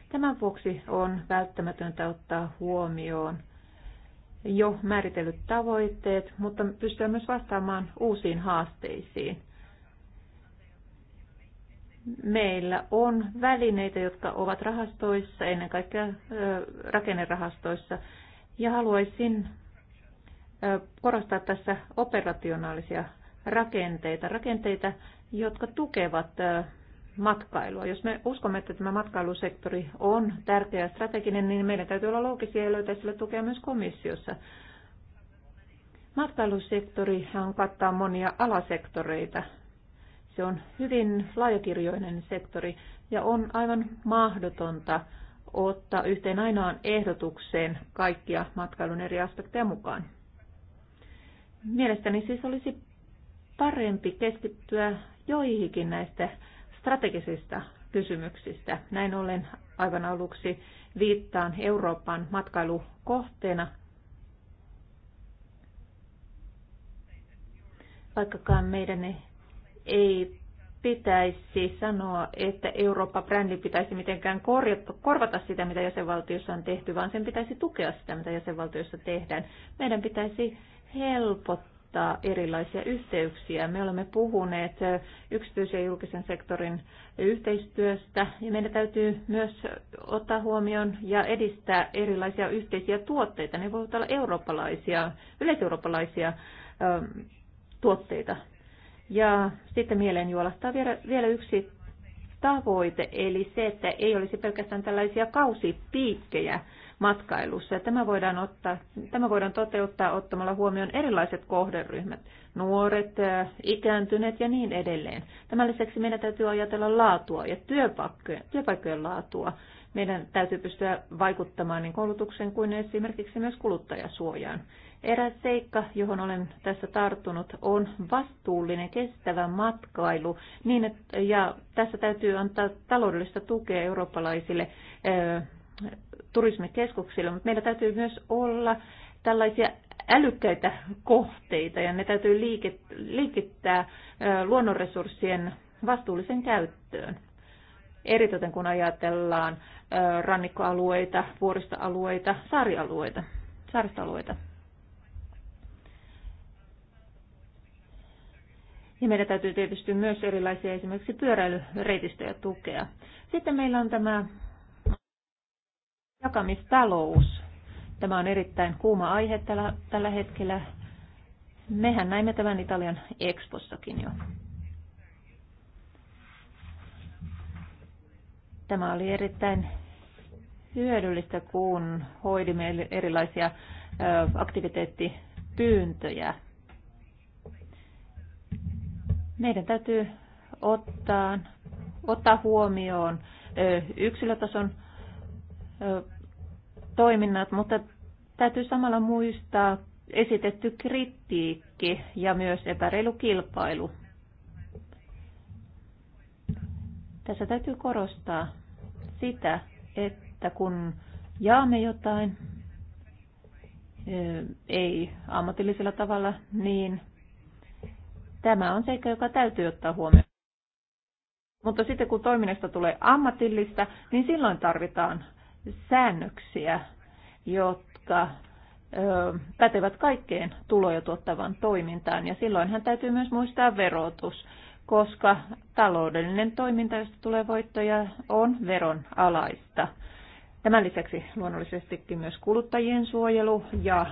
Tämän vuoksi on välttämätöntä ottaa huomioon jo määritellyt tavoitteet, mutta pystyä myös vastaamaan uusiin haasteisiin. Meillä on välineitä, jotka ovat rahastoissa, ennen kaikkea rakennerahastoissa, ja haluaisin korostaa tässä operationaalisia rakenteita, rakenteita, jotka tukevat matkailua. Jos me uskomme, että tämä matkailusektori on tärkeä ja strateginen, niin meidän täytyy olla loogisia ja löytää sille tukea myös komissiossa. Matkailusektori on kattaa monia alasektoreita. Se on hyvin laajakirjoinen sektori ja on aivan mahdotonta ottaa yhteen ainoaan ehdotukseen kaikkia matkailun eri aspekteja mukaan. Mielestäni siis olisi parempi keskittyä joihinkin näistä strategisista kysymyksistä. Näin ollen aivan aluksi viittaan Euroopan matkailukohteena. Vaikkakaan meidän ei pitäisi sanoa, että Eurooppa-brändi pitäisi mitenkään korvata sitä, mitä jäsenvaltiossa on tehty, vaan sen pitäisi tukea sitä, mitä jäsenvaltiossa tehdään. Meidän pitäisi helpottaa korostaa erilaisia yhteyksiä. Me olemme puhuneet yksityisen ja julkisen sektorin yhteistyöstä ja meidän täytyy myös ottaa huomioon ja edistää erilaisia yhteisiä tuotteita. Ne voivat olla eurooppalaisia, yleiseurooppalaisia ähm, tuotteita. Ja sitten mieleen juolahtaa vielä, vielä yksi tavoite, eli se, että ei olisi pelkästään tällaisia kausipiikkejä, matkailussa. Ja tämä voidaan, ottaa, tämä voidaan toteuttaa ottamalla huomioon erilaiset kohderyhmät, nuoret, ikääntyneet ja niin edelleen. Tämän lisäksi meidän täytyy ajatella laatua ja työpaikkojen, työpaikkojen laatua. Meidän täytyy pystyä vaikuttamaan niin koulutukseen kuin esimerkiksi myös kuluttajasuojaan. Eräs seikka, johon olen tässä tarttunut, on vastuullinen, kestävä matkailu. Niin, että, ja tässä täytyy antaa taloudellista tukea eurooppalaisille turismikeskuksille, mutta meillä täytyy myös olla tällaisia älykkäitä kohteita ja ne täytyy liikittää luonnonresurssien vastuullisen käyttöön. Eritoten kun ajatellaan rannikkoalueita, vuoristoalueita, saarialueita, saaristoalueita. Ja meidän täytyy tietysti myös erilaisia esimerkiksi pyöräilyreitistöjä tukea. Sitten meillä on tämä Jakamistalous. Tämä on erittäin kuuma aihe tällä, tällä hetkellä. Mehän näimme tämän Italian Expossakin jo. Tämä oli erittäin hyödyllistä, kun hoidimme erilaisia aktiviteettipyyntöjä. Meidän täytyy ottaa, ottaa huomioon yksilötason toiminnat, mutta täytyy samalla muistaa esitetty kritiikki ja myös epäreilu kilpailu. Tässä täytyy korostaa sitä, että kun jaamme jotain, ei ammatillisella tavalla, niin tämä on seikka, joka täytyy ottaa huomioon. Mutta sitten kun toiminnasta tulee ammatillista, niin silloin tarvitaan säännöksiä, jotka pätevät kaikkeen tuloja tuottavan toimintaan. Ja silloinhan täytyy myös muistaa verotus, koska taloudellinen toiminta, josta tulee voittoja, on veron alaista. Tämän lisäksi luonnollisestikin myös kuluttajien suojelu ja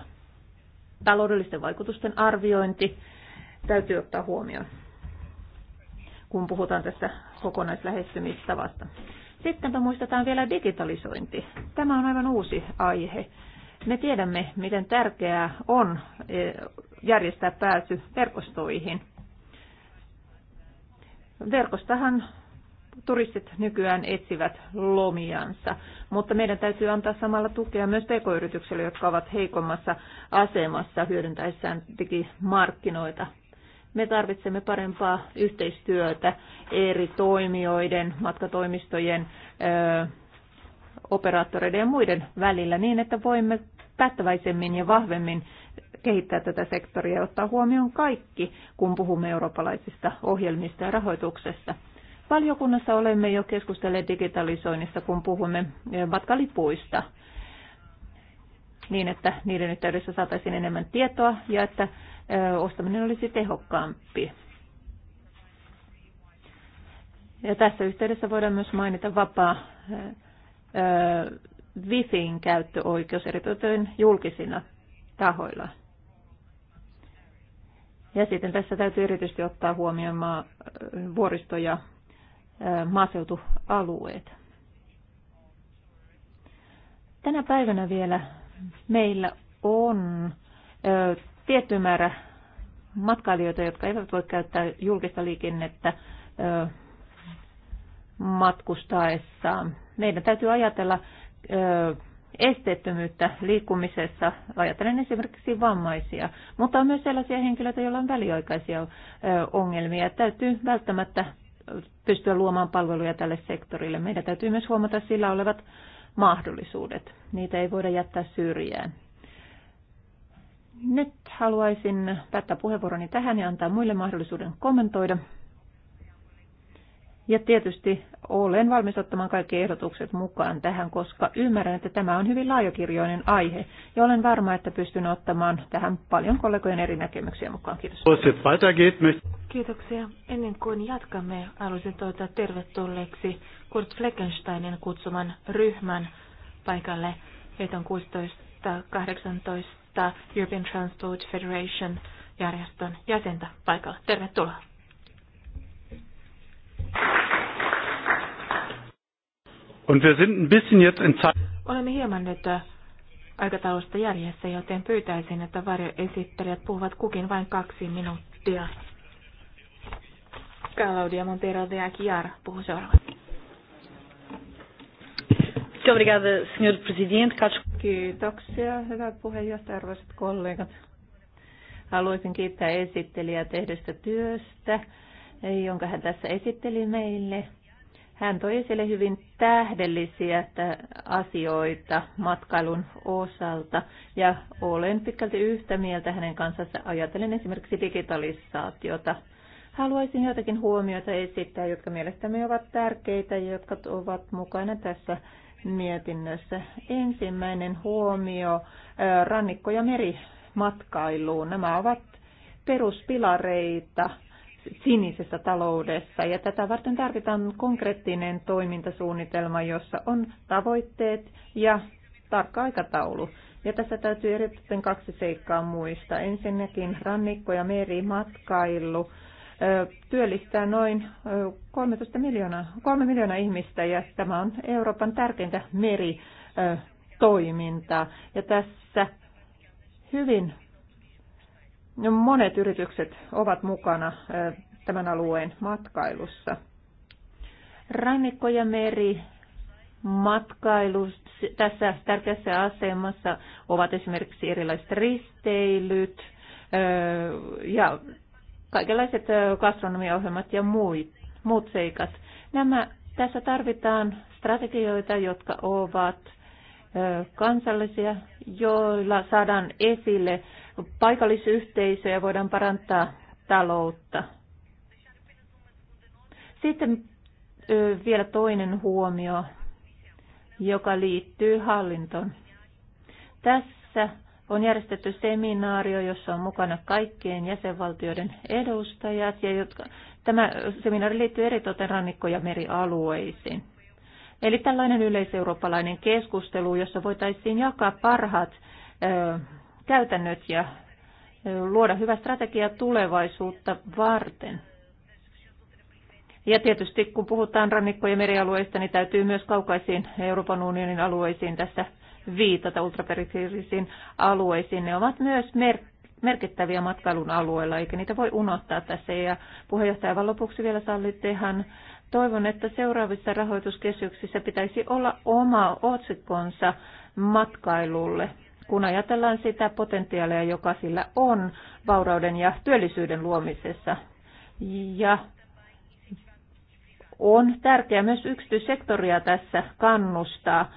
taloudellisten vaikutusten arviointi täytyy ottaa huomioon, kun puhutaan tästä kokonaislähestymistavasta. Sittenpä muistetaan vielä digitalisointi. Tämä on aivan uusi aihe. Me tiedämme, miten tärkeää on e, järjestää pääsy verkostoihin. Verkostahan turistit nykyään etsivät lomiansa, mutta meidän täytyy antaa samalla tukea myös pk-yrityksille, jotka ovat heikommassa asemassa hyödyntäessään digimarkkinoita. Me tarvitsemme parempaa yhteistyötä eri toimijoiden, matkatoimistojen, operaattoreiden ja muiden välillä niin, että voimme päättäväisemmin ja vahvemmin kehittää tätä sektoria ja ottaa huomioon kaikki, kun puhumme eurooppalaisista ohjelmista ja rahoituksesta. Valiokunnassa olemme jo keskustelleet digitalisoinnista, kun puhumme matkalipuista niin, että niiden yhteydessä saataisiin enemmän tietoa ja että ostaminen olisi tehokkaampi. Ja tässä yhteydessä voidaan myös mainita vapaa Wifin käyttöoikeus erityisen julkisina tahoilla. Ja sitten tässä täytyy erityisesti ottaa huomioon vuoristo- ja maaseutualueet. Tänä päivänä vielä meillä on ö, tietty määrä matkailijoita, jotka eivät voi käyttää julkista liikennettä ö, matkustaessaan. Meidän täytyy ajatella ö, esteettömyyttä liikkumisessa. Ajattelen esimerkiksi vammaisia, mutta on myös sellaisia henkilöitä, joilla on väliaikaisia ongelmia. Täytyy välttämättä pystyä luomaan palveluja tälle sektorille. Meidän täytyy myös huomata sillä olevat mahdollisuudet. Niitä ei voida jättää syrjään. Nyt haluaisin päättää puheenvuoroni tähän ja antaa muille mahdollisuuden kommentoida ja tietysti olen valmis ottamaan kaikki ehdotukset mukaan tähän, koska ymmärrän, että tämä on hyvin laajakirjoinen aihe. Ja olen varma, että pystyn ottamaan tähän paljon kollegojen eri näkemyksiä mukaan. Kiitos. Kiitoksia. Ennen kuin jatkamme, haluaisin toivottaa tervetulleeksi Kurt Fleckensteinin kutsuman ryhmän paikalle. Heitä on 16-18 European Transport Federation järjestön jäsentä paikalla. Tervetuloa. Und wir sind ein bisschen jetzt in Zeit. Olemme hieman nyt äh, aikataulusta jäljessä, joten pyytäisin, että varjoesittelijät puhuvat kukin vain kaksi minuuttia. Claudia Montero de Aguiar puhuu seuraavaksi. Kiitoksia, hyvät puheenjohtajat, arvoisat kollegat. Haluaisin kiittää esittelijää tehdystä työstä, jonka hän tässä esitteli meille. Hän toi esille hyvin tähdellisiä asioita matkailun osalta ja olen pitkälti yhtä mieltä hänen kanssaan ajatellen esimerkiksi digitalisaatiota. Haluaisin joitakin huomioita esittää, jotka mielestäni ovat tärkeitä ja jotka ovat mukana tässä mietinnössä. Ensimmäinen huomio rannikko- ja merimatkailuun. Nämä ovat peruspilareita sinisessä taloudessa. Ja tätä varten tarvitaan konkreettinen toimintasuunnitelma, jossa on tavoitteet ja tarkka aikataulu. Ja tässä täytyy erityisen kaksi seikkaa muistaa. Ensinnäkin rannikko- ja merimatkailu työllistää noin 13 miljoonaa, 3 miljoonaa ihmistä ja tämä on Euroopan tärkeintä meritoimintaa. Ja tässä hyvin No, monet yritykset ovat mukana tämän alueen matkailussa. Rannikko ja meri matkailu tässä tärkeässä asemassa ovat esimerkiksi erilaiset risteilyt ja kaikenlaiset gastronomiaohjelmat ja muut, muut seikat. Nämä, tässä tarvitaan strategioita, jotka ovat kansallisia, joilla saadaan esille paikallisyhteisöjä, voidaan parantaa taloutta. Sitten vielä toinen huomio, joka liittyy hallintoon. Tässä on järjestetty seminaario, jossa on mukana kaikkien jäsenvaltioiden edustajat, ja jotka, tämä seminaari liittyy eritoten rannikko- ja merialueisiin. Eli tällainen yleiseurooppalainen keskustelu, jossa voitaisiin jakaa parhaat ö, käytännöt ja luoda hyvä strategia tulevaisuutta varten. Ja tietysti kun puhutaan rannikko- ja merialueista, niin täytyy myös kaukaisiin Euroopan unionin alueisiin tässä viitata ultraperiferisiin alueisiin. Ne ovat myös merkittäviä matkailun alueella, eikä niitä voi unohtaa tässä. Ja vaan lopuksi vielä sallittehan toivon, että seuraavissa rahoituskesyksissä pitäisi olla oma otsikkonsa matkailulle kun ajatellaan sitä potentiaalia, joka sillä on vaurauden ja työllisyyden luomisessa. Ja on tärkeää myös yksityissektoria tässä kannustaa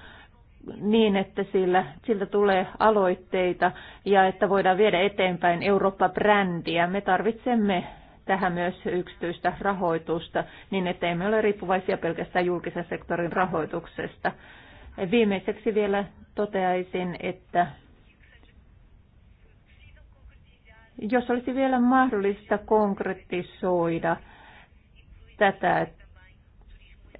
niin, että sillä, siltä tulee aloitteita ja että voidaan viedä eteenpäin Eurooppa-brändiä. Me tarvitsemme tähän myös yksityistä rahoitusta niin, että emme ole riippuvaisia pelkästään julkisen sektorin rahoituksesta. Viimeiseksi vielä toteaisin, että Jos olisi vielä mahdollista konkretisoida tätä,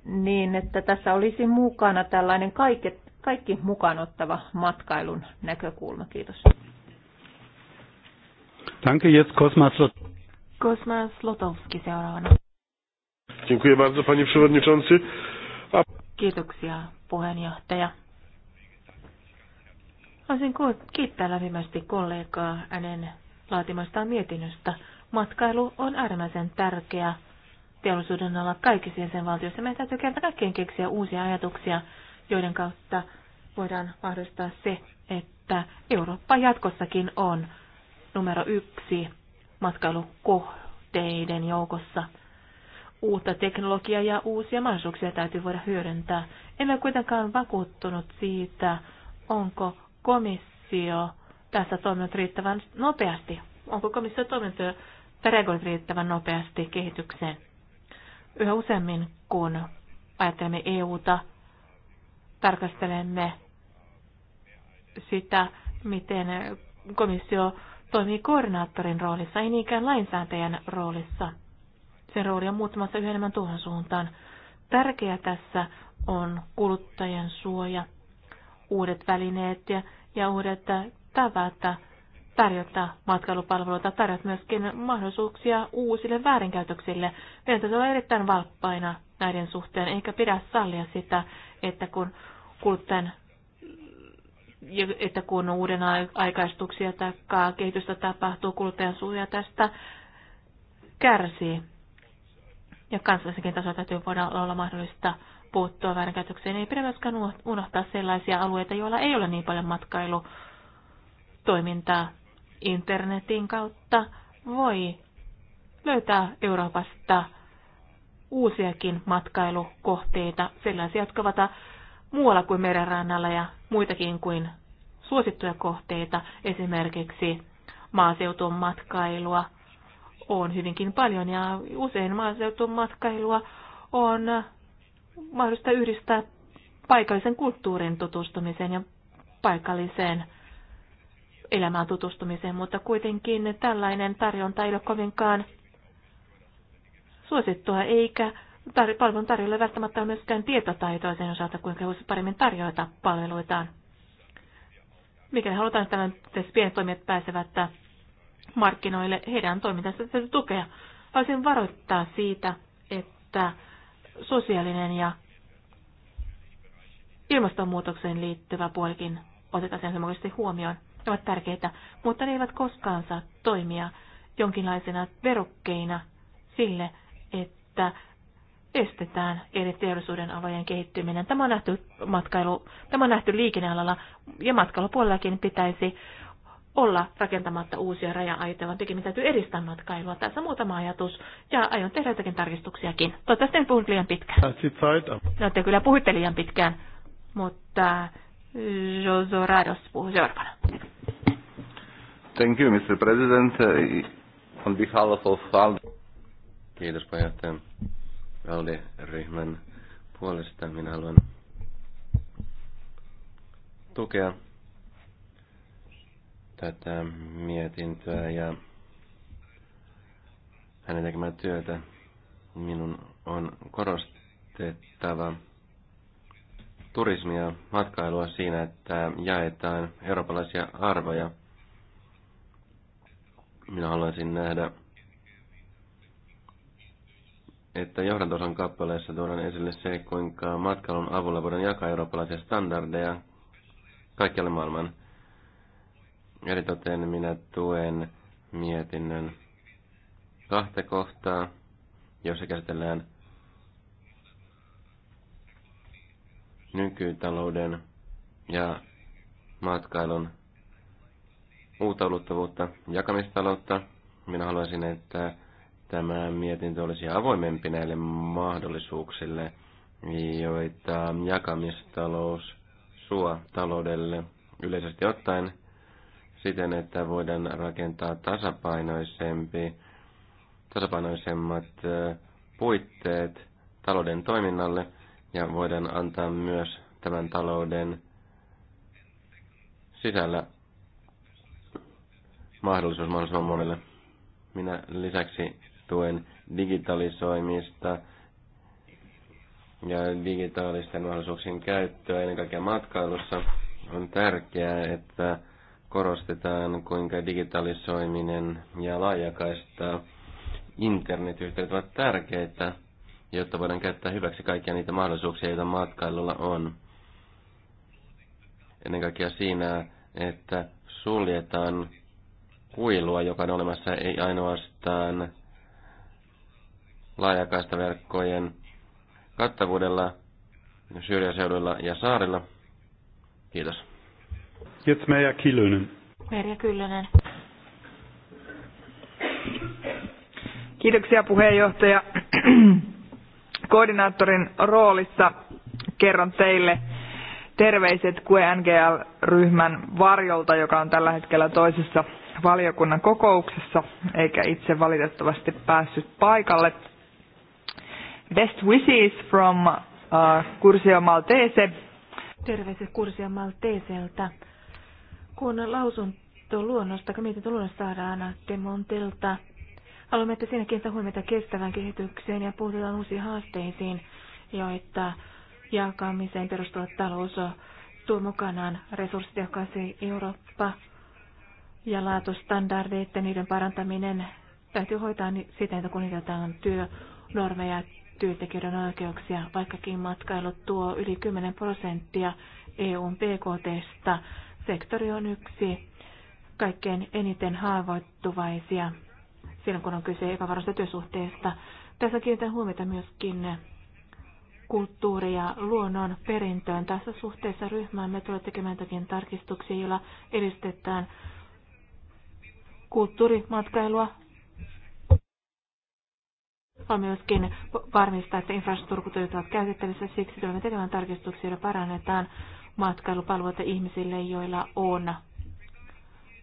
niin että tässä olisi mukana tällainen kaikki, kaikki mukaan ottava matkailun näkökulma. Kiitos. Danke, jetzt Kosma Slotowski seuraavana. Dziękuję bardzo, panie przewodniczący. A... Kiitoksia, puheenjohtaja. Haluaisin kiittää lämpimästi kollegaa hänen laatimastaan mietinnöstä. Matkailu on äärimmäisen tärkeä teollisuuden alla kaikissa jäsenvaltioissa. Meidän täytyy kerta kaikkien keksiä uusia ajatuksia, joiden kautta voidaan mahdollistaa se, että Eurooppa jatkossakin on numero yksi matkailukohteiden joukossa. Uutta teknologiaa ja uusia mahdollisuuksia täytyy voida hyödyntää. En ole kuitenkaan vakuuttunut siitä, onko komissio tässä toiminut riittävän nopeasti? Onko komissio toiminut reagoinut riittävän nopeasti kehitykseen? Yhä useammin, kun ajattelemme EUta, tarkastelemme sitä, miten komissio toimii koordinaattorin roolissa, ei niinkään lainsääntäjän roolissa. Sen rooli on muuttumassa yhä enemmän tuohon suuntaan. Tärkeää tässä on kuluttajan suoja, uudet välineet ja, ja uudet että tarjota matkailupalveluita, tarjot myöskin mahdollisuuksia uusille väärinkäytöksille. Meidän täytyy olla erittäin valppaina näiden suhteen, eikä pidä sallia sitä, että kun kuluttajan että kun uuden aikaistuksia tai kehitystä tapahtuu, kuluttajan suoja tästä kärsii. Ja kansallisenkin tasolla täytyy voida olla mahdollista puuttua väärinkäytökseen. Ei pidä myöskään unohtaa sellaisia alueita, joilla ei ole niin paljon matkailua toimintaa internetin kautta voi löytää Euroopasta uusiakin matkailukohteita, sellaisia, jotka ovat muualla kuin merenrannalla ja muitakin kuin suosittuja kohteita, esimerkiksi maaseutun matkailua on hyvinkin paljon ja usein maaseutun matkailua on mahdollista yhdistää paikallisen kulttuurin tutustumiseen ja paikalliseen elämään tutustumiseen, mutta kuitenkin tällainen tarjonta ei ole kovinkaan suosittua, eikä tar- palvelun tarjolla välttämättä ole myöskään tietotaitoa sen osalta, kuinka voisivat paremmin tarjota palveluitaan. Mikäli halutaan, että tällaiset pienet toimijat pääsevät markkinoille, heidän toimintansa täytyy tukea. Haluaisin varoittaa siitä, että sosiaalinen ja ilmastonmuutokseen liittyvä puolikin otetaan sen huomioon. Ne ovat tärkeitä, mutta ne eivät koskaan saa toimia jonkinlaisena verokkeina sille, että estetään eri teollisuuden alojen kehittyminen. Tämä on nähty, matkailu, tämä on nähty liikennealalla ja matkailupuolellakin pitäisi olla rakentamatta uusia raja-aitoja, vaan tekin täytyy edistää matkailua. Tässä muutama ajatus, ja aion tehdä jotakin tarkistuksiakin. Toivottavasti en puhunut liian pitkään. No, te kyllä puhuitte liian pitkään, mutta Žozorados seuraavana. Thank you, Mr. President. On behalf of ALDE. Kiitos puheenjohtajan ALDE-ryhmän puolesta. Minä haluan tukea tätä mietintöä ja hänen tekemää työtä minun on korostettava turismia ja matkailua siinä, että jaetaan eurooppalaisia arvoja. Minä haluaisin nähdä, että johdantosan kappaleessa tuodaan esille se, kuinka matkailun avulla voidaan jakaa eurooppalaisia standardeja kaikkialle maailman. Eritoten minä tuen mietinnön kahta kohtaa, jossa käsitellään nykytalouden ja matkailun uutaluttavuutta, jakamistaloutta. Minä haluaisin, että tämä mietintö olisi avoimempi näille mahdollisuuksille, joita jakamistalous suo taloudelle yleisesti ottaen siten, että voidaan rakentaa tasapainoisempi, tasapainoisemmat puitteet talouden toiminnalle – ja voidaan antaa myös tämän talouden sisällä mahdollisuus mahdollisimman monelle. Minä lisäksi tuen digitalisoimista ja digitaalisten mahdollisuuksien käyttöä ennen kaikkea matkailussa. On tärkeää, että korostetaan, kuinka digitalisoiminen ja laajakaista internetyhteydet ovat tärkeitä jotta voidaan käyttää hyväksi kaikkia niitä mahdollisuuksia, joita matkailulla on. Ennen kaikkea siinä, että suljetaan kuilua, joka on olemassa ei ainoastaan laajakaistaverkkojen kattavuudella syrjäseuduilla ja saarilla. Kiitos. Jetzt Merja Kilönen. Merja Kyllönen. Kiitoksia puheenjohtaja koordinaattorin roolissa kerron teille terveiset QNGL-ryhmän varjolta, joka on tällä hetkellä toisessa valiokunnan kokouksessa, eikä itse valitettavasti päässyt paikalle. Best wishes from uh, Kursio Maltese. Terveiset Kursio Malteselta. Kun lausunto luonnosta, mietintö luonnosta saadaan Demontelta, Haluamme, että siinä kiinnittää huomiota kestävän kehitykseen ja puututaan uusiin haasteisiin, joita jakamiseen perustuvat talous tuo mukanaan resurssitehokkaasti Eurooppa ja laatustandardit ja niiden parantaminen täytyy hoitaa siten, että kunnitetaan työnormeja työntekijöiden oikeuksia, vaikkakin matkailu tuo yli 10 prosenttia EUn BKTstä. Sektori on yksi kaikkein eniten haavoittuvaisia silloin, kun on kyse epävarasta työsuhteesta. Tässä kiinnitän huomiota myöskin kulttuuri- ja luonnon perintöön. Tässä suhteessa ryhmään me tulee tekemään jotakin tarkistuksia, joilla edistetään kulttuurimatkailua. On myöskin varmistaa, että infrastruktuurit ovat käytettävissä. Siksi tulemme tekemään tarkistuksia, joilla parannetaan matkailupalveluita ihmisille, joilla on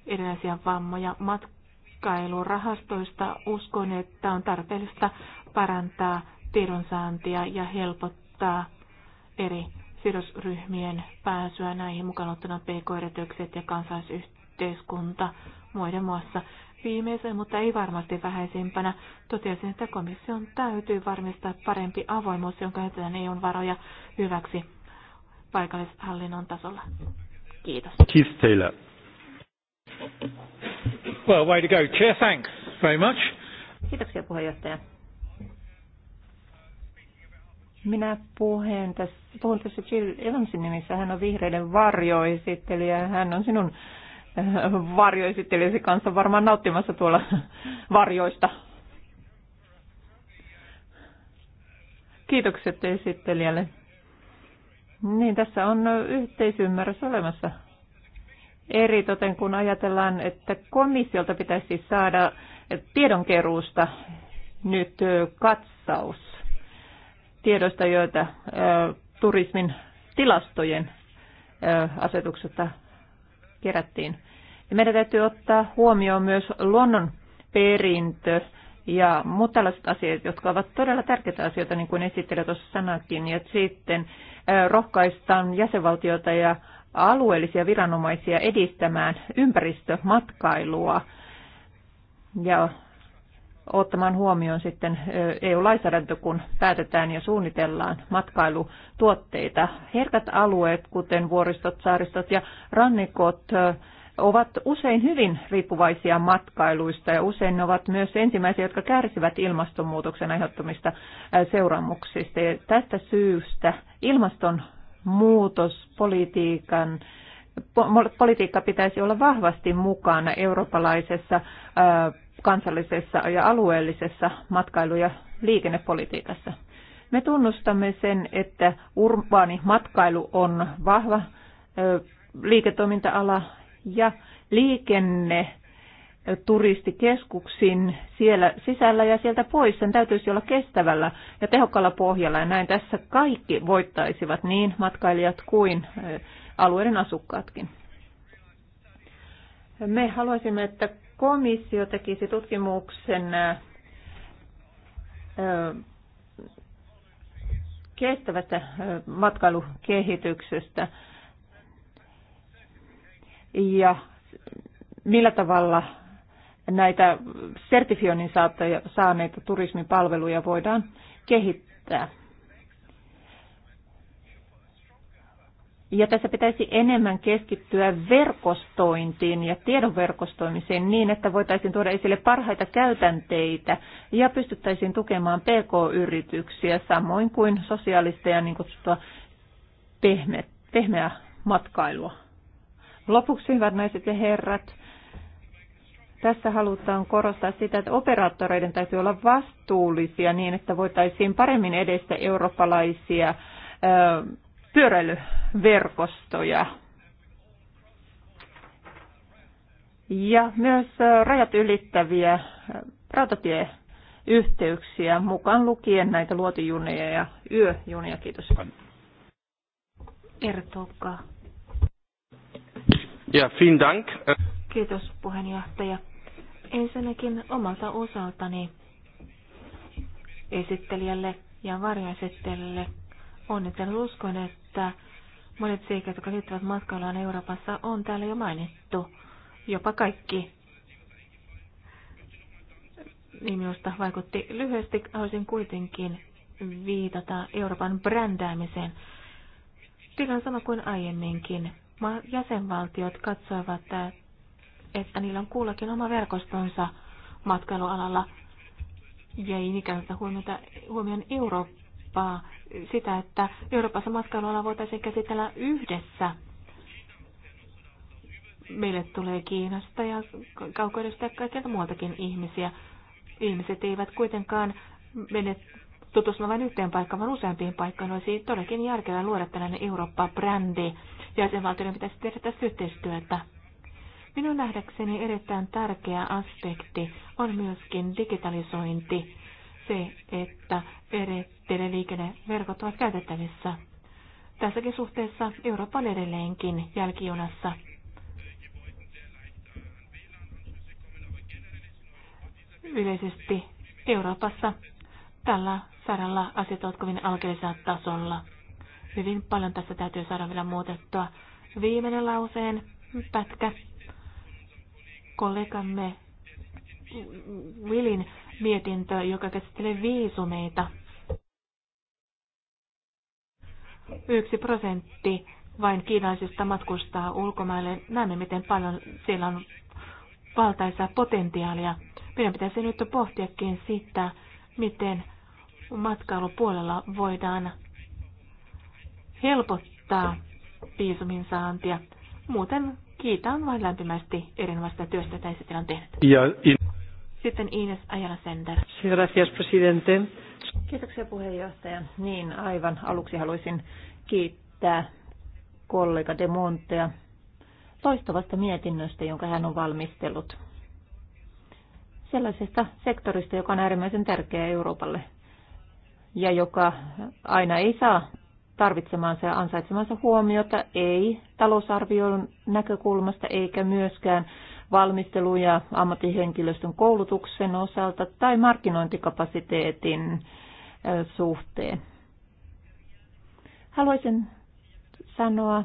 erilaisia vammoja. Mat- tarkkailurahastoista uskon, että on tarpeellista parantaa tiedonsaantia ja helpottaa eri sidosryhmien pääsyä näihin mukaan ottana pk-yritykset ja kansalaisyhteiskunta muiden muassa. Viimeisen, mutta ei varmasti vähäisimpänä, totesin, että komission täytyy varmistaa parempi avoimuus, jonka ei ole varoja hyväksi paikallishallinnon tasolla. Kiitos. Kiitos teille. Well, way to go, Chair. Thanks very much. Kiitoksia puheenjohtaja. Minä puhun tässä, puhun tässä Jill Evansin nimissä. Hän on vihreiden varjoesittelijä. Hän on sinun äh, varjoesittelijäsi kanssa varmaan nauttimassa tuolla varjoista. Kiitokset esittelijälle. Niin, tässä on yhteisymmärrys olemassa eritoten kun ajatellaan, että komissiolta pitäisi saada tiedonkeruusta nyt katsaus tiedoista, joita turismin tilastojen asetuksesta kerättiin. Ja meidän täytyy ottaa huomioon myös luonnon perintö ja muut tällaiset asiat, jotka ovat todella tärkeitä asioita, niin kuin esittelijä tuossa sanakin. Ja sitten rohkaistaan jäsenvaltioita ja alueellisia viranomaisia edistämään ympäristömatkailua ja ottamaan huomioon sitten EU-lainsäädäntö, kun päätetään ja suunnitellaan matkailutuotteita. Herkät alueet, kuten vuoristot, saaristot ja rannikot, ovat usein hyvin riippuvaisia matkailuista ja usein ne ovat myös ensimmäisiä, jotka kärsivät ilmastonmuutoksen aiheuttamista seuraamuksista. Ja tästä syystä ilmaston muutospolitiikan politiikka pitäisi olla vahvasti mukana eurooppalaisessa, kansallisessa ja alueellisessa matkailu- ja liikennepolitiikassa. Me tunnustamme sen, että urbaani matkailu on vahva liiketoiminta-ala ja liikenne turistikeskuksin siellä sisällä ja sieltä pois. Sen täytyisi olla kestävällä ja tehokkaalla pohjalla ja näin tässä kaikki voittaisivat niin matkailijat kuin eh, alueiden asukkaatkin. Me haluaisimme, että komissio tekisi tutkimuksen eh, eh, kestävästä matkailukehityksestä ja millä tavalla näitä sertifioinnin saaneita turismipalveluja voidaan kehittää. Ja tässä pitäisi enemmän keskittyä verkostointiin ja tiedonverkostoimiseen niin, että voitaisiin tuoda esille parhaita käytänteitä ja pystyttäisiin tukemaan PK-yrityksiä samoin kuin sosiaalista ja niin kutsuttua pehmeä, pehmeä matkailua. Lopuksi, hyvät naiset ja herrat, tässä halutaan korostaa sitä, että operaattoreiden täytyy olla vastuullisia niin, että voitaisiin paremmin edestä eurooppalaisia pyöräilyverkostoja. Ja myös rajat ylittäviä rautatieyhteyksiä, mukaan lukien näitä luotijunia ja yöjunia. Kiitos. Ertokaa. Ja, vielen Dank. Kiitos puheenjohtaja. Ensinnäkin omalta osaltani esittelijälle ja varjoesittelijälle onnittelen. Uskon, että monet seikat, jotka liittyvät matkailuun Euroopassa, on täällä jo mainittu. Jopa kaikki. Niin minusta vaikutti lyhyesti. Haluaisin kuitenkin viitata Euroopan brändäämiseen. Tilanne sama kuin aiemminkin. Jäsenvaltiot katsoivat että niillä on kullakin oma verkostonsa matkailualalla. Ja ei mikään huomiota, huomioon Eurooppaa, sitä, että Euroopassa matkailuala voitaisiin käsitellä yhdessä. Meille tulee Kiinasta ja kaukoidosta ja kaikilta muualtakin ihmisiä. Ihmiset eivät kuitenkaan mene tutustumaan vain yhteen paikkaan, vaan useampiin paikkaan. Olisi todellakin järkevää luoda tällainen Eurooppa-brändi. Jäsenvaltioiden pitäisi tehdä tästä yhteistyötä. Minun nähdäkseni erittäin tärkeä aspekti on myöskin digitalisointi, se, että eri teleliikenneverkot ovat käytettävissä. Tässäkin suhteessa Eurooppa on edelleenkin jälkijunassa. Yleisesti Euroopassa tällä saralla asiat ovat kovin alkeellisella tasolla. Hyvin paljon tässä täytyy saada vielä muutettua. Viimeinen lauseen pätkä kollegamme Willin mietintö, joka käsittelee viisumeita. Yksi prosentti vain kiinalaisista matkustaa ulkomaille. Näemme, miten paljon siellä on valtaisaa potentiaalia. Meidän pitäisi nyt pohtiakin sitä, miten matkailupuolella voidaan helpottaa viisumin saantia. Muuten Kiitän vain lämpimästi erinomaista työstä, jota esittely on tehnyt. Ja in... Sitten Ines Ajala-Sender. Gracias, presidente. Kiitoksia puheenjohtaja. Niin, aivan aluksi haluaisin kiittää kollega De Montea loistavasta mietinnöstä, jonka hän on valmistellut. Sellaisesta sektorista, joka on äärimmäisen tärkeä Euroopalle ja joka aina ei saa tarvitsemaansa ja ansaitsemansa huomiota ei talousarvion näkökulmasta eikä myöskään valmistelu- ja ammattihenkilöstön koulutuksen osalta tai markkinointikapasiteetin suhteen. Haluaisin sanoa,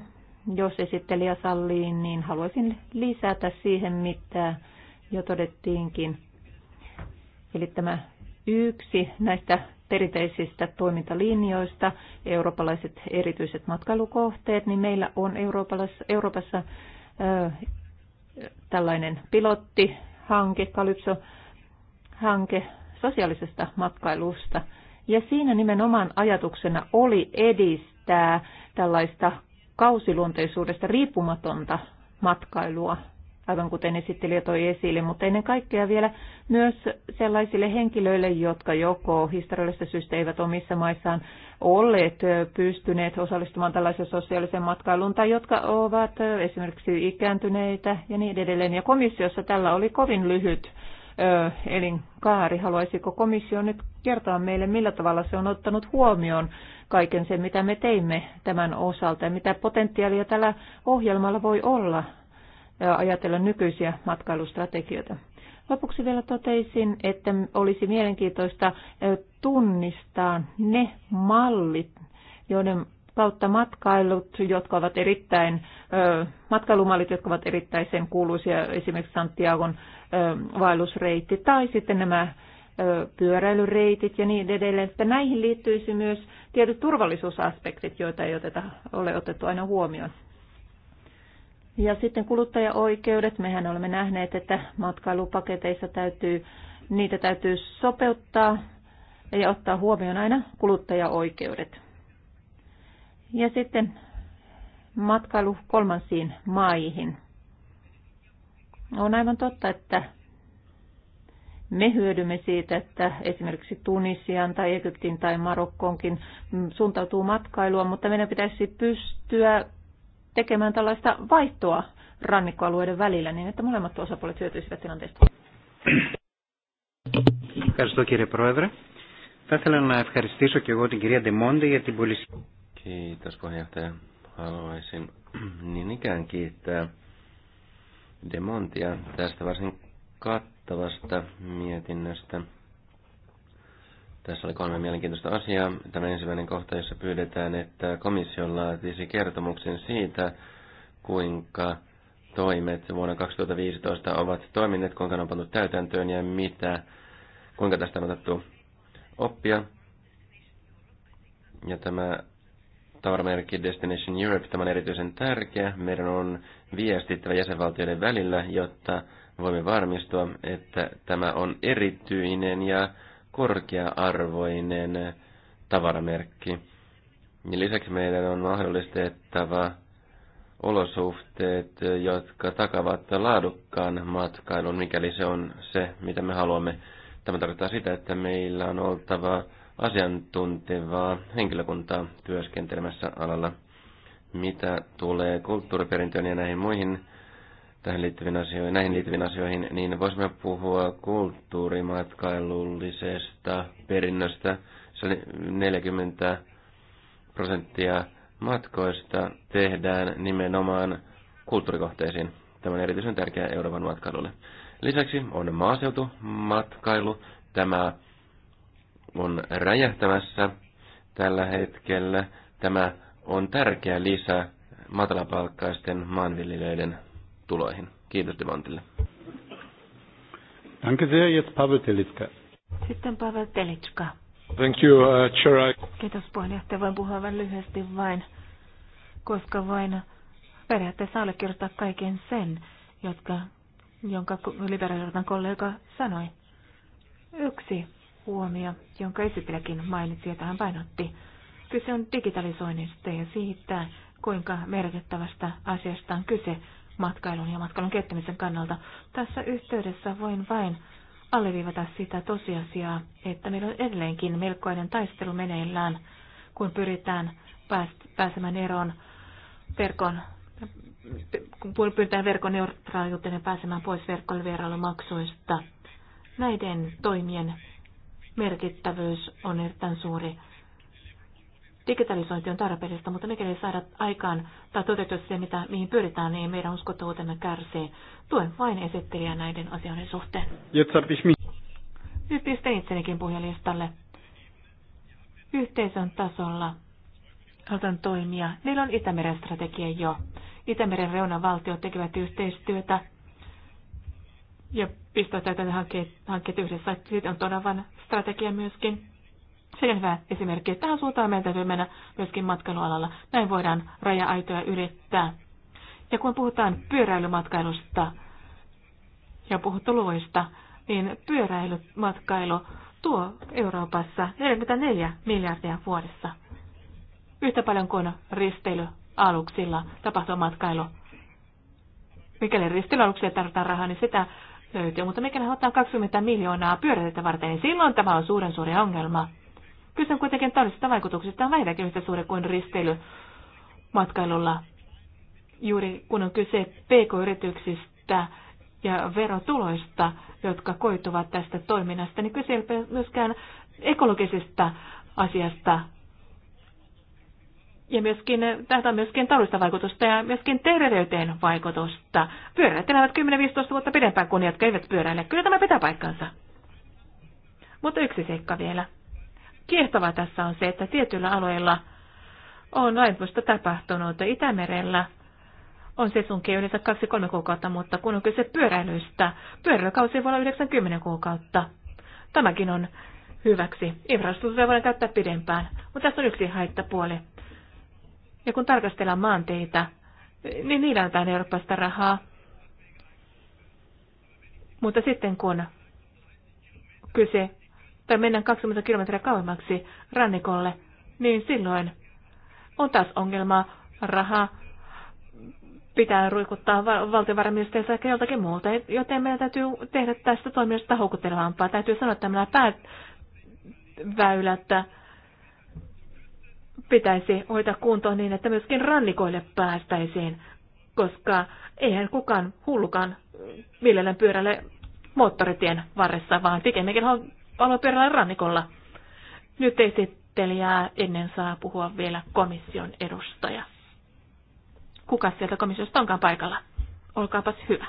jos esittelijä sallii, niin haluaisin lisätä siihen, mitä jo todettiinkin. Eli tämä yksi näistä perinteisistä toimintalinjoista, eurooppalaiset erityiset matkailukohteet, niin meillä on Euroopassa, Euroopassa ö, tällainen pilottihanke, Kalypso-hanke sosiaalisesta matkailusta. Ja siinä nimenomaan ajatuksena oli edistää tällaista kausiluonteisuudesta riippumatonta matkailua aivan kuten esittelijä toi esille, mutta ennen kaikkea vielä myös sellaisille henkilöille, jotka joko historiallisesta syystä eivät omissa maissaan olleet pystyneet osallistumaan tällaisen sosiaalisen matkailuun, tai jotka ovat esimerkiksi ikääntyneitä ja niin edelleen. Ja komissiossa tällä oli kovin lyhyt elinkaari. Haluaisiko komissio nyt kertoa meille, millä tavalla se on ottanut huomioon kaiken sen, mitä me teimme tämän osalta ja mitä potentiaalia tällä ohjelmalla voi olla ajatella nykyisiä matkailustrategioita. Lopuksi vielä toteisin, että olisi mielenkiintoista tunnistaa ne mallit, joiden kautta matkailut, jotka ovat erittäin, matkailumallit, jotka ovat erittäin sen kuuluisia, esimerkiksi Santiagon vaellusreitti tai sitten nämä pyöräilyreitit ja niin edelleen. Että näihin liittyisi myös tietyt turvallisuusaspektit, joita ei oteta, ole otettu aina huomioon. Ja sitten kuluttajaoikeudet. Mehän olemme nähneet, että matkailupaketeissa täytyy, niitä täytyy sopeuttaa ja ottaa huomioon aina kuluttajaoikeudet. Ja sitten matkailu kolmansiin maihin. On aivan totta, että me hyödymme siitä, että esimerkiksi Tunisian tai Egyptin tai Marokkoonkin suuntautuu matkailua, mutta meidän pitäisi pystyä tekemään tällaista vaihtoa rannikkoalueiden välillä, niin että molemmat osapuolet hyötyisivät tilanteesta. Kiitos puheenjohtaja. Haluaisin niin ikään kiittää Demontia tästä varsin kattavasta mietinnöstä. Tässä oli kolme mielenkiintoista asiaa. Tämä ensimmäinen kohta, jossa pyydetään, että komissio laatisi kertomuksen siitä, kuinka toimet vuonna 2015 ovat toimineet, kuinka ne on pantu täytäntöön ja mitä, kuinka tästä on otettu oppia. Ja tämä tavaramerkki Destination Europe, tämä on erityisen tärkeä. Meidän on viestittävä jäsenvaltioiden välillä, jotta voimme varmistua, että tämä on erityinen ja korkea-arvoinen tavaramerkki. Ja lisäksi meidän on mahdollistettava olosuhteet, jotka takavat laadukkaan matkailun, mikäli se on se, mitä me haluamme. Tämä tarkoittaa sitä, että meillä on oltava asiantuntevaa henkilökuntaa työskentelemässä alalla. Mitä tulee kulttuuriperintöön ja näihin muihin tähän liittyviin asioihin, näihin liittyviin asioihin, niin voisimme puhua kulttuurimatkailullisesta perinnöstä. Se oli 40 prosenttia matkoista tehdään nimenomaan kulttuurikohteisiin. Tämä on erityisen tärkeä Euroopan matkailulle. Lisäksi on maaseutumatkailu. Tämä on räjähtämässä tällä hetkellä. Tämä on tärkeä lisä matalapalkkaisten maanviljelijöiden tuloihin. Kiitos Devantille. Sitten Pavel Telitska. Thank you, uh, Chair. Kiitos puheenjohtaja. Voin puhua vain lyhyesti vain, koska voin periaatteessa allekirjoittaa kaiken sen, jotka, jonka liberaaliryhmän kollega sanoi. Yksi huomio, jonka esittelijäkin mainitsi ja tähän painotti. Kyse on digitalisoinnista ja siitä, kuinka merkittävästä asiasta on kyse matkailun ja matkailun käyttämisen kannalta. Tässä yhteydessä voin vain alleviivata sitä tosiasiaa, että meillä on edelleenkin melkoinen taistelu meneillään, kun pyritään pääsemään eroon verkon kun pyritään verkon neutraaliuteen ja pääsemään pois verkkovierailumaksuista. Näiden toimien merkittävyys on erittäin suuri. Digitalisointi on tarpeellista, mutta mikäli ei saada aikaan tai toteutua se, mitä, mihin pyritään, niin meidän uskottavuutemme kärsii. Tuen vain esittelijä näiden asioiden suhteen. Nyt pistän itsenikin puhelistalle. Yhteisön tasolla halutaan toimia. Meillä on Itämeren strategia jo. Itämeren reunan valtiot tekevät yhteistyötä ja pistävät tätä hankkeet, hankkeet yhdessä. Siitä on todavan strategia myöskin. Se esimerkki, että Tähän suuntaan meidän täytyy mennä myöskin matkailualalla. Näin voidaan raja-aitoja yrittää. Ja kun puhutaan pyöräilymatkailusta ja puhuttu luvuista, niin pyöräilymatkailu tuo Euroopassa 44 miljardia vuodessa. Yhtä paljon kuin risteilyaluksilla tapahtuu matkailu. Mikäli risteilyaluksille tarvitaan rahaa, niin sitä löytyy. Mutta mikäli ottaa 20 miljoonaa pyöräilijöitä varten, niin silloin tämä on suuren suuri ongelma. Kyse on kuitenkin taloudellisista vaikutuksista on vähintäänkin yhtä suuri kuin risteily matkailulla. Juuri kun on kyse pk-yrityksistä ja verotuloista, jotka koituvat tästä toiminnasta, niin kyse ei ole myöskään ekologisesta asiasta. Ja myöskin, tähtää myöskin taloudellista vaikutusta ja myöskin terveyteen vaikutusta. Pyöräilijät elävät 10-15 vuotta pidempään kuin jotka eivät pyöräile. Kyllä tämä pitää paikkansa. Mutta yksi seikka vielä. Kiehtovaa tässä on se, että tietyillä alueilla on laivusta tapahtunut. Itämerellä on sunkin yleensä 2-3 kuukautta, mutta kun on kyse pyöräilystä, pyöräilykausi voi olla 90 kuukautta. Tämäkin on hyväksi. Infrastruktuuria voidaan käyttää pidempään, mutta tässä on yksi haittapuoli. Ja kun tarkastellaan maanteitä, niin niillä annetaan Euroopasta rahaa. Mutta sitten kun kyse tai mennään 20 kilometriä kauemmaksi rannikolle, niin silloin on taas ongelma raha pitää ruikuttaa valtiovarainministeriössä ehkä joltakin muulta, joten meidän täytyy tehdä tästä toiminnasta houkuttelevampaa. Täytyy sanoa, että nämä pääväylät pitäisi hoitaa kuntoon niin, että myöskin rannikoille päästäisiin, koska eihän kukaan hullukaan millään pyörälle moottoritien varressa, vaan pikemminkin aloperällä rannikolla. Nyt esittelijää ennen saa puhua vielä komission edustaja. Kuka sieltä komissiosta onkaan paikalla? Olkaapas hyvä.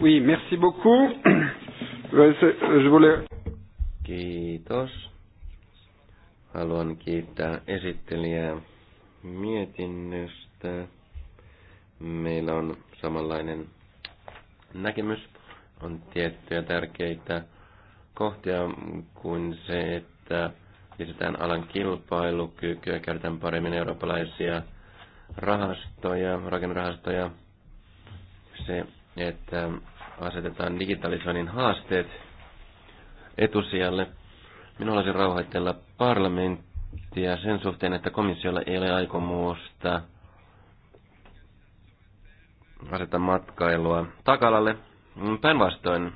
Oui, merci beaucoup. Euh, Kiitos. Haluan kiittää esittelijää mietinnöstä. Meillä on samanlainen näkemys on tiettyjä tärkeitä kohtia kuin se, että lisätään alan kilpailukykyä, käytetään paremmin eurooppalaisia rahastoja, rakennerahastoja. Se, että asetetaan digitalisoinnin haasteet etusijalle. Minulla olisi rauhoitella parlamenttia sen suhteen, että komissiolla ei ole aikomusta asettaa matkailua takalalle Päinvastoin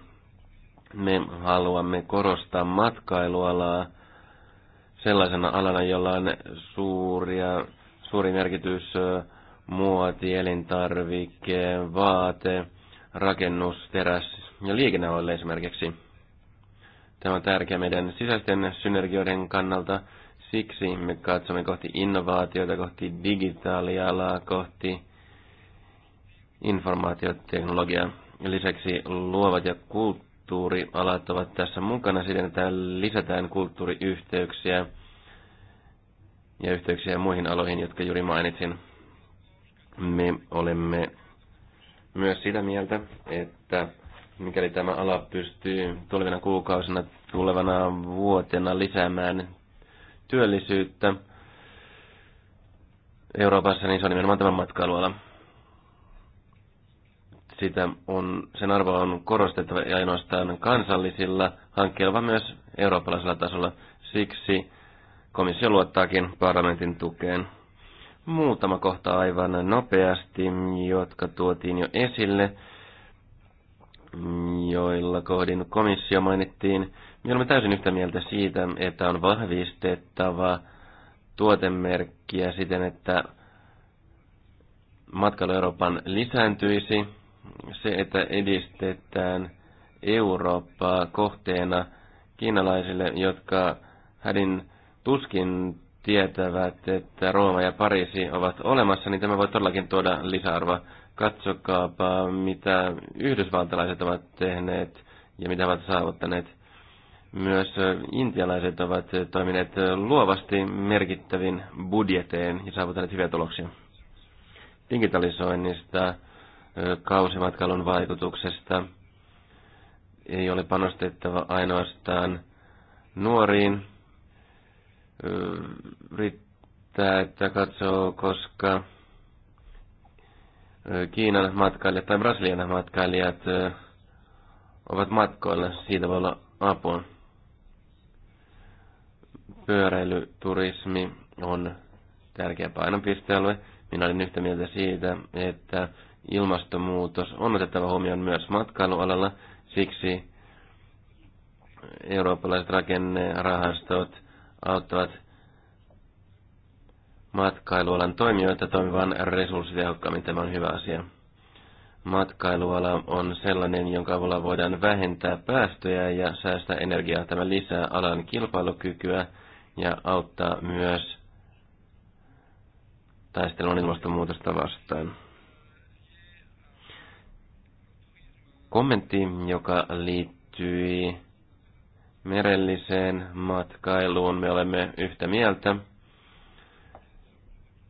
me haluamme korostaa matkailualaa sellaisena alana, jolla on suuria, suuri merkitys muoti, elintarvike, vaate, rakennus, teräs ja liikennealoille esimerkiksi. Tämä on tärkeä meidän sisäisten synergioiden kannalta. Siksi me katsomme kohti innovaatioita, kohti digitaalialaa, kohti informaatioteknologiaa. Lisäksi luovat ja kulttuurialat ovat tässä mukana siten, että lisätään kulttuuriyhteyksiä ja yhteyksiä muihin aloihin, jotka juuri mainitsin. Me olemme myös sitä mieltä, että mikäli tämä ala pystyy tulevina kuukausina, tulevana vuotena lisäämään työllisyyttä Euroopassa, niin se on nimenomaan tämä matkailuala sitä on, sen arvoa on korostettava ei ainoastaan kansallisilla hankkeilla, vaan myös eurooppalaisella tasolla. Siksi komissio luottaakin parlamentin tukeen. Muutama kohta aivan nopeasti, jotka tuotiin jo esille, joilla kohdin komissio mainittiin. Me olemme täysin yhtä mieltä siitä, että on vahvistettava tuotemerkkiä siten, että matkailu Euroopan lisääntyisi se, että edistetään Eurooppaa kohteena kiinalaisille, jotka hädin tuskin tietävät, että Rooma ja Pariisi ovat olemassa, niin tämä voi todellakin tuoda lisäarvoa. Katsokaapa, mitä yhdysvaltalaiset ovat tehneet ja mitä ovat saavuttaneet. Myös intialaiset ovat toimineet luovasti merkittävin budjeteen ja saavuttaneet hyviä tuloksia. Digitalisoinnista kausimatkailun vaikutuksesta. Ei ole panostettava ainoastaan nuoriin. Riittää, että katsoo, koska Kiinan matkailijat tai Brasilian matkailijat ovat matkoilla. Siitä voi olla apua. Pyöräilyturismi on tärkeä painopistealue. Minä olin yhtä mieltä siitä, että ilmastonmuutos on otettava huomioon myös matkailualalla, siksi eurooppalaiset rakennerahastot auttavat matkailualan toimijoita toimivan resurssitehokkaammin. Tämä on hyvä asia. Matkailuala on sellainen, jonka avulla voidaan vähentää päästöjä ja säästää energiaa. Tämä lisää alan kilpailukykyä ja auttaa myös taistelun ilmastonmuutosta vastaan. kommentti, joka liittyi merelliseen matkailuun. Me olemme yhtä mieltä.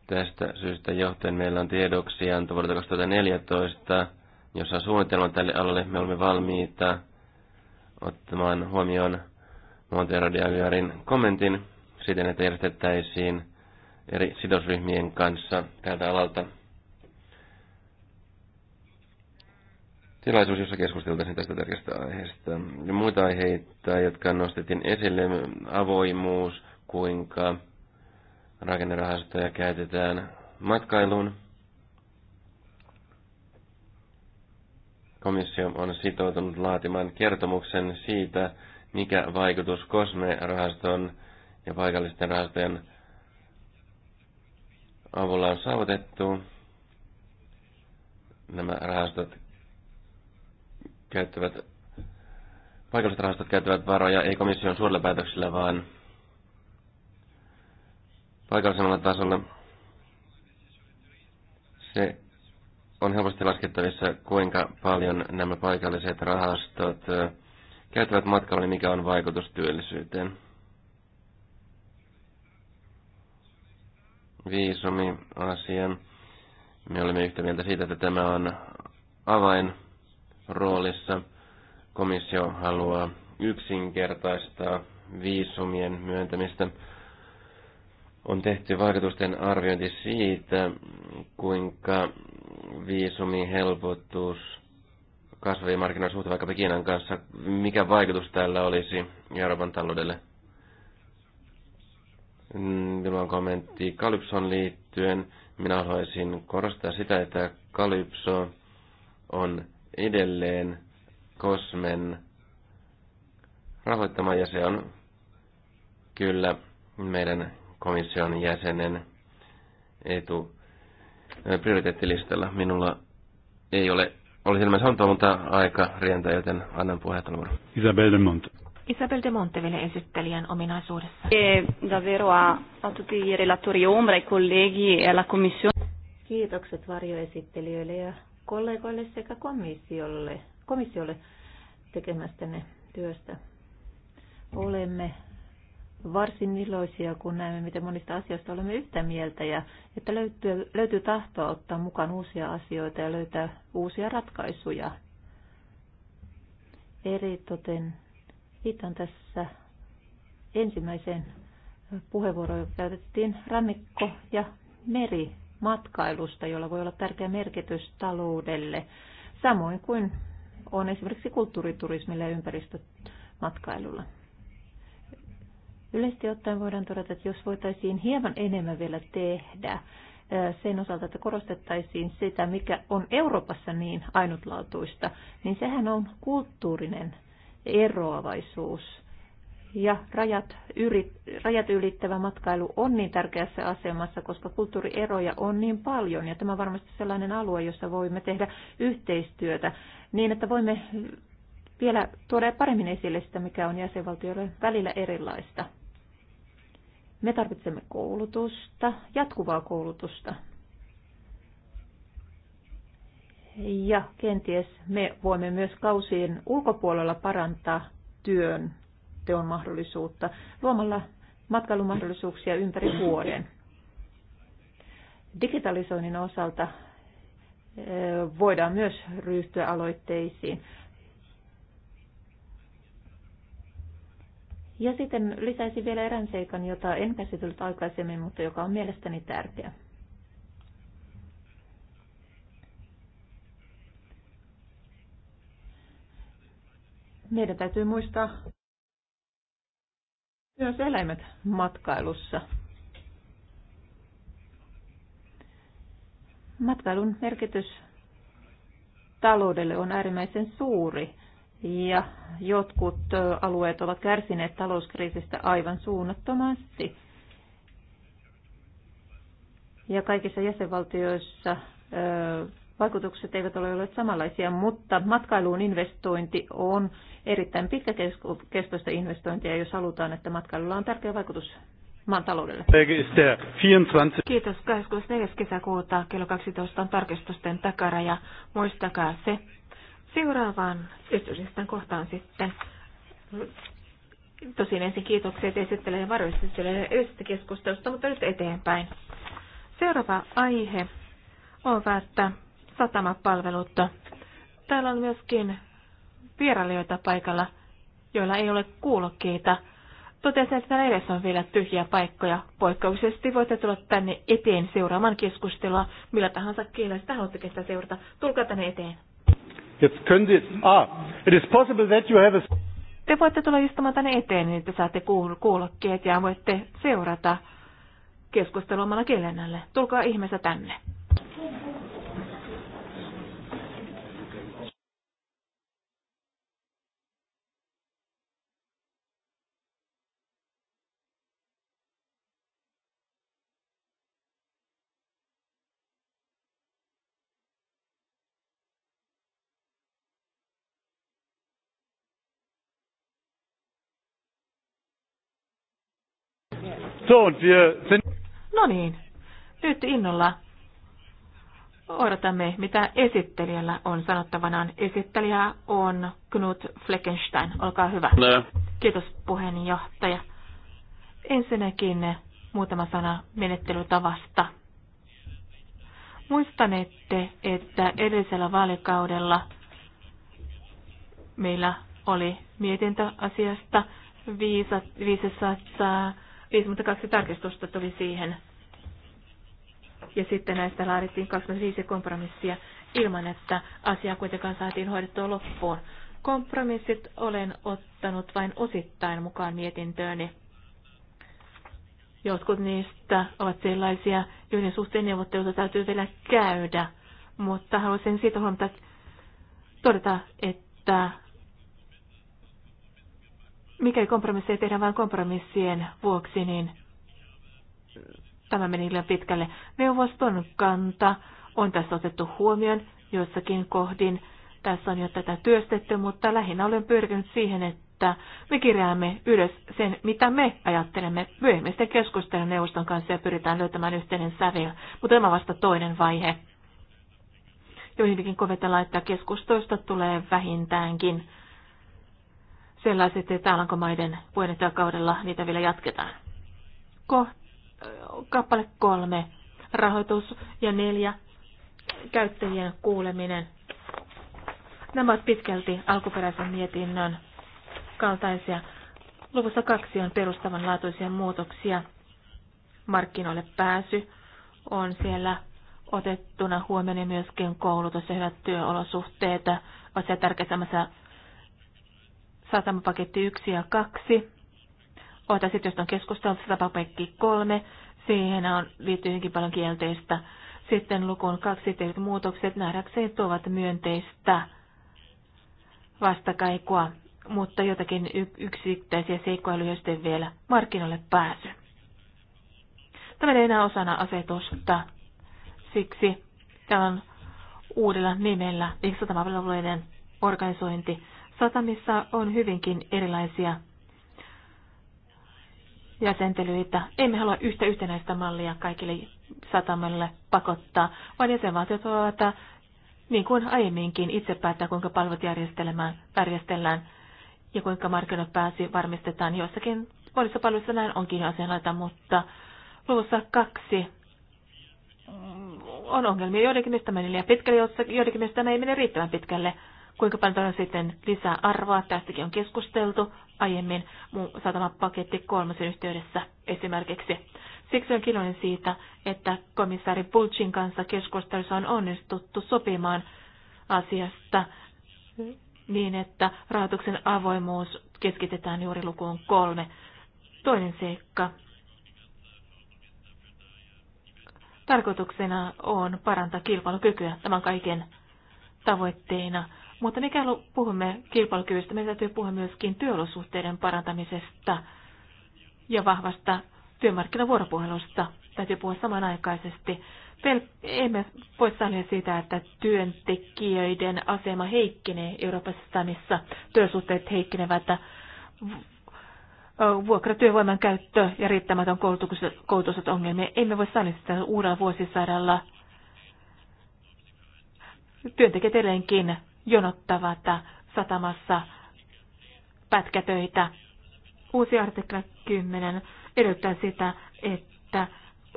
Tästä syystä johtuen meillä on tiedoksianto vuodelta 2014, jossa on suunnitelma tälle alalle. Me olemme valmiita ottamaan huomioon Montero kommentin siten, että järjestettäisiin eri sidosryhmien kanssa tältä alalta tilaisuus, jossa keskusteltaisiin tästä tärkeästä aiheesta. Ja muita aiheita, jotka nostettiin esille, avoimuus, kuinka rakennerahastoja käytetään matkailuun. Komissio on sitoutunut laatimaan kertomuksen siitä, mikä vaikutus kosmerahaston ja paikallisten rahastojen avulla on saavutettu. Nämä rahastot käyttävät, paikalliset rahastot käyttävät varoja ei komission suurilla päätöksillä, vaan paikallisemmalla tasolla. Se on helposti laskettavissa, kuinka paljon nämä paikalliset rahastot käyttävät matkalla, niin mikä on vaikutus työllisyyteen. Viisumi-asian. Me olemme yhtä mieltä siitä, että tämä on avain roolissa. Komissio haluaa yksinkertaistaa viisumien myöntämistä. On tehty vaikutusten arviointi siitä, kuinka helpotus kasvavien markkinoiden suhteen vaikkapa Kiinan kanssa, mikä vaikutus tällä olisi Euroopan taloudelle? Minulla on kommentti Kalypson liittyen. Minä haluaisin korostaa sitä, että Kalypso on edelleen Kosmen rahoittama ja se on kyllä meidän komission jäsenen etu prioriteettilistalla. Minulla ei ole, oli ilmeisesti antaa, mutta aika rientä, joten annan puheenvuoron. Isabel de Monte. Isabel de Monteville esittelijän ominaisuudessa. E, davvero a, a tutti i relatori ombra, i colleghi e alla commissione. Kiitokset varjoesittelijöille ja kollegoille sekä komissiolle, komissiolle tekemästänne työstä. Olemme varsin iloisia, kun näemme, miten monista asioista olemme yhtä mieltä ja että löytyy, löytyy tahtoa ottaa mukaan uusia asioita ja löytää uusia ratkaisuja. Eritoten viitan tässä ensimmäiseen puheenvuoroon, joka käytettiin rannikko- ja meri matkailusta, jolla voi olla tärkeä merkitys taloudelle, samoin kuin on esimerkiksi kulttuuriturismilla ja ympäristömatkailulla. Yleisesti ottaen voidaan todeta, että jos voitaisiin hieman enemmän vielä tehdä sen osalta, että korostettaisiin sitä, mikä on Euroopassa niin ainutlaatuista, niin sehän on kulttuurinen eroavaisuus – ja rajat, yrit, rajat ylittävä matkailu on niin tärkeässä asemassa, koska kulttuurieroja on niin paljon ja tämä on varmasti sellainen alue, jossa voimme tehdä yhteistyötä niin, että voimme vielä tuoda paremmin esille sitä, mikä on jäsenvaltioiden välillä erilaista. Me tarvitsemme koulutusta, jatkuvaa koulutusta. Ja kenties me voimme myös kausien ulkopuolella parantaa työn teon mahdollisuutta luomalla matkailumahdollisuuksia ympäri vuoden. Digitalisoinnin osalta eh, voidaan myös ryhtyä aloitteisiin. Ja sitten lisäisin vielä erään seikan, jota en käsitellyt aikaisemmin, mutta joka on mielestäni tärkeä. Meidän täytyy muistaa myös eläimet matkailussa. Matkailun merkitys taloudelle on äärimmäisen suuri ja jotkut alueet ovat kärsineet talouskriisistä aivan suunnattomasti. Ja kaikissa jäsenvaltioissa vaikutukset eivät ole olleet samanlaisia, mutta matkailuun investointi on erittäin pitkäkestoista investointia, jos halutaan, että matkailulla on tärkeä vaikutus maan taloudelle. Kiitos. 24. kesäkuuta kello 12 on tarkistusten takaraja. Muistakaa se. Seuraavaan esityslistan kohtaan sitten. Tosin ensin kiitokset esittelijä ja varjoesittelijä yhdestä keskustelusta, mutta nyt eteenpäin. Seuraava aihe ovat satamapalvelut. Täällä on myöskin vierailijoita paikalla, joilla ei ole kuulokkeita. Totesin, että täällä edessä on vielä tyhjiä paikkoja. Poikkeuksellisesti voitte tulla tänne eteen seuraamaan keskustelua millä tahansa kielellä sitä haluatte sitä seurata. Tulkaa tänne eteen. Ah, te voitte tulla istumaan tänne eteen, niin te saatte kuulokkeet ja voitte seurata keskustelua omalla kielennälle. Tulkaa ihmeessä tänne. So, und wir sind... No niin, nyt innolla odotamme, mitä esittelijällä on sanottavanaan. Esittelijä on Knut Fleckenstein. Olkaa hyvä. No. Kiitos puheenjohtaja. Ensinnäkin muutama sana menettelytavasta. Muistanette, että edellisellä vaalikaudella meillä oli mietintö asiasta 500 52 tarkistusta tuli siihen. Ja sitten näistä laadittiin 25 kompromissia ilman, että asiaa kuitenkaan saatiin hoidettua loppuun. Kompromissit olen ottanut vain osittain mukaan mietintööni. Jotkut niistä ovat sellaisia, joiden suhteen neuvotteluita täytyy vielä käydä, mutta haluaisin siitä huomata todeta, että mikäli kompromisseja tehdään vain kompromissien vuoksi, niin tämä meni liian pitkälle. Neuvoston kanta on tässä otettu huomioon joissakin kohdin. Tässä on jo tätä työstetty, mutta lähinnä olen pyrkinyt siihen, että me kirjaamme ylös sen, mitä me ajattelemme. Myöhemmin keskustelun neuvoston kanssa ja pyritään löytämään yhteinen sävel, mutta tämä vasta toinen vaihe. Joihinkin kovetellaan, että keskustoista tulee vähintäänkin sellaiset, että Alankomaiden puheenjohtajakaudella niitä vielä jatketaan. Ko, kappale kolme, rahoitus ja neljä, käyttäjien kuuleminen. Nämä ovat pitkälti alkuperäisen mietinnön kaltaisia. Luvussa kaksi on perustavanlaatuisia muutoksia. Markkinoille pääsy on siellä otettuna huomioon myöskin koulutus ja hyvät työolosuhteet ovat siellä tärkeässä satamapaketti 1 ja 2. Ota sitten, jos on keskusteltu, satamapaketti 3. Siihen on liittyy hyvinkin paljon kielteistä. Sitten lukuun kaksi tehdyt muutokset nähdäkseen tuovat myönteistä vastakaikua, mutta jotakin yksittäisiä seikkoja lyhyesti vielä. Markkinoille pääsy. Tämä ei enää osana asetusta. Siksi tämä on uudella nimellä, eli satamapalveluiden organisointi. Satamissa on hyvinkin erilaisia jäsentelyitä. Emme halua yhtä yhtenäistä mallia kaikille satamalle pakottaa, vaan jäsenvaltiot ovat äh, niin kuin aiemminkin itse päättää, kuinka palvelut järjestellään ja kuinka markkinat pääsi varmistetaan. Jossakin monissa palveluissa näin onkin jo asianlaita, mutta luvussa kaksi on ongelmia. Joidenkin mistä meni liian pitkälle, joidenkin mistä ei mene riittävän pitkälle. Kuinka paljon on sitten lisää arvoa? Tästäkin on keskusteltu aiemmin paketti kolmosen yhteydessä esimerkiksi. Siksi on kiloinen siitä, että komissaari Bulcin kanssa keskustelussa on onnistuttu sopimaan asiasta niin, että rahoituksen avoimuus keskitetään juuri lukuun kolme. Toinen seikka. Tarkoituksena on parantaa kilpailukykyä. Tämän kaiken tavoitteena mutta mikäli puhumme kilpailukyvystä, meidän täytyy puhua myöskin työolosuhteiden parantamisesta ja vahvasta työmarkkinavuoropuhelusta. Täytyy puhua samanaikaisesti. Pel- emme voi sanoa siitä, että työntekijöiden asema heikkenee Euroopassa, missä työsuhteet heikkenevät. Vuokratyövoiman käyttö ja riittämätön koulutukset ongelmia. Emme voi sanoa sitä uudella vuosisadalla. Työntekijät edelleenkin jonottavat satamassa pätkätöitä. Uusi artikla 10 edellyttää sitä, että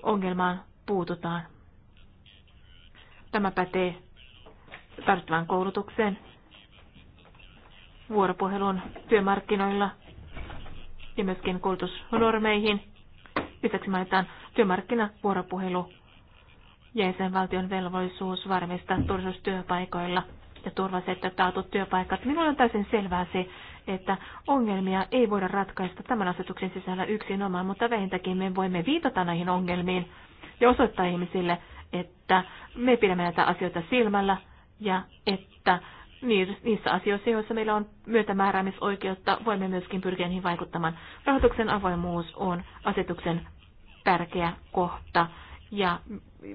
ongelmaan puututaan. Tämä pätee tarvittavan koulutukseen, vuoropuhelun työmarkkinoilla ja myöskin koulutusnormeihin. Lisäksi mainitaan työmarkkinavuoropuhelu ja jäsenvaltion velvollisuus varmistaa turvallisuus työpaikoilla – ja turvalliset että taatut työpaikat. Minulla on täysin selvää se, että ongelmia ei voida ratkaista tämän asetuksen sisällä yksinomaan, mutta vähintäänkin me voimme viitata näihin ongelmiin ja osoittaa ihmisille, että me pidämme näitä asioita silmällä ja että niissä asioissa, joissa meillä on myötämääräämisoikeutta, voimme myöskin pyrkiä niihin vaikuttamaan. Rahoituksen avoimuus on asetuksen tärkeä kohta ja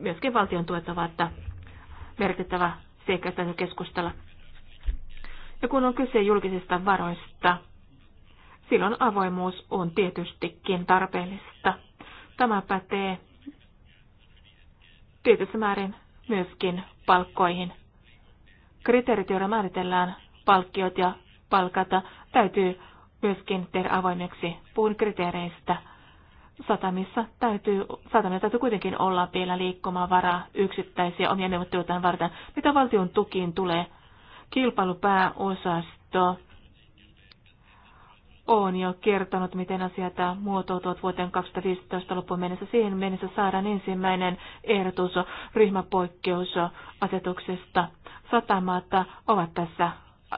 myöskin valtion tuet ovat merkittävä seikkaista täytyy keskustella. Ja kun on kyse julkisista varoista, silloin avoimuus on tietystikin tarpeellista. Tämä pätee tietyssä määrin myöskin palkkoihin. Kriteerit, joilla määritellään palkkiot ja palkata, täytyy myöskin tehdä avoimeksi puun kriteereistä – satamissa täytyy, satamilla täytyy kuitenkin olla vielä liikkumavaraa yksittäisiä omia neuvotteluitaan varten. Mitä valtion tukiin tulee? Kilpailupääosasto on jo kertonut, miten asiat muotoutuvat vuoteen 2015 loppuun mennessä. Siihen mennessä saadaan ensimmäinen ehdotus ryhmäpoikkeusasetuksesta. Satamat ovat tässä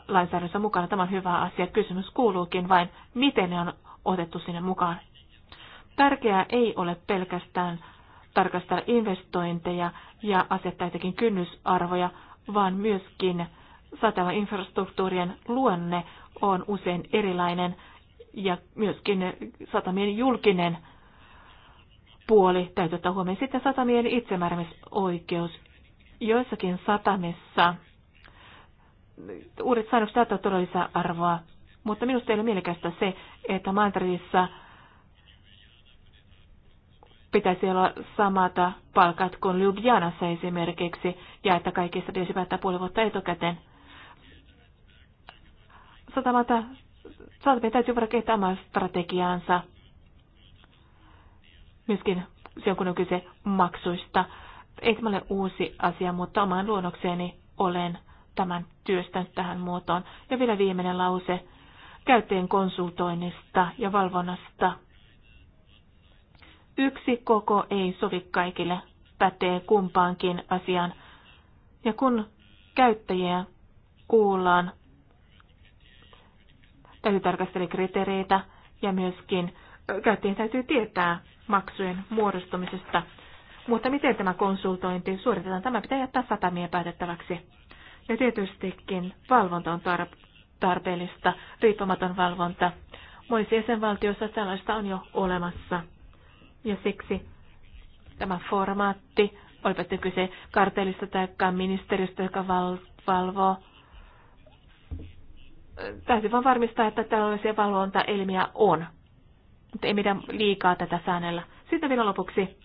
lainsäädännössä mukana. Tämä on hyvä asia. Kysymys kuuluukin vain, miten ne on otettu sinne mukaan Tärkeää ei ole pelkästään tarkastella investointeja ja asettaa jotenkin kynnysarvoja, vaan myöskin satava infrastruktuurien luonne on usein erilainen ja myöskin satamien julkinen puoli täytyy ottaa huomioon. Sitten satamien itsemääräämisoikeus. Joissakin satamissa uudet säännökset täyttävät todellista arvoa, mutta minusta ei ole mielekästä se, että Madridissa pitäisi olla samat palkat kuin Ljubljanassa esimerkiksi, ja että kaikista tietysti päättää puoli vuotta etukäteen. Satamata, satamien täytyy voida kehittää omaa strategiaansa. Myöskin silloin, kun on kyse maksuista. Ei tämä ole uusi asia, mutta omaan luonnokseeni olen tämän työstänyt tähän muotoon. Ja vielä viimeinen lause käyttäjien konsultoinnista ja valvonnasta Yksi koko ei sovi kaikille, pätee kumpaankin asiaan. Ja kun käyttäjiä kuullaan, täytyy tarkastella kriteereitä ja myöskin käyttäjien täytyy tietää maksujen muodostumisesta. Mutta miten tämä konsultointi suoritetaan, tämä pitää jättää satamien päätettäväksi. Ja tietystikin valvonta on tarpeellista, riippumaton valvonta. Monissa jäsenvaltioissa tällaista on jo olemassa. Ja siksi tämä formaatti, olipa kyse kartellista tai ministeriöstä, joka val- valvoo, täytyy vain varmistaa, että tällaisia valvontaelmiä on. Mutta ei mitään liikaa tätä säännellä. Sitten vielä lopuksi.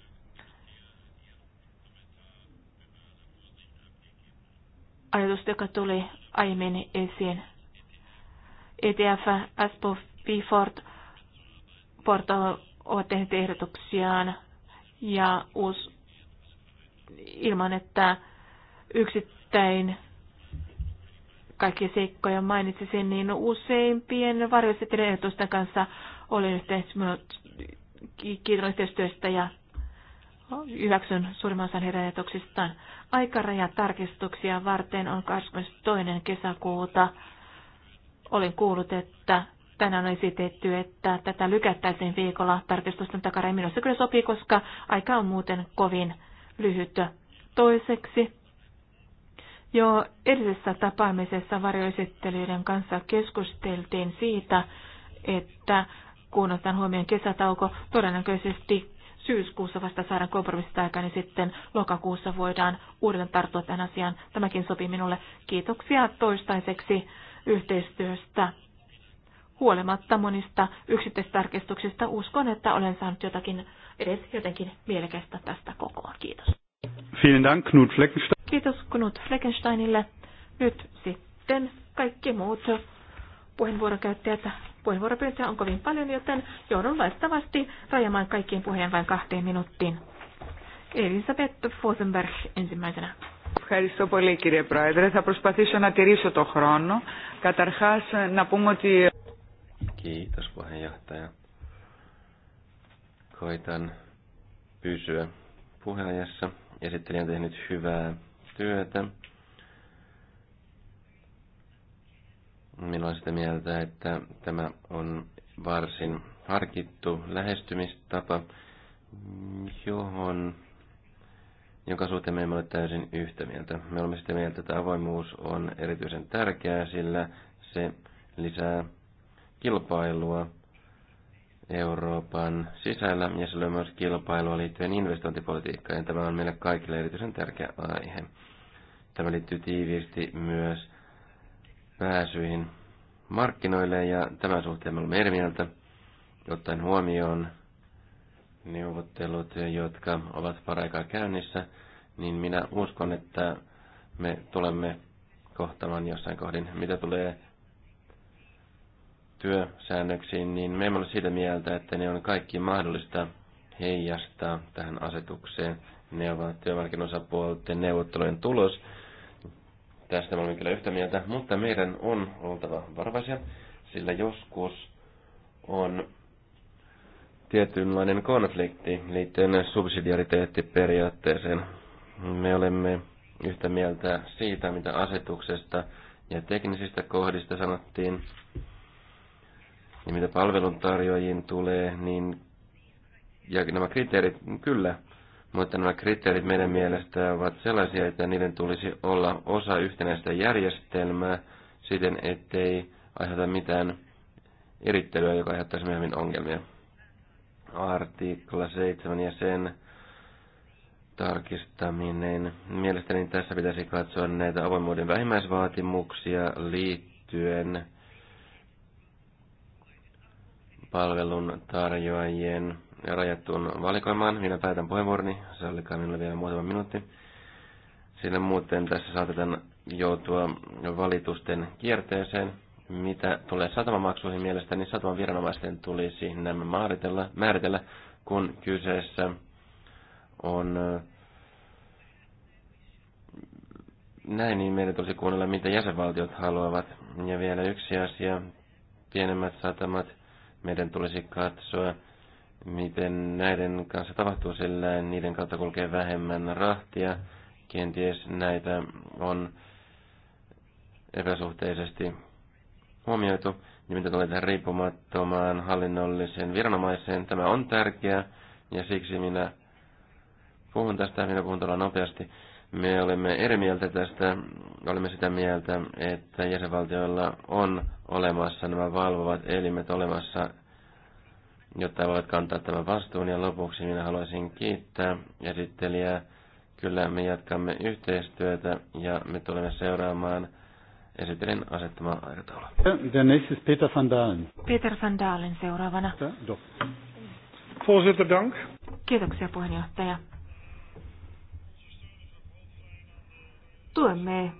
Ajatus, joka tuli aiemmin esiin. ETF, Aspo, Bford, Porto, ovat tehneet ehdotuksiaan ja uusi, ilman, että yksittäin kaikkia seikkoja mainitsisin, niin useimpien varjoisettelyn ehdotusten kanssa olen yhteistyössä, kiitän yhteistyöstä ja hyväksyn suurimman osan heidän ehdotuksistaan. Aikaraja tarkistuksia varten on 22. kesäkuuta. Olin kuullut, että tänään on esitetty, että tätä lykättäisiin viikolla tarkistusten takareen. Minusta kyllä sopii, koska aika on muuten kovin lyhyt. Toiseksi jo edellisessä tapaamisessa varjoesittelijöiden kanssa keskusteltiin siitä, että kun otetaan huomioon kesätauko, todennäköisesti syyskuussa vasta saadaan kompromissista aikaa, niin sitten lokakuussa voidaan uudelleen tarttua tähän asiaan. Tämäkin sopii minulle. Kiitoksia toistaiseksi yhteistyöstä huolimatta monista yksittäistarkistuksista uskon, että olen saanut jotakin edes jotenkin mielekästä tästä kokoa Kiitos. Vielen Dank, Knut Fleckenstein. Kiitos Knut Fleckensteinille. Nyt sitten kaikki muut puheenvuorokäyttäjät. Puheenvuoropyyntöjä on kovin paljon, joten joudun laittavasti rajamaan kaikkien puheen vain kahteen minuuttiin. Elisabeth Fosenberg ensimmäisenä. Ευχαριστώ πολύ κύριε Πρόεδρε. Θα προσπαθήσω να τηρήσω το χρόνο. Καταρχάς να πούμε ότι Kiitos puheenjohtaja. Koitan pysyä puheajassa. Esittelijä on tehnyt hyvää työtä. Minä olen sitä mieltä, että tämä on varsin harkittu lähestymistapa, johon, jonka suhteen me emme ole täysin yhtä mieltä. Me olemme sitä mieltä, että avoimuus on erityisen tärkeää, sillä se lisää kilpailua Euroopan sisällä ja sillä on myös kilpailua liittyen investointipolitiikkaan ja tämä on meille kaikille erityisen tärkeä aihe. Tämä liittyy tiiviisti myös pääsyihin markkinoille ja tämän suhteen me olemme eri mieltä, ottaen huomioon neuvottelut, jotka ovat paraikaa käynnissä, niin minä uskon, että me tulemme kohtamaan jossain kohdin, mitä tulee työsäännöksiin, niin me emme ole sitä mieltä, että ne on kaikki mahdollista heijastaa tähän asetukseen. Ne ovat työmarkkinosapuolten neuvottelujen tulos. Tästä me olemme kyllä yhtä mieltä, mutta meidän on oltava varovaisia, sillä joskus on tietynlainen konflikti liittyen subsidiariteettiperiaatteeseen. Me olemme yhtä mieltä siitä, mitä asetuksesta ja teknisistä kohdista sanottiin, ja mitä palveluntarjoajiin tulee, niin ja nämä kriteerit, kyllä, mutta nämä kriteerit meidän mielestä ovat sellaisia, että niiden tulisi olla osa yhtenäistä järjestelmää siten, ettei aiheuta mitään erittelyä, joka aiheuttaisi myöhemmin ongelmia. Artikla 7 ja sen tarkistaminen. Mielestäni tässä pitäisi katsoa näitä avoimuuden vähimmäisvaatimuksia liittyen palvelun tarjoajien rajattuun valikoimaan. Minä päätän puheenvuoroni, sallikaa minulle vielä muutama minuutti. Sillä muuten tässä saatetaan joutua valitusten kierteeseen. Mitä tulee satamamaksuihin mielestäni, niin sataman viranomaisten tulisi nämä määritellä, määritellä kun kyseessä on äh, näin, niin meidän tulisi kuunnella, mitä jäsenvaltiot haluavat. Ja vielä yksi asia, pienemmät satamat meidän tulisi katsoa, miten näiden kanssa tapahtuu, sillä niiden kautta kulkee vähemmän rahtia. Kenties näitä on epäsuhteisesti huomioitu. niin mitä tulee tähän riippumattomaan hallinnolliseen viranomaiseen, tämä on tärkeää ja siksi minä puhun tästä, minä puhun tuolla nopeasti. Me olemme eri mieltä tästä. Olemme sitä mieltä, että jäsenvaltioilla on olemassa nämä valvovat elimet olemassa, jotta voivat kantaa tämän vastuun. Ja lopuksi minä haluaisin kiittää esittelijää. Kyllä me jatkamme yhteistyötä ja me tulemme seuraamaan esittelen asettamaa aikataulua. Peter van Dalen. Peter van Dalen seuraavana. Kiitoksia puheenjohtaja. tuemme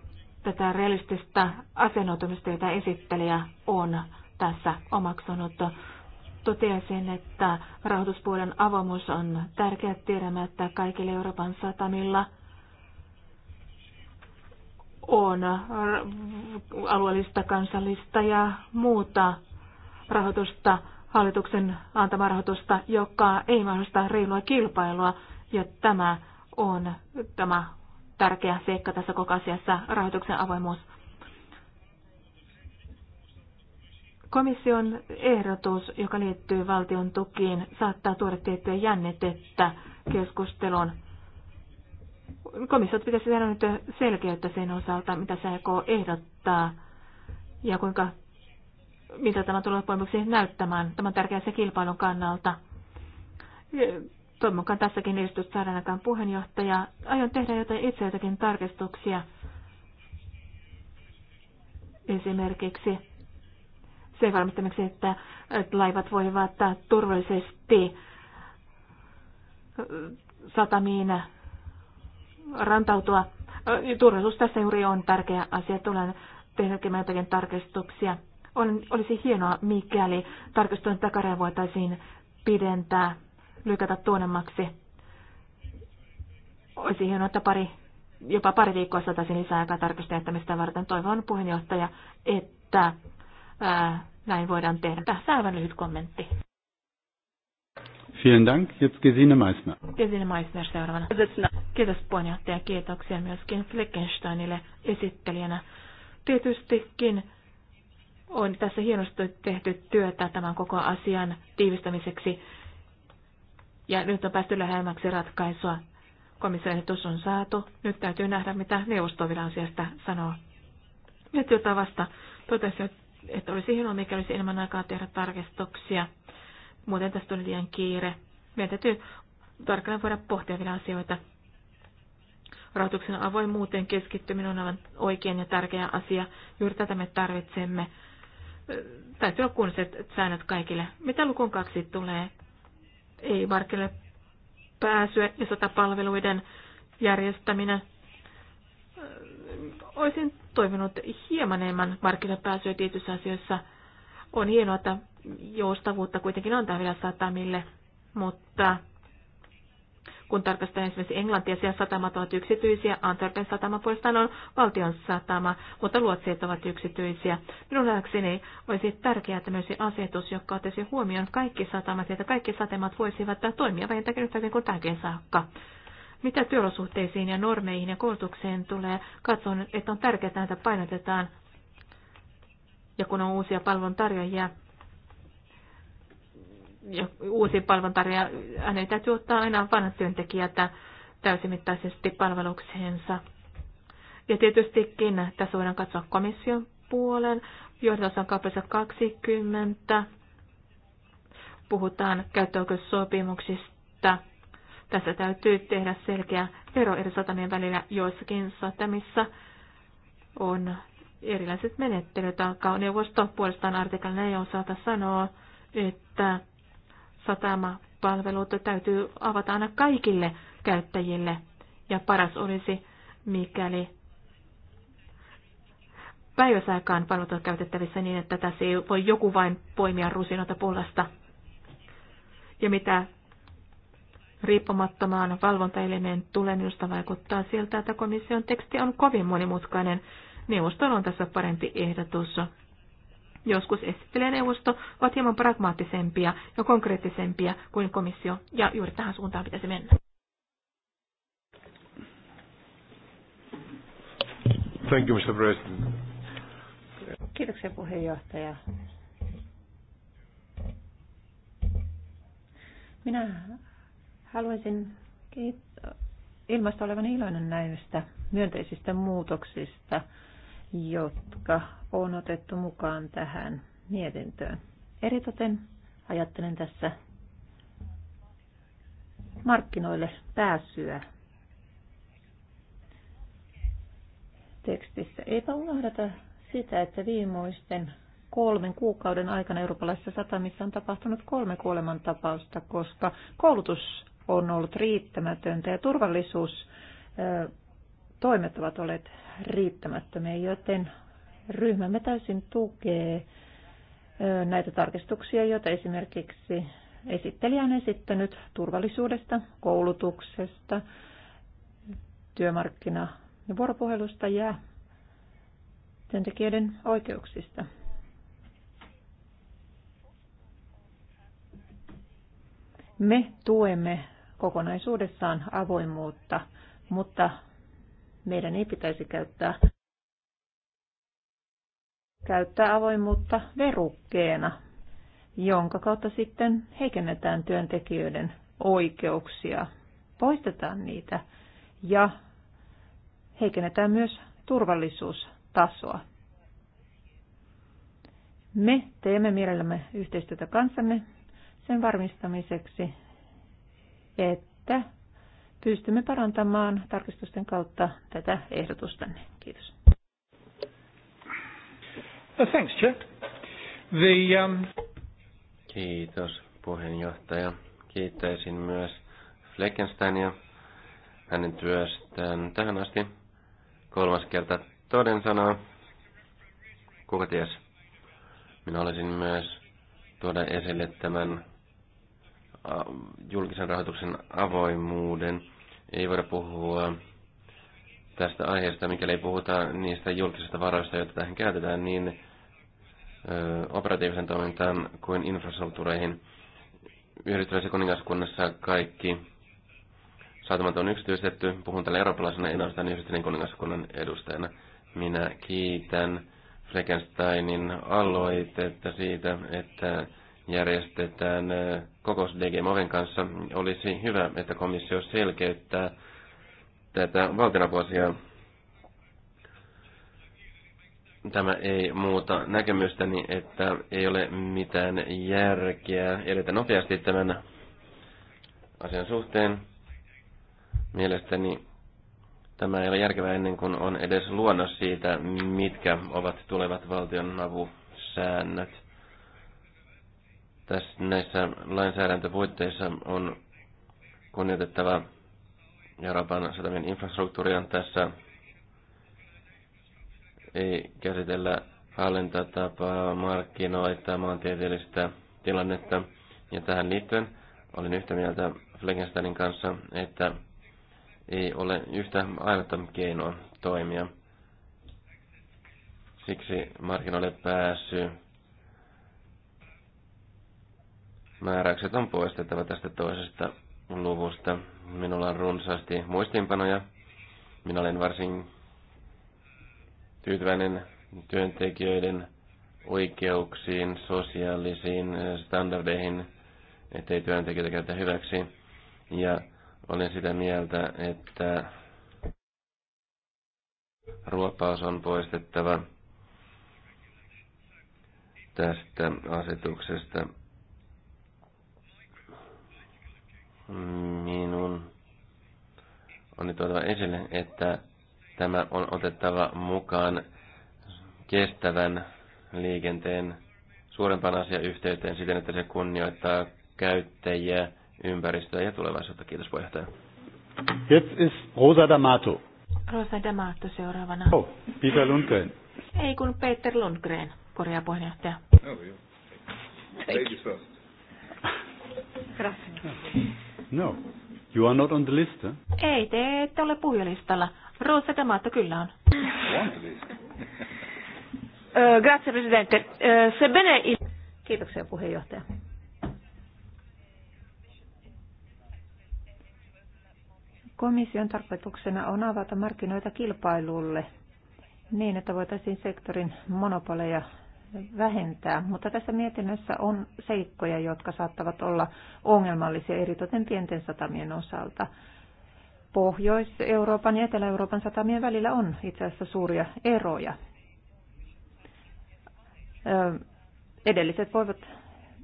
tätä realistista asennoitumista, jota esittelijä on tässä omaksunut. Toteaisin, että rahoituspuolen avoimuus on tärkeä tiedämme, että kaikille Euroopan satamilla on alueellista, kansallista ja muuta rahoitusta, hallituksen antama rahoitusta, joka ei mahdollista reilua kilpailua, ja tämä on tämä tärkeä seikka tässä koko asiassa, rahoituksen avoimuus. Komission ehdotus, joka liittyy valtion tukiin, saattaa tuoda tiettyä jännitettä keskustelun. Komissiot pitäisi tehdä nyt selkeyttä sen osalta, mitä se ehdottaa ja kuinka, mitä tämä tulee voimaksi näyttämään. Tämä on tärkeää se kilpailun kannalta. Toivon mukaan tässäkin edistys saadaan aikaan puheenjohtaja. Aion tehdä jotain itse jotakin tarkistuksia. Esimerkiksi sen varmistamiseksi, että laivat voivat turvallisesti satamiin rantautua. Turvallisuus tässä juuri on tärkeä asia. Tulen tekemään jotakin tarkistuksia. olisi hienoa, mikäli tarkistuksen takareja voitaisiin pidentää lykätä tuonemmaksi. Olisi hienoa, että pari, jopa pari viikkoa saataisiin lisää aikaa tarkistajattamista varten. Toivon puheenjohtaja, että ää, näin voidaan tehdä. Tässä aivan lyhyt kommentti. Vielen Dank. Jetzt Gesine Meissner. Gesine Meissner seuraavana. Kiitos puheenjohtaja. Kiitoksia myöskin Fleckensteinille esittelijänä. Tietystikin on tässä hienosti tehty työtä tämän koko asian tiivistämiseksi ja nyt on päästy lähemmäksi ratkaisua. Komissaaritus on saatu. Nyt täytyy nähdä, mitä neuvosto sanoo. Nyt jota vasta totesi, että olisi hienoa, mikä olisi enemmän aikaa tehdä tarkistuksia. Muuten tästä tuli liian kiire. Meidän täytyy tarkalleen voida pohtia vielä asioita. Rahoituksen avoimuuteen keskittyminen on aivan oikein ja tärkeä asia. Juuri tätä me tarvitsemme. Täytyy olla kunniset säännöt kaikille. Mitä lukun kaksi tulee? ei varkelle pääsyä ja sotapalveluiden järjestäminen. Olisin toivonut hieman enemmän markkinoille pääsyä tietyissä asioissa. On hienoa, että joustavuutta kuitenkin on vielä satamille, mutta kun tarkastaa esimerkiksi Englantia, siellä satamat ovat yksityisiä, Antwerpen satama puolestaan on valtion satama, mutta luotseet ovat yksityisiä. Minun nähdäkseni olisi tärkeää, että myös asetus, joka ottaisi huomioon kaikki satamat, että kaikki satamat voisivat toimia vähintäänkin yhtä hyvin kuin tähänkin saakka. Mitä työolosuhteisiin ja normeihin ja koulutukseen tulee, katson, että on tärkeää, että painotetaan. Ja kun on uusia palveluntarjoajia, uusi palveluntarja, hänen täytyy ottaa aina vanhat työntekijät täysimittaisesti palvelukseensa. Ja tietystikin tässä voidaan katsoa komission puolen. Johdossa on 20. Puhutaan käyttöoikeussopimuksista. Tässä täytyy tehdä selkeä ero eri satamien välillä. Joissakin satamissa on erilaiset menettelyt. Kauneuvosto puolestaan artikla 4 osalta sanoo, että satamapalveluita täytyy avata aina kaikille käyttäjille. Ja paras olisi, mikäli päiväsaikaan palvelut ovat käytettävissä niin, että tässä ei voi joku vain poimia rusinoita pullasta. Ja mitä riippumattomaan valvontaelimeen tulee, minusta vaikuttaa siltä, että komission teksti on kovin monimutkainen. Neuvostolla on tässä parempi ehdotus. Joskus esittelijäneuvosto ovat hieman pragmaattisempia ja konkreettisempia kuin komissio, ja juuri tähän suuntaan pitäisi mennä. Thank you, Mr. President. Kiitoksia puheenjohtaja. Minä haluaisin ilmaista olevan iloinen näistä myönteisistä muutoksista – jotka on otettu mukaan tähän mietintöön. Eritoten ajattelen tässä markkinoille pääsyä tekstissä. Eipä unohdeta sitä, että viimeisten kolmen kuukauden aikana eurooppalaisissa satamissa on tapahtunut kolme kuolemantapausta, koska koulutus on ollut riittämätöntä ja turvallisuus toimet ovat olleet riittämättömiä, joten ryhmämme täysin tukee näitä tarkistuksia, joita esimerkiksi esittelijä on esittänyt turvallisuudesta, koulutuksesta, työmarkkina- ja vuoropuhelusta ja työntekijöiden oikeuksista. Me tuemme kokonaisuudessaan avoimuutta, mutta meidän ei pitäisi käyttää, käyttää avoimuutta verukkeena, jonka kautta sitten heikennetään työntekijöiden oikeuksia, poistetaan niitä ja heikennetään myös turvallisuustasoa. Me teemme mielellämme yhteistyötä kanssanne sen varmistamiseksi, että pystymme parantamaan tarkistusten kautta tätä ehdotustanne. Kiitos. Uh, thanks, Chair. The, um... Kiitos puheenjohtaja. Kiittäisin myös Fleckensteinia hänen työstään tähän asti. Kolmas kerta toden sanaa. Kuka ties? Minä olisin myös tuoda esille tämän julkisen rahoituksen avoimuuden. Ei voida puhua tästä aiheesta, mikäli ei puhuta niistä julkisista varoista, joita tähän käytetään, niin operatiivisen toimintaan kuin infrastruktuureihin. Yhdistyvässä kuningaskunnassa kaikki saatamat on yksityistetty. Puhun tällä eurooppalaisena edustajana niin yhdistyneen kuningaskunnan edustajana. Minä kiitän Fleckensteinin aloitetta siitä, että järjestetään kokous DG Moven kanssa. Olisi hyvä, että komissio selkeyttää tätä valtionapuasiaa. Tämä ei muuta näkemystäni, että ei ole mitään järkeä edetä nopeasti tämän asian suhteen. Mielestäni tämä ei ole järkevää ennen kuin on edes luonnos siitä, mitkä ovat tulevat valtionavusäännöt tässä näissä lainsäädäntöpuitteissa on kunnioitettava Euroopan satamien infrastruktuuria. Tässä ei käsitellä hallintatapaa, markkinoita, maantieteellistä tilannetta. Ja tähän liittyen olin yhtä mieltä Fleckensteinin kanssa, että ei ole yhtä ainutta keinoa toimia. Siksi markkinoille pääsy määräykset on poistettava tästä toisesta luvusta. Minulla on runsaasti muistiinpanoja. Minä olen varsin tyytyväinen työntekijöiden oikeuksiin, sosiaalisiin standardeihin, ettei työntekijöitä käytä hyväksi. Ja olen sitä mieltä, että ruopaus on poistettava tästä asetuksesta. minun on nyt otettava esille, että tämä on otettava mukaan kestävän liikenteen suurempaan asiayhteyteen siten, että se kunnioittaa käyttäjiä, ympäristöä ja tulevaisuutta. Kiitos puheenjohtaja. Jetzt ist Rosa D'Amato. Rosa D'Amato seuraavana. Oh, Peter Lundgren. Ei kun Peter Lundgren, korjaa puheenjohtaja. Oh, joo. Ladies first. Gracias. No. You are not on the list, huh? Ei, te ette ole puhujalistalla. Rosa Damato kyllä on. Eh, grazie, Presidente. Eh, sebbene... Kiitoksia, puheenjohtaja. Komission tarkoituksena on avata markkinoita kilpailulle niin, että voitaisiin sektorin monopoleja vähentää, mutta tässä mietinnössä on seikkoja, jotka saattavat olla ongelmallisia eritoten pienten satamien osalta. Pohjois-Euroopan ja Etelä-Euroopan satamien välillä on itse asiassa suuria eroja. Edelliset voivat,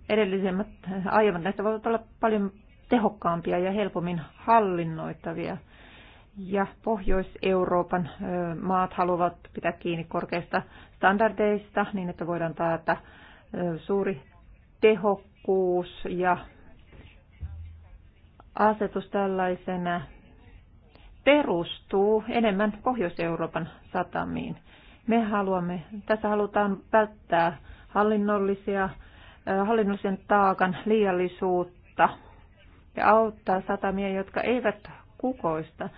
edellisemmät, aiemmat näistä voivat olla paljon tehokkaampia ja helpommin hallinnoitavia. Ja Pohjois-Euroopan maat haluavat pitää kiinni korkeista standardeista niin, että voidaan taata suuri tehokkuus ja asetus tällaisena perustuu enemmän Pohjois-Euroopan satamiin. Me haluamme, tässä halutaan välttää hallinnollisia, hallinnollisen taakan liiallisuutta ja auttaa satamia, jotka eivät kukoista.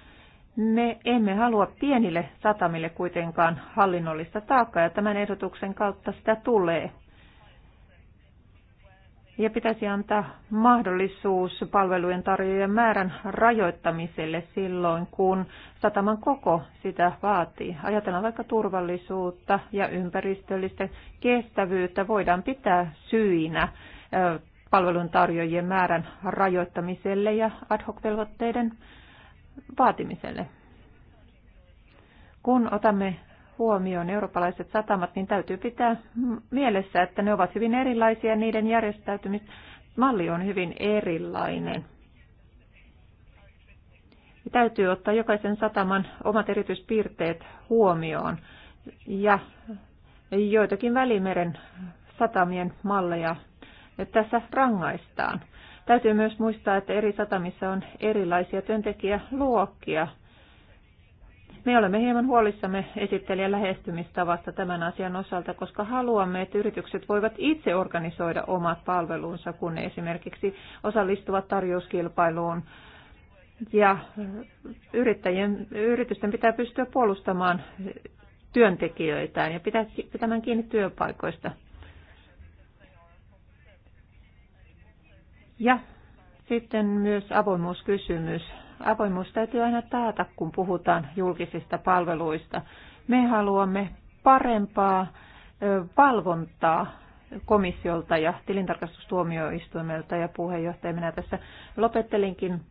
Me emme halua pienille satamille kuitenkaan hallinnollista taakkaa ja tämän ehdotuksen kautta sitä tulee. Ja pitäisi antaa mahdollisuus palvelujen tarjoajien määrän rajoittamiselle silloin, kun sataman koko sitä vaatii. Ajatellaan vaikka turvallisuutta ja ympäristöllistä kestävyyttä voidaan pitää syinä tarjoajien määrän rajoittamiselle ja ad hoc-velvoitteiden vaatimiselle. Kun otamme huomioon eurooppalaiset satamat, niin täytyy pitää mielessä, että ne ovat hyvin erilaisia, niiden järjestäytymismalli on hyvin erilainen. Ja täytyy ottaa jokaisen sataman omat erityispiirteet huomioon ja joitakin välimeren satamien malleja että tässä rangaistaan. Täytyy myös muistaa, että eri satamissa on erilaisia työntekijäluokkia. Me olemme hieman huolissamme esittelijän lähestymistavasta tämän asian osalta, koska haluamme, että yritykset voivat itse organisoida omat palvelunsa, kun ne esimerkiksi osallistuvat tarjouskilpailuun. Ja eh, yrittäjien, yritysten pitää pystyä puolustamaan työntekijöitään ja pitää pitämään kiinni työpaikoista. Ja sitten myös avoimuuskysymys. Avoimuus täytyy aina taata, kun puhutaan julkisista palveluista. Me haluamme parempaa valvontaa komissiolta ja tilintarkastustuomioistuimelta ja puheenjohtaja. Minä tässä lopettelinkin.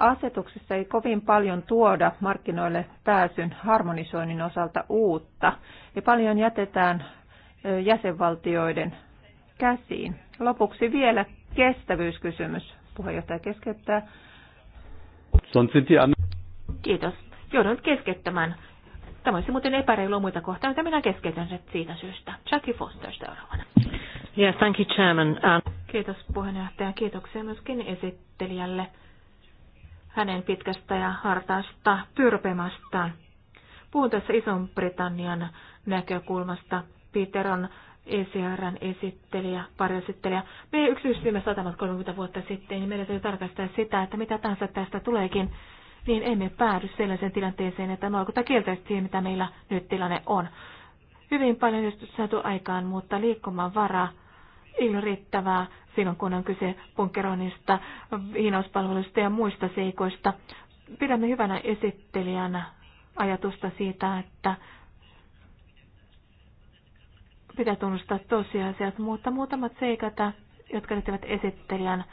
Asetuksessa ei kovin paljon tuoda markkinoille pääsyn harmonisoinnin osalta uutta ja paljon jätetään jäsenvaltioiden käsiin. Lopuksi vielä kestävyyskysymys. Puheenjohtaja keskeyttää. Kiitos. Joudun keskeyttämään. Tämä olisi muuten epäreilu muita kohtaan, mutta minä keskeytän sen siitä syystä. Jackie Foster seuraavana. Yeah, thank you, Chairman. And... Um, Kiitos puheenjohtaja. Kiitoksia myöskin esittelijälle hänen pitkästä ja hartaasta pyrpemästään. Puhun tässä Ison-Britannian näkökulmasta. Peter on ECRn esittelijä, varjoesittelijä. Me yksityistimme satamat 30 vuotta sitten, niin meidän täytyy tarkastaa sitä, että mitä tahansa tästä tuleekin, niin emme päädy sellaiseen tilanteeseen, että noikuta kieltäisi siihen, mitä meillä nyt tilanne on. Hyvin paljon on saatu aikaan, mutta liikkumaan varaa ei ole riittävää silloin, kun on kyse punkkeroinnista, hinauspalveluista ja muista seikoista. Pidämme hyvänä esittelijänä ajatusta siitä, että Pitää tunnustaa tosiasiat, mutta muutamat seikat, jotka liittyvät esittelijän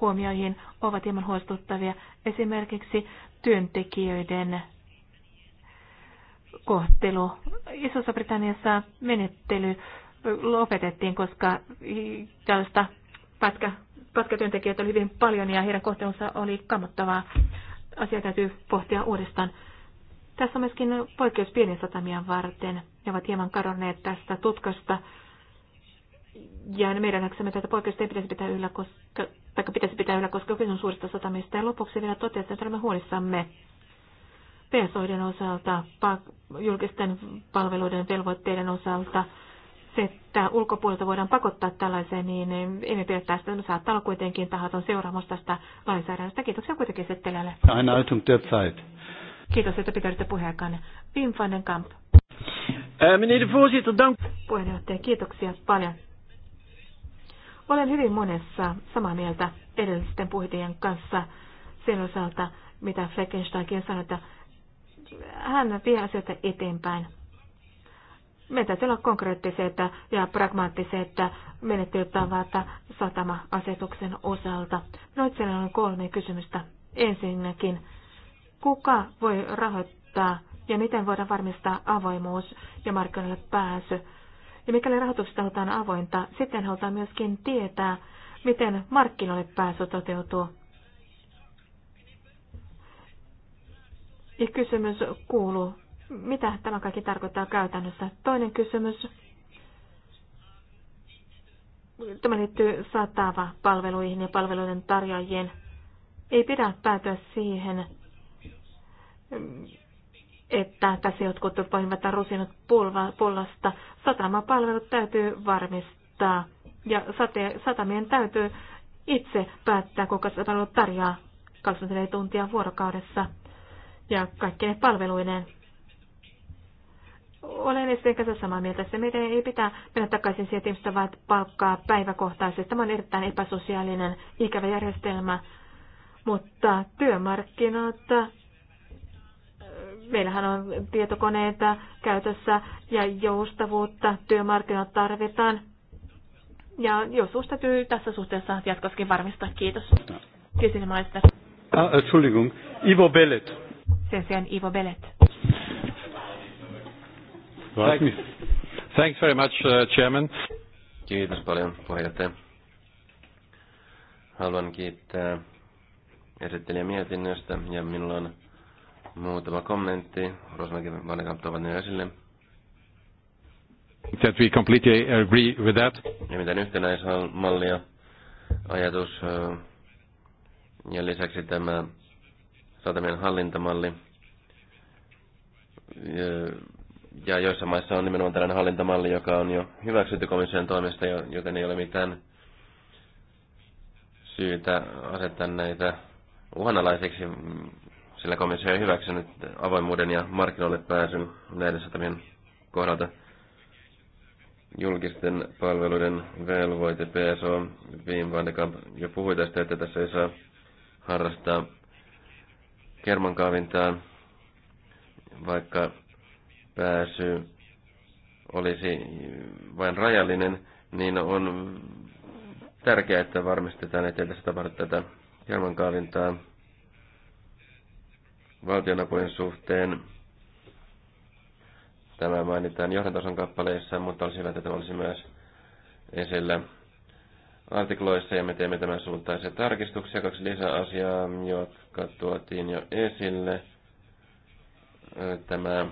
huomioihin, ovat hieman huolestuttavia. Esimerkiksi työntekijöiden kohtelu. Isossa Britanniassa menettely lopetettiin, koska tällaista pätkä, pätkätyöntekijöitä oli hyvin paljon ja heidän kohtelunsa oli kammottavaa. Asia täytyy pohtia uudestaan. Tässä on myöskin poikkeus pienien satamien varten. Ne ovat hieman kadonneet tästä tutkasta. Ja meidän näksemme tätä poikkeusta ei pitäisi pitää yllä, koska, tai pitäisi pitää yllä, koska on suurista satamista. Ja lopuksi vielä totesin, että olemme huolissamme PSOiden osalta, julkisten palveluiden velvoitteiden osalta, se, että ulkopuolelta voidaan pakottaa tällaiseen, niin emme pidä tästä. Me saattaa olla kuitenkin tahaton seuraamus tästä lainsäädännöstä. Kiitoksia kuitenkin esittelijälle. Aina Zeit. Kiitos, että pitäydytte puheenjohtajan. Wim van den Kamp. Eh, meneer de dank. Puheenjohtaja, kiitoksia paljon. Olen hyvin monessa samaa mieltä edellisten puhujien kanssa sen osalta, mitä Fleckensteinkin sanoi, että hän vie asioita eteenpäin. Meidän täytyy olla konkreettisia ja pragmaattiset menettelytavat satama-asetuksen osalta. No itselläni on kolme kysymystä. Ensinnäkin, kuka voi rahoittaa ja miten voidaan varmistaa avoimuus ja markkinoille pääsy. Ja mikäli rahoituksesta halutaan avointa, sitten halutaan myöskin tietää, miten markkinoille pääsy toteutuu. Ja kysymys kuuluu, mitä tämä kaikki tarkoittaa käytännössä? Toinen kysymys. Tämä liittyy saataava palveluihin ja palveluiden tarjoajien. Ei pidä päätyä siihen, että tässä jotkut pahimmat rusinat pullasta. Satamapalvelut täytyy varmistaa ja sate, satamien täytyy itse päättää, kuinka palvelut tarjoaa 24 tuntia vuorokaudessa ja kaikkien palveluineen. Olen Esteen kanssa samaa mieltä, että meidän ei pitää mennä takaisin sieltä vaan palkkaa päiväkohtaisesti. Tämä on erittäin epäsosiaalinen, ikävä järjestelmä, mutta työmarkkinoita meillähän on tietokoneita käytössä ja joustavuutta työmarkkinoilla tarvitaan. Ja joskus täytyy tässä suhteessa jatkossakin varmistaa. Kiitos. No. Kysyn maista. Ah, Entschuldigung. Ivo Bellet. Sen sijaan Ivo Bellet. Thanks very much, uh, Chairman. Kiitos paljon, puheenjohtaja. Haluan kiittää esittelijä mietinnöstä ja minulla on Muutama kommentti. Rosmäki Vannekamp ovat ne esille. That we completely agree with that. Ja mitään yhtenäismallia ajatus. Ja lisäksi tämä satamien hallintamalli. Ja joissain maissa on nimenomaan tällainen hallintamalli, joka on jo hyväksytty komission toimesta, joten ei ole mitään syytä asettaa näitä uhanalaisiksi sillä komissio ei hyväksynyt avoimuuden ja markkinoille pääsyn näiden satamien kohdalta. Julkisten palveluiden velvoite PSO, Wim van de Kamp jo puhui tästä, että tässä ei saa harrastaa kermankaavintaa, vaikka pääsy olisi vain rajallinen, niin on tärkeää, että varmistetaan, että tässä tapahdu tätä kermankaavintaa valtionapujen suhteen. Tämä mainitaan johdantason kappaleissa, mutta olisi hyvä, että tämä olisi myös esillä artikloissa, ja me teemme tämän suuntaisia tarkistuksia. Kaksi lisäasiaa, jotka tuotiin jo esille. Tämä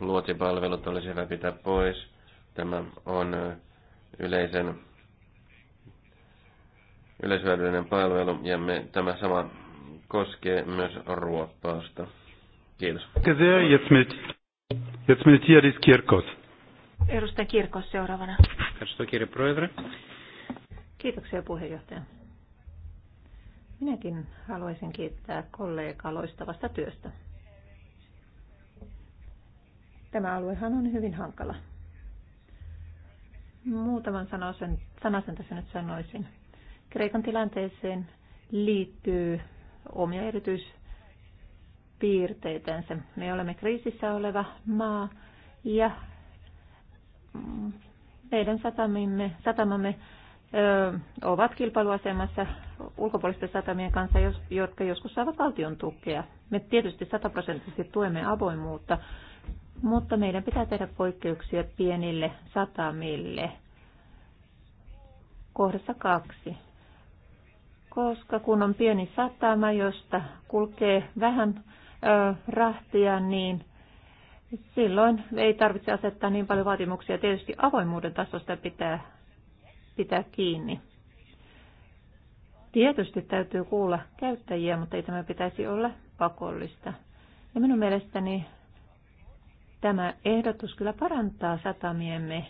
luotipalvelut olisi hyvä pitää pois. Tämä on yleisen yleishyödyllinen palvelu ja me, tämä sama koskee myös ruoppausta. Kiitos. Edustaja Kirkos seuraavana. Kiitoksia puheenjohtaja. Minäkin haluaisin kiittää kollegaa loistavasta työstä. Tämä aluehan on hyvin hankala. Muutaman sanasen, sanasen tässä nyt sanoisin. Kreikan tilanteeseen liittyy omia erityispiirteitänsä. Me olemme kriisissä oleva maa ja meidän satamimme, satamamme ö, ovat kilpailuasemassa ulkopuolisten satamien kanssa, jotka joskus saavat valtion tukea. Me tietysti sataprosenttisesti tuemme avoimuutta, mutta meidän pitää tehdä poikkeuksia pienille satamille. Kohdassa kaksi koska kun on pieni satama, josta kulkee vähän ö, rahtia, niin silloin ei tarvitse asettaa niin paljon vaatimuksia. Tietysti avoimuuden tasosta pitää pitää kiinni. Tietysti täytyy kuulla käyttäjiä, mutta ei tämä pitäisi olla pakollista. Ja minun mielestäni tämä ehdotus kyllä parantaa satamiemme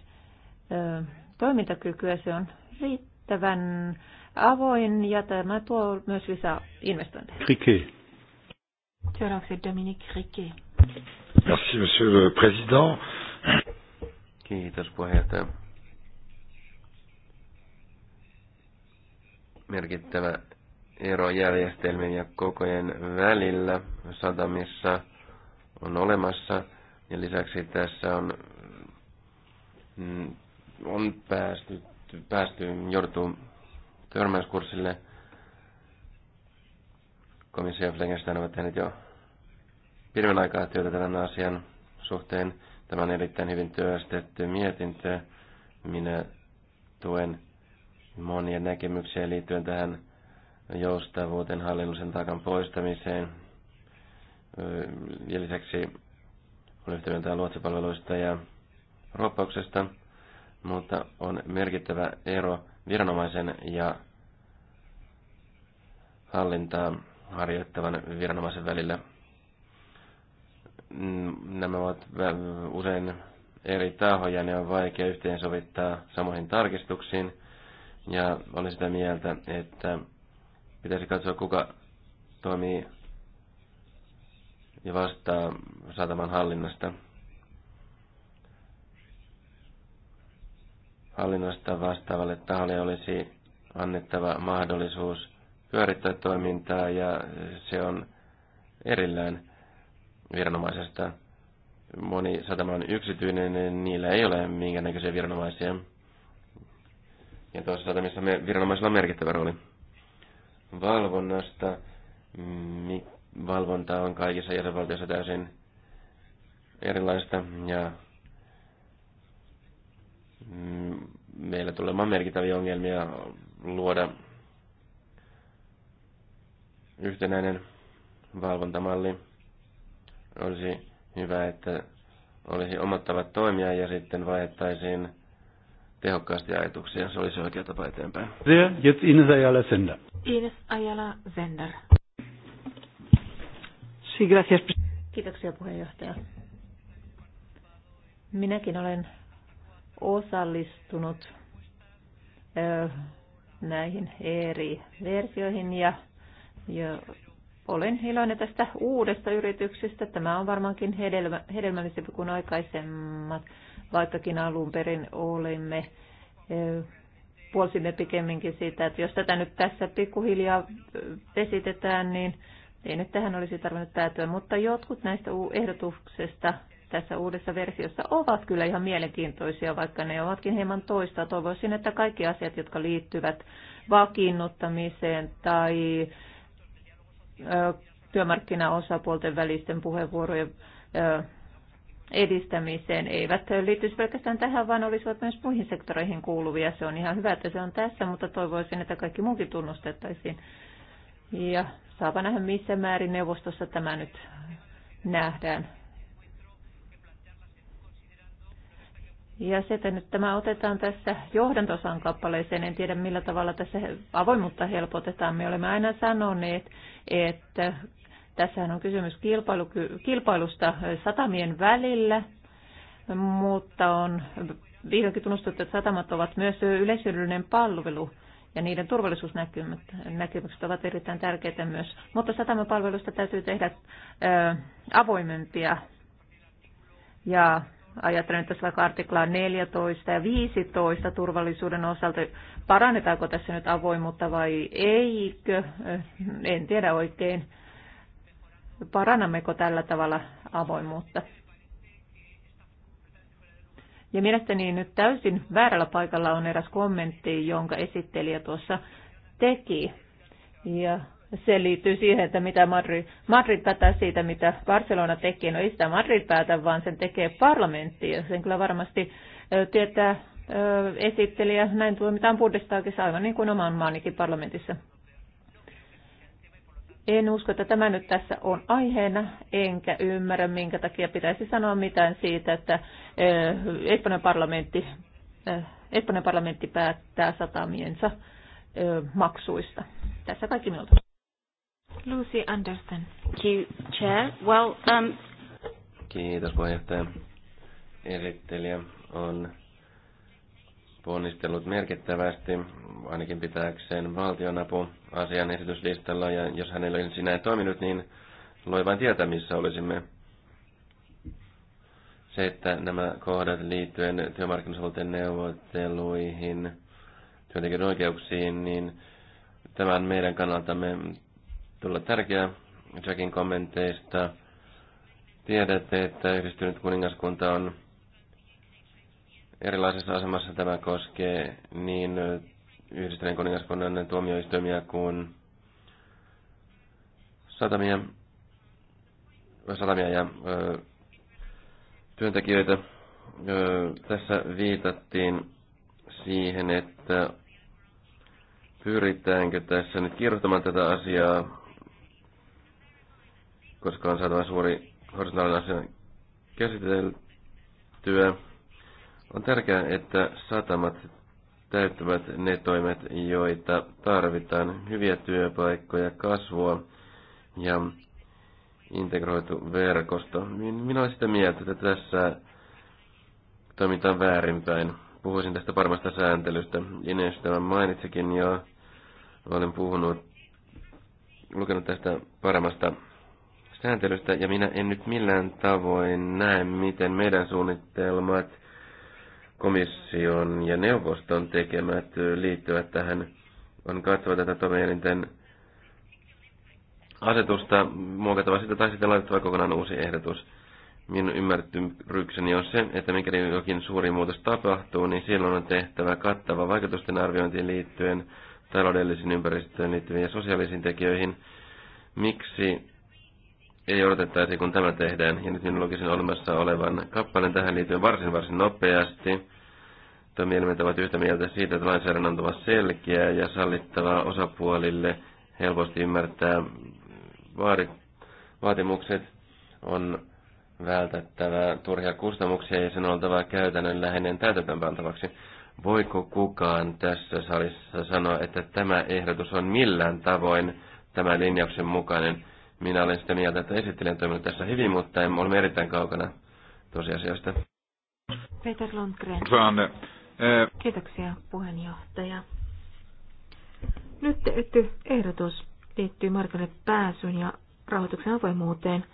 ö, toimintakykyä. Se on riittävän avoin ja tämä tuo myös lisää investointeja. Riquet. Seuraavaksi Dominique Riquet. Merci, monsieur le président. Kiitos puheenjohtaja. Merkittävä ero järjestelmien ja kokojen välillä satamissa on olemassa. Ja lisäksi tässä on, mm, on päästy, päästy jouduttu törmäyskurssille. Komissio ja ovat tehneet jo pidemmän aikaa työtä tämän asian suhteen. Tämä on erittäin hyvin työstetty mietintö. Minä tuen monia näkemyksiä liittyen tähän joustavuuteen, hallinnollisen takan poistamiseen. Ja lisäksi on yhtä mieltä luotsipalveluista ja roppauksesta, mutta on merkittävä ero viranomaisen ja hallintaa harjoittavan viranomaisen välillä. Mm, nämä ovat usein eri tahoja, ne on vaikea yhteensovittaa samoihin tarkistuksiin. Ja olen sitä mieltä, että pitäisi katsoa, kuka toimii ja vastaa sataman hallinnasta. hallinnosta vastaavalle taholle olisi annettava mahdollisuus pyörittää toimintaa ja se on erillään viranomaisesta. Moni satama on yksityinen, niin niillä ei ole minkäännäköisiä viranomaisia. Ja tuossa satamissa me, viranomaisilla on merkittävä rooli. Valvonnasta. Valvonta on kaikissa jäsenvaltioissa täysin erilaista ja meillä tulee olemaan merkittäviä ongelmia luoda yhtenäinen valvontamalli. Olisi hyvä, että olisi omat tavat toimia ja sitten vaihtaisiin tehokkaasti ajatuksia. Se olisi oikea tapa eteenpäin. Ines Ayala Sender. Ines Ayala Sender. Kiitoksia puheenjohtaja. Minäkin olen osallistunut näihin eri versioihin ja, ja olen iloinen tästä uudesta yrityksestä. Tämä on varmaankin hedelmä, hedelmällisempi kuin aikaisemmat, vaikkakin alun perin olimme puolsimme pikemminkin siitä, että jos tätä nyt tässä pikkuhiljaa vesitetään, niin ei nyt tähän olisi tarvinnut päätyä, mutta jotkut näistä ehdotuksesta tässä uudessa versiossa ovat kyllä ihan mielenkiintoisia, vaikka ne ovatkin hieman toista. Toivoisin, että kaikki asiat, jotka liittyvät vakiinnuttamiseen tai työmarkkinaosapuolten välisten puheenvuorojen edistämiseen eivät liittyisi pelkästään tähän, vaan olisivat myös muihin sektoreihin kuuluvia. Se on ihan hyvä, että se on tässä, mutta toivoisin, että kaikki muukin tunnustettaisiin. Ja saapa nähdä, missä määrin neuvostossa tämä nyt nähdään. Ja se, että nyt tämä otetaan tässä johdantosan kappaleeseen, en tiedä millä tavalla tässä avoimuutta helpotetaan. Me olemme aina sanoneet, että tässähän on kysymys kilpailu, kilpailusta satamien välillä, mutta on vihdoinkin tunnustettu, että satamat ovat myös yleisöllinen palvelu ja niiden turvallisuusnäkymykset ovat erittäin tärkeitä myös. Mutta satamapalveluista täytyy tehdä ö, avoimempia ja Ajattelen tässä vaikka artiklaa 14 ja 15 turvallisuuden osalta. Parannetaanko tässä nyt avoimuutta vai eikö? En tiedä oikein. Parannammeko tällä tavalla avoimuutta? Ja mielestäni nyt täysin väärällä paikalla on eräs kommentti, jonka esittelijä tuossa teki. Ja se liittyy siihen, että mitä Madrid, Madrid päättää siitä, mitä Barcelona tekee. No ei sitä Madrid päätä, vaan sen tekee parlamentti. Ja sen kyllä varmasti tietää esittelijä. Näin tuomitaan Bundestagissa aivan niin kuin oman maanikin parlamentissa. En usko, että tämä nyt tässä on aiheena, enkä ymmärrä, minkä takia pitäisi sanoa mitään siitä, että Espanjan parlamentti, Espanjan parlamentti päättää satamiensa maksuista. Tässä kaikki minulta. Lucy Anderson. Thank you, Chair. Well, um... Kiitos puheenjohtaja. Esittelijä on ponnistellut merkittävästi, ainakin pitääkseen valtionapu asian esityslistalla, ja jos hänellä ei sinä toiminut, niin loi vain tietää, missä olisimme. Se, että nämä kohdat liittyen työmarkkinasovelten neuvotteluihin, työntekijän oikeuksiin, niin tämän meidän kannaltamme todella tärkeä Jackin kommenteista. Tiedätte, että yhdistynyt kuningaskunta on erilaisessa asemassa. Tämä koskee niin yhdistyneen kuningaskunnan tuomioistuimia kuin satamia, satamia ja ö, työntekijöitä. Ö, tässä viitattiin siihen, että pyritäänkö tässä nyt kirjoittamaan tätä asiaa koska on saatava suuri horisontaalinen asia käsiteltyä. On tärkeää, että satamat täyttävät ne toimet, joita tarvitaan. Hyviä työpaikkoja, kasvua ja integroitu verkosto. Niin minä olen sitä mieltä, että tässä toimitaan väärinpäin. Puhuisin tästä parmasta sääntelystä. Ines tämän mainitsikin jo. Olen puhunut, lukenut tästä paremmasta sääntelystä, ja minä en nyt millään tavoin näe, miten meidän suunnitelmat, komission ja neuvoston tekemät liittyvät tähän, on katsoa tätä toimielinten asetusta, muokattava sitä tai sitten laitettava kokonaan uusi ehdotus. Minun ymmärtymykseni on se, että mikäli jokin suuri muutos tapahtuu, niin silloin on tehtävä kattava vaikutusten arviointiin liittyen taloudellisiin ympäristöön liittyviin ja sosiaalisiin tekijöihin. Miksi ei odotettaisi, kun tämä tehdään. Ja nyt minun lukisin olemassa olevan kappaleen tähän liittyen varsin varsin nopeasti. Toimielimet ovat yhtä mieltä siitä, että lainsäädännön on oltava selkeä ja sallittava osapuolille helposti ymmärtää vaatimukset. On vältettävä turhia kustannuksia ja sen on käytännön käytännönläheinen täytäntöönpantavaksi. Voiko kukaan tässä salissa sanoa, että tämä ehdotus on millään tavoin tämän linjauksen mukainen? Minä olen sitä mieltä, että esittelen toiminut tässä hyvin, mutta en ole erittäin kaukana tosiasioista. Peter Lundgren. Eh, Kiitoksia puheenjohtaja. Nyt tehty ehdotus liittyy markkinoille pääsyn ja rahoituksen avoimuuteen.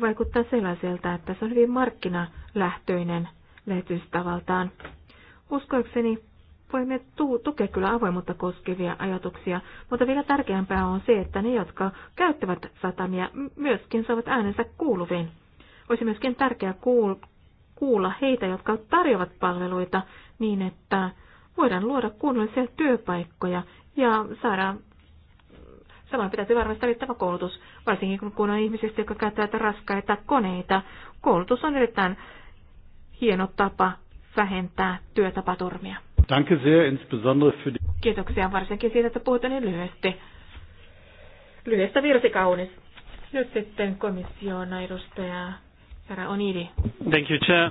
Vaikuttaa sellaiselta, että se on hyvin markkinalähtöinen lähtöistavaltaan. Uskoakseni voimme tu- tukea kyllä avoimuutta koskevia ajatuksia, mutta vielä tärkeämpää on se, että ne, jotka käyttävät satamia, myöskin saavat äänensä kuuluviin. Olisi myöskin tärkeää kuul- kuulla heitä, jotka tarjoavat palveluita niin, että voidaan luoda kunnollisia työpaikkoja ja saada Samoin pitäisi varmistaa riittävä koulutus, varsinkin kun on ihmisistä, jotka käyttävät raskaita koneita. Koulutus on erittäin hieno tapa vähentää työtapaturmia. Danke sehr, insbesondere für die... Kiitoksia varsinkin siitä, että puhutte niin lyhyesti. Lyhyestä virsi kaunis. Nyt sitten komission edustaja Sara Onidi. Thank you, Chair.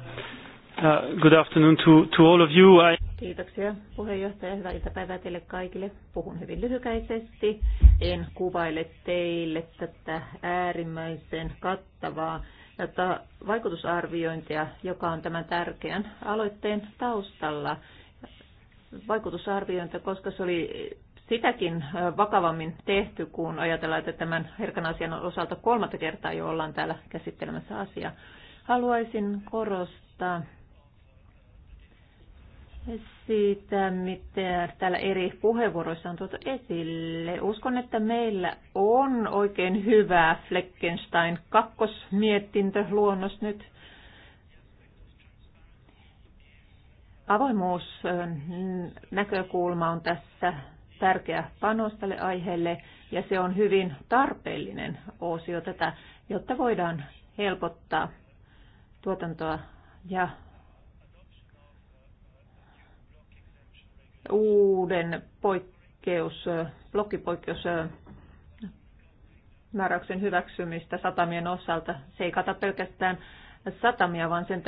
Uh, good afternoon to, to all of you. I... Kiitoksia puheenjohtaja. Hyvää iltapäivää teille kaikille. Puhun hyvin lyhykäisesti. En kuvaile teille tätä äärimmäisen kattavaa vaikutusarviointia, joka on tämän tärkeän aloitteen taustalla vaikutusarviointia, koska se oli sitäkin vakavammin tehty, kun ajatellaan, että tämän herkän asian osalta kolmatta kertaa jo ollaan täällä käsittelemässä asiaa. Haluaisin korostaa siitä, mitä täällä eri puheenvuoroissa on tuotu esille. Uskon, että meillä on oikein hyvä Fleckenstein kakkosmietintö luonnos nyt. Avoimuusnäkökulma on tässä tärkeä panos tälle aiheelle ja se on hyvin tarpeellinen osio tätä, jotta voidaan helpottaa tuotantoa ja uuden poikkeus, blokkipoikkeus määräyksen hyväksymistä satamien osalta. Se ei kata pelkästään satamia, vaan sen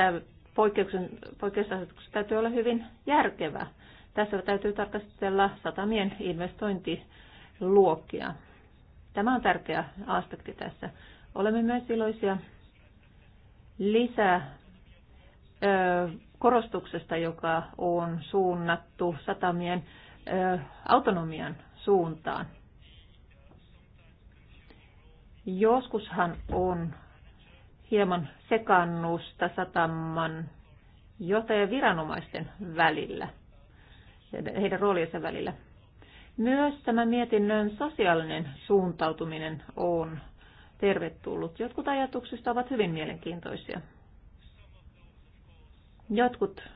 poikkeusasetuksessa täytyy olla hyvin järkevä. Tässä täytyy tarkastella satamien investointiluokkia. Tämä on tärkeä aspekti tässä. Olemme myös iloisia lisää korostuksesta, joka on suunnattu satamien autonomian suuntaan. Joskushan on hieman sekannusta sataman johtajan viranomaisten välillä, heidän rooliensa välillä. Myös tämä mietinnön sosiaalinen suuntautuminen on tervetullut. Jotkut ajatuksista ovat hyvin mielenkiintoisia. Jotkut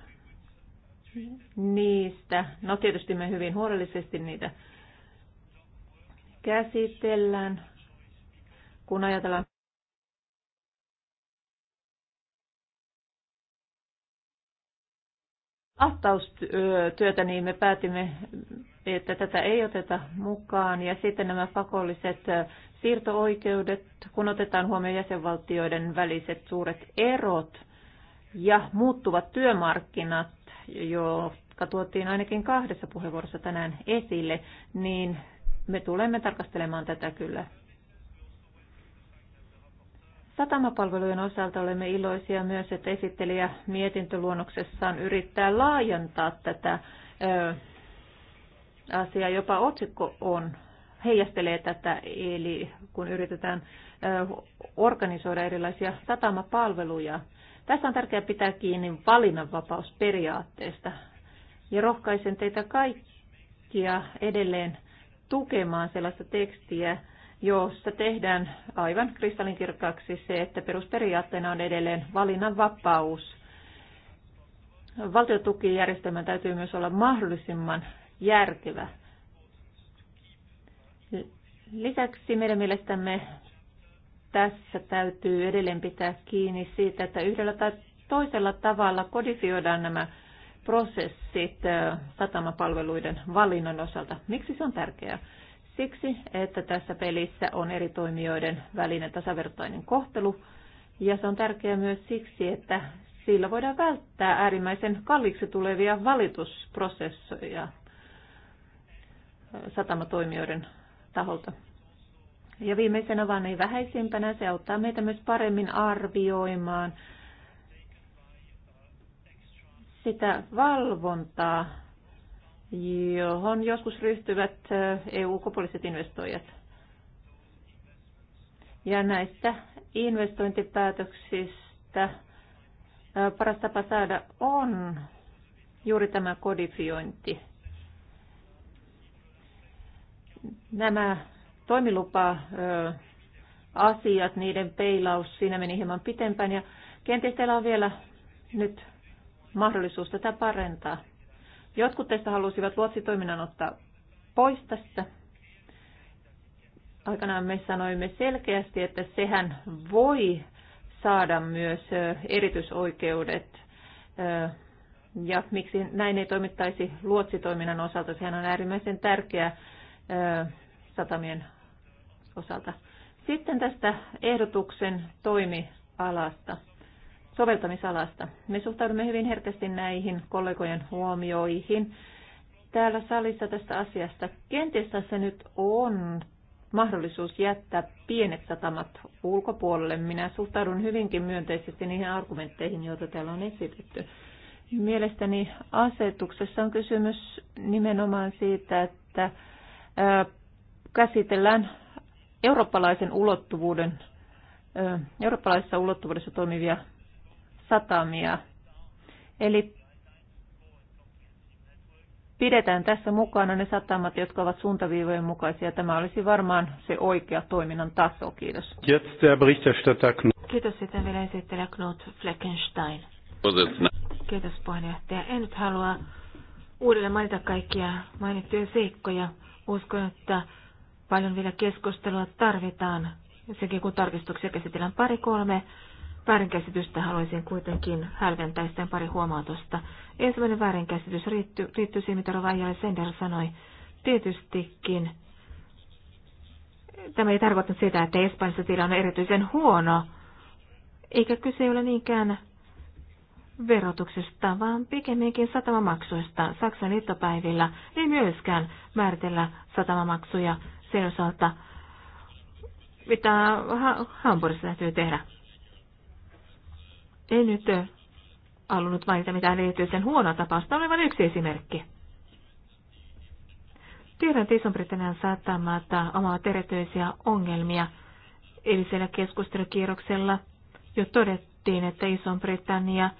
niistä, no tietysti me hyvin huolellisesti niitä käsitellään, kun ajatellaan ahtaustyötä, niin me päätimme, että tätä ei oteta mukaan. Ja sitten nämä pakolliset siirtooikeudet, kun otetaan huomioon jäsenvaltioiden väliset suuret erot ja muuttuvat työmarkkinat, jotka tuotiin ainakin kahdessa puheenvuorossa tänään esille, niin me tulemme tarkastelemaan tätä kyllä Satamapalvelujen osalta olemme iloisia myös, että esittelijä mietintöluonnoksessaan yrittää laajentaa tätä asiaa. Jopa otsikko on, heijastelee tätä, eli kun yritetään organisoida erilaisia satamapalveluja. Tässä on tärkeää pitää kiinni valinnanvapausperiaatteesta. Ja rohkaisen teitä kaikkia edelleen tukemaan sellaista tekstiä, jossa tehdään aivan kristallinkirkkaaksi se, että perusperiaatteena on edelleen vapaus. Valtiotukijärjestelmän täytyy myös olla mahdollisimman järkevä. Lisäksi meidän mielestämme tässä täytyy edelleen pitää kiinni siitä, että yhdellä tai toisella tavalla kodifioidaan nämä prosessit satamapalveluiden valinnan osalta. Miksi se on tärkeää? siksi, että tässä pelissä on eri toimijoiden välinen tasavertainen kohtelu. Ja se on tärkeää myös siksi, että sillä voidaan välttää äärimmäisen kalliiksi tulevia valitusprosesseja satamatoimijoiden taholta. Ja viimeisenä vaan ei vähäisimpänä, se auttaa meitä myös paremmin arvioimaan sitä valvontaa, johon joskus ryhtyvät EU-ulkopuoliset investoijat. Ja näistä investointipäätöksistä paras tapa saada on juuri tämä kodifiointi. Nämä toimilupa-asiat, niiden peilaus, siinä meni hieman pitempään ja kenties teillä on vielä nyt mahdollisuus tätä parentaa. Jotkut teistä halusivat luotsitoiminnan ottaa pois tässä. Aikanaan me sanoimme selkeästi, että sehän voi saada myös erityisoikeudet. Ja miksi näin ei toimittaisi luotsitoiminnan osalta, sehän on äärimmäisen tärkeä satamien osalta. Sitten tästä ehdotuksen toimialasta soveltamisalasta. Me suhtaudumme hyvin herkästi näihin kollegojen huomioihin täällä salissa tästä asiasta. Kenties tässä nyt on mahdollisuus jättää pienet satamat ulkopuolelle. Minä suhtaudun hyvinkin myönteisesti niihin argumentteihin, joita täällä on esitetty. Mielestäni asetuksessa on kysymys nimenomaan siitä, että käsitellään eurooppalaisen ulottuvuuden, eurooppalaisessa ulottuvuudessa toimivia satamia. Eli pidetään tässä mukana ne satamat, jotka ovat suuntaviivojen mukaisia. Tämä olisi varmaan se oikea toiminnan taso. Kiitos. Kiitos sitten vielä esittelijä Knut Fleckenstein. Kiitos puheenjohtaja. En nyt halua uudelleen mainita kaikkia mainittuja seikkoja. Uskon, että paljon vielä keskustelua tarvitaan. Sekin kun tarkistuksia käsitellään pari kolme väärinkäsitystä haluaisin kuitenkin hälventää sen pari huomautusta. Ensimmäinen väärinkäsitys riittyy liittyy siihen, mitä Rovaija Sender sanoi. Tietystikin tämä ei tarkoita sitä, että Espanjassa tilanne on erityisen huono, eikä kyse ole niinkään verotuksesta, vaan pikemminkin satamamaksuista. Saksan liittopäivillä ei myöskään määritellä satamamaksuja sen osalta, mitä ha- Hamburgissa täytyy tehdä. En nyt eh, halunnut mainita mitään erityisen huonoa tapausta, oli vain yksi esimerkki. Tiedän, että Iso-Britannian satamat omaa erityisiä ongelmia. Eilisellä keskustelukierroksella jo todettiin, että Iso-Britannia eh,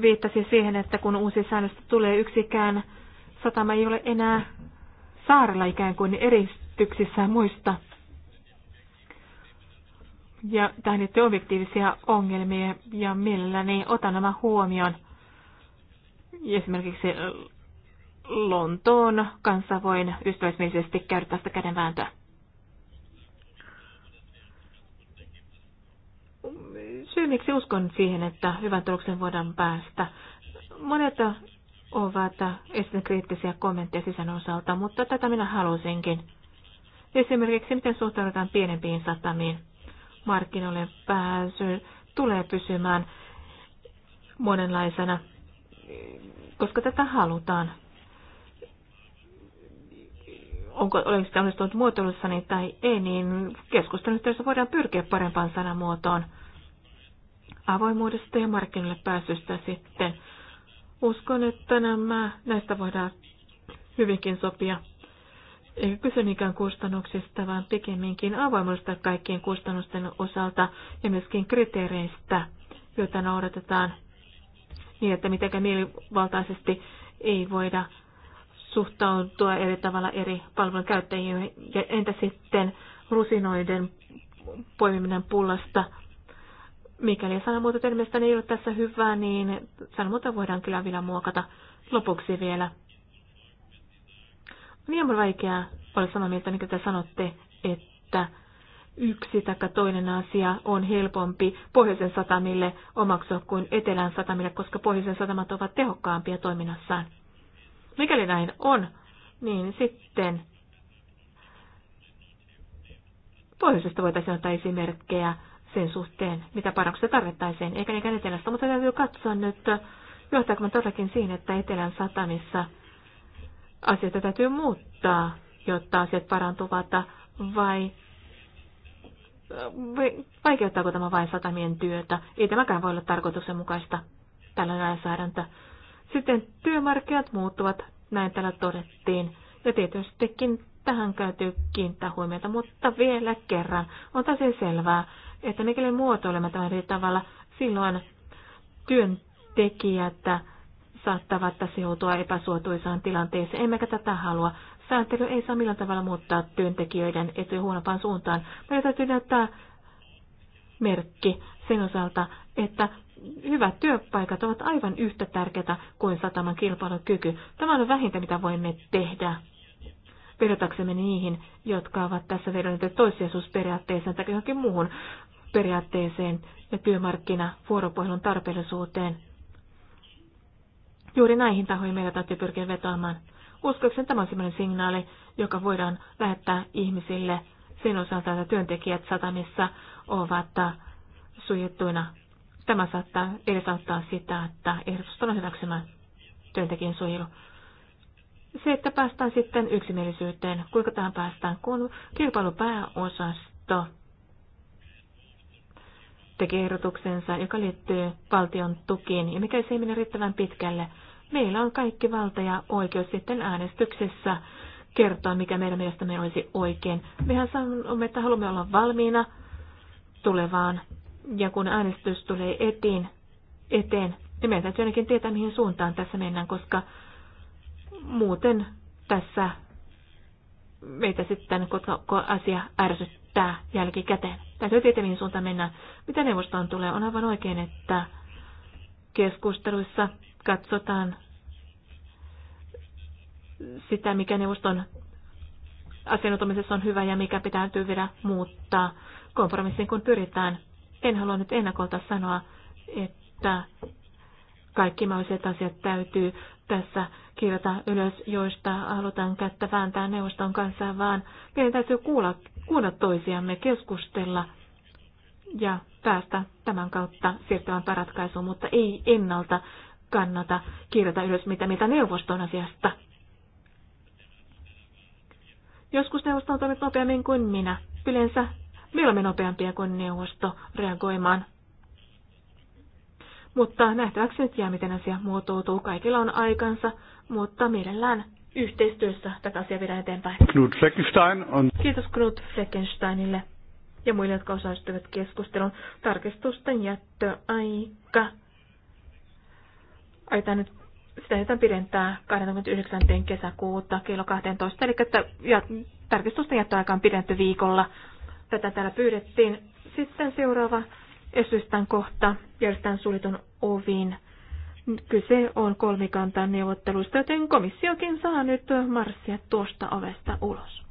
viittasi siihen, että kun uusi säännöstä tulee yksikään satama ei ole enää saarella ikään kuin eristyksissä muista ja tähän liittyy objektiivisia ongelmia ja mielelläni otan nämä huomioon. Esimerkiksi Lontoon kanssa voin ystävällisesti käydä tästä kädenvääntöä. Syy, miksi uskon siihen, että hyvän tuloksen voidaan päästä. Monet ovat esimerkiksi kriittisiä kommentteja sisän osalta, mutta tätä minä halusinkin. Esimerkiksi, miten suhtaudutaan pienempiin satamiin markkinoille pääsy tulee pysymään monenlaisena, koska tätä halutaan. Onko, oliko sitä onnistunut muotoilussani tai ei, niin keskustelun yhteydessä voidaan pyrkiä parempaan sanamuotoon avoimuudesta ja markkinoille pääsystä sitten. Uskon, että nämä, näistä voidaan hyvinkin sopia ei kyse niinkään kustannuksista, vaan pikemminkin avoimuudesta kaikkien kustannusten osalta ja myöskin kriteereistä, joita noudatetaan niin, että mitenkään mielivaltaisesti ei voida suhtautua eri tavalla eri palvelun käyttäjiin. Ja entä sitten rusinoiden poimiminen pullasta? Mikäli sanamuoto ei ole tässä hyvää, niin sanamuoto voidaan kyllä vielä muokata. Lopuksi vielä Hieman vaikeaa olla samaa mieltä, mikä niin te sanotte, että yksi tai toinen asia on helpompi pohjoisen satamille omaksua kuin etelän satamille, koska pohjoisen satamat ovat tehokkaampia toiminnassaan. Mikäli näin on, niin sitten pohjoisesta voitaisiin ottaa esimerkkejä sen suhteen, mitä parannuksia tarvittaisiin, eikä niinkään etelästä, mutta täytyy katsoa nyt, johtaako me todellakin siihen, että etelän satamissa – asioita täytyy muuttaa, jotta asiat parantuvat, vai vaikeuttaako tämä vain satamien työtä? Ei tämäkään voi olla tarkoituksenmukaista, tällä lainsäädäntö. Sitten työmarkkinat muuttuvat, näin täällä todettiin. Ja tietystikin tähän käytyy kiinnittää huomiota, mutta vielä kerran on täysin selvää, että mikäli muotoilemme tämän eri tavalla, silloin työntekijät saattavat tässä joutua epäsuotuisaan tilanteeseen, emmekä tätä halua. Sääntely ei saa millään tavalla muuttaa työntekijöiden etuja huonompaan suuntaan. Meidän täytyy näyttää merkki sen osalta, että hyvät työpaikat ovat aivan yhtä tärkeitä kuin sataman kilpailukyky. Tämä on vähintä, mitä voimme tehdä vedotaksemme niihin, jotka ovat tässä vedonneet toissijaisuusperiaatteeseen tai johonkin muuhun periaatteeseen ja vuoropuhelun tarpeellisuuteen. Juuri näihin tahoihin meidän täytyy pyrkiä vetoamaan. Uskoakseni tämä on sellainen signaali, joka voidaan lähettää ihmisille sen osalta, että työntekijät satamissa ovat sujettuina. Tämä saattaa edesauttaa sitä, että ehdotus on hyväksymään työntekijän suojelu. Se, että päästään sitten yksimielisyyteen, kuinka tähän päästään, kun kilpailupääosasto tekee ehdotuksensa, joka liittyy valtion tukiin, ja mikä se ei mene riittävän pitkälle, Meillä on kaikki valta ja oikeus sitten äänestyksessä kertoa, mikä meidän mielestämme olisi oikein. Mehän sanomme, että haluamme olla valmiina tulevaan. Ja kun äänestys tulee etiin, eteen, niin meidän täytyy ainakin tietää, mihin suuntaan tässä mennään, koska muuten tässä meitä sitten, koko asia ärsyttää jälkikäteen. Täytyy tietää, mihin suuntaan mennään. Mitä neuvostoon tulee, on aivan oikein, että keskusteluissa katsotaan sitä, mikä neuvoston asennutumisessa on hyvä ja mikä pitää vielä muuttaa kompromissin, kun pyritään. En halua nyt ennakolta sanoa, että kaikki mahdolliset asiat täytyy tässä kirjata ylös, joista halutaan kättä vääntää neuvoston kanssa, vaan meidän täytyy kuulla, kuulla toisiamme, keskustella ja päästä tämän kautta siirtyvämpään ratkaisuun, mutta ei ennalta kannata kirjata ylös, mitä, mitä neuvoston asiasta Joskus neuvosto on toiminut nopeammin kuin minä. Yleensä me nopeampia kuin neuvosto reagoimaan. Mutta nähtäväksi nyt jää, miten asia muotoutuu. Kaikilla on aikansa, mutta mielellään yhteistyössä tätä asiaa viedään eteenpäin. Knut Fleckenstein on... Kiitos Knut Fleckensteinille ja muille, jotka osallistuivat keskustelun tarkistusten jättöaika. Aitaan nyt sitä yritetään pidentää 29. kesäkuuta kello 12, eli että ja, tarkistusten jättöaika on pidetty viikolla. Tätä täällä pyydettiin. Sitten seuraava esitystän kohta järjestetään suljetun ovin. Kyse on kolmikantaan neuvotteluista, joten komissiokin saa nyt marssia tuosta ovesta ulos.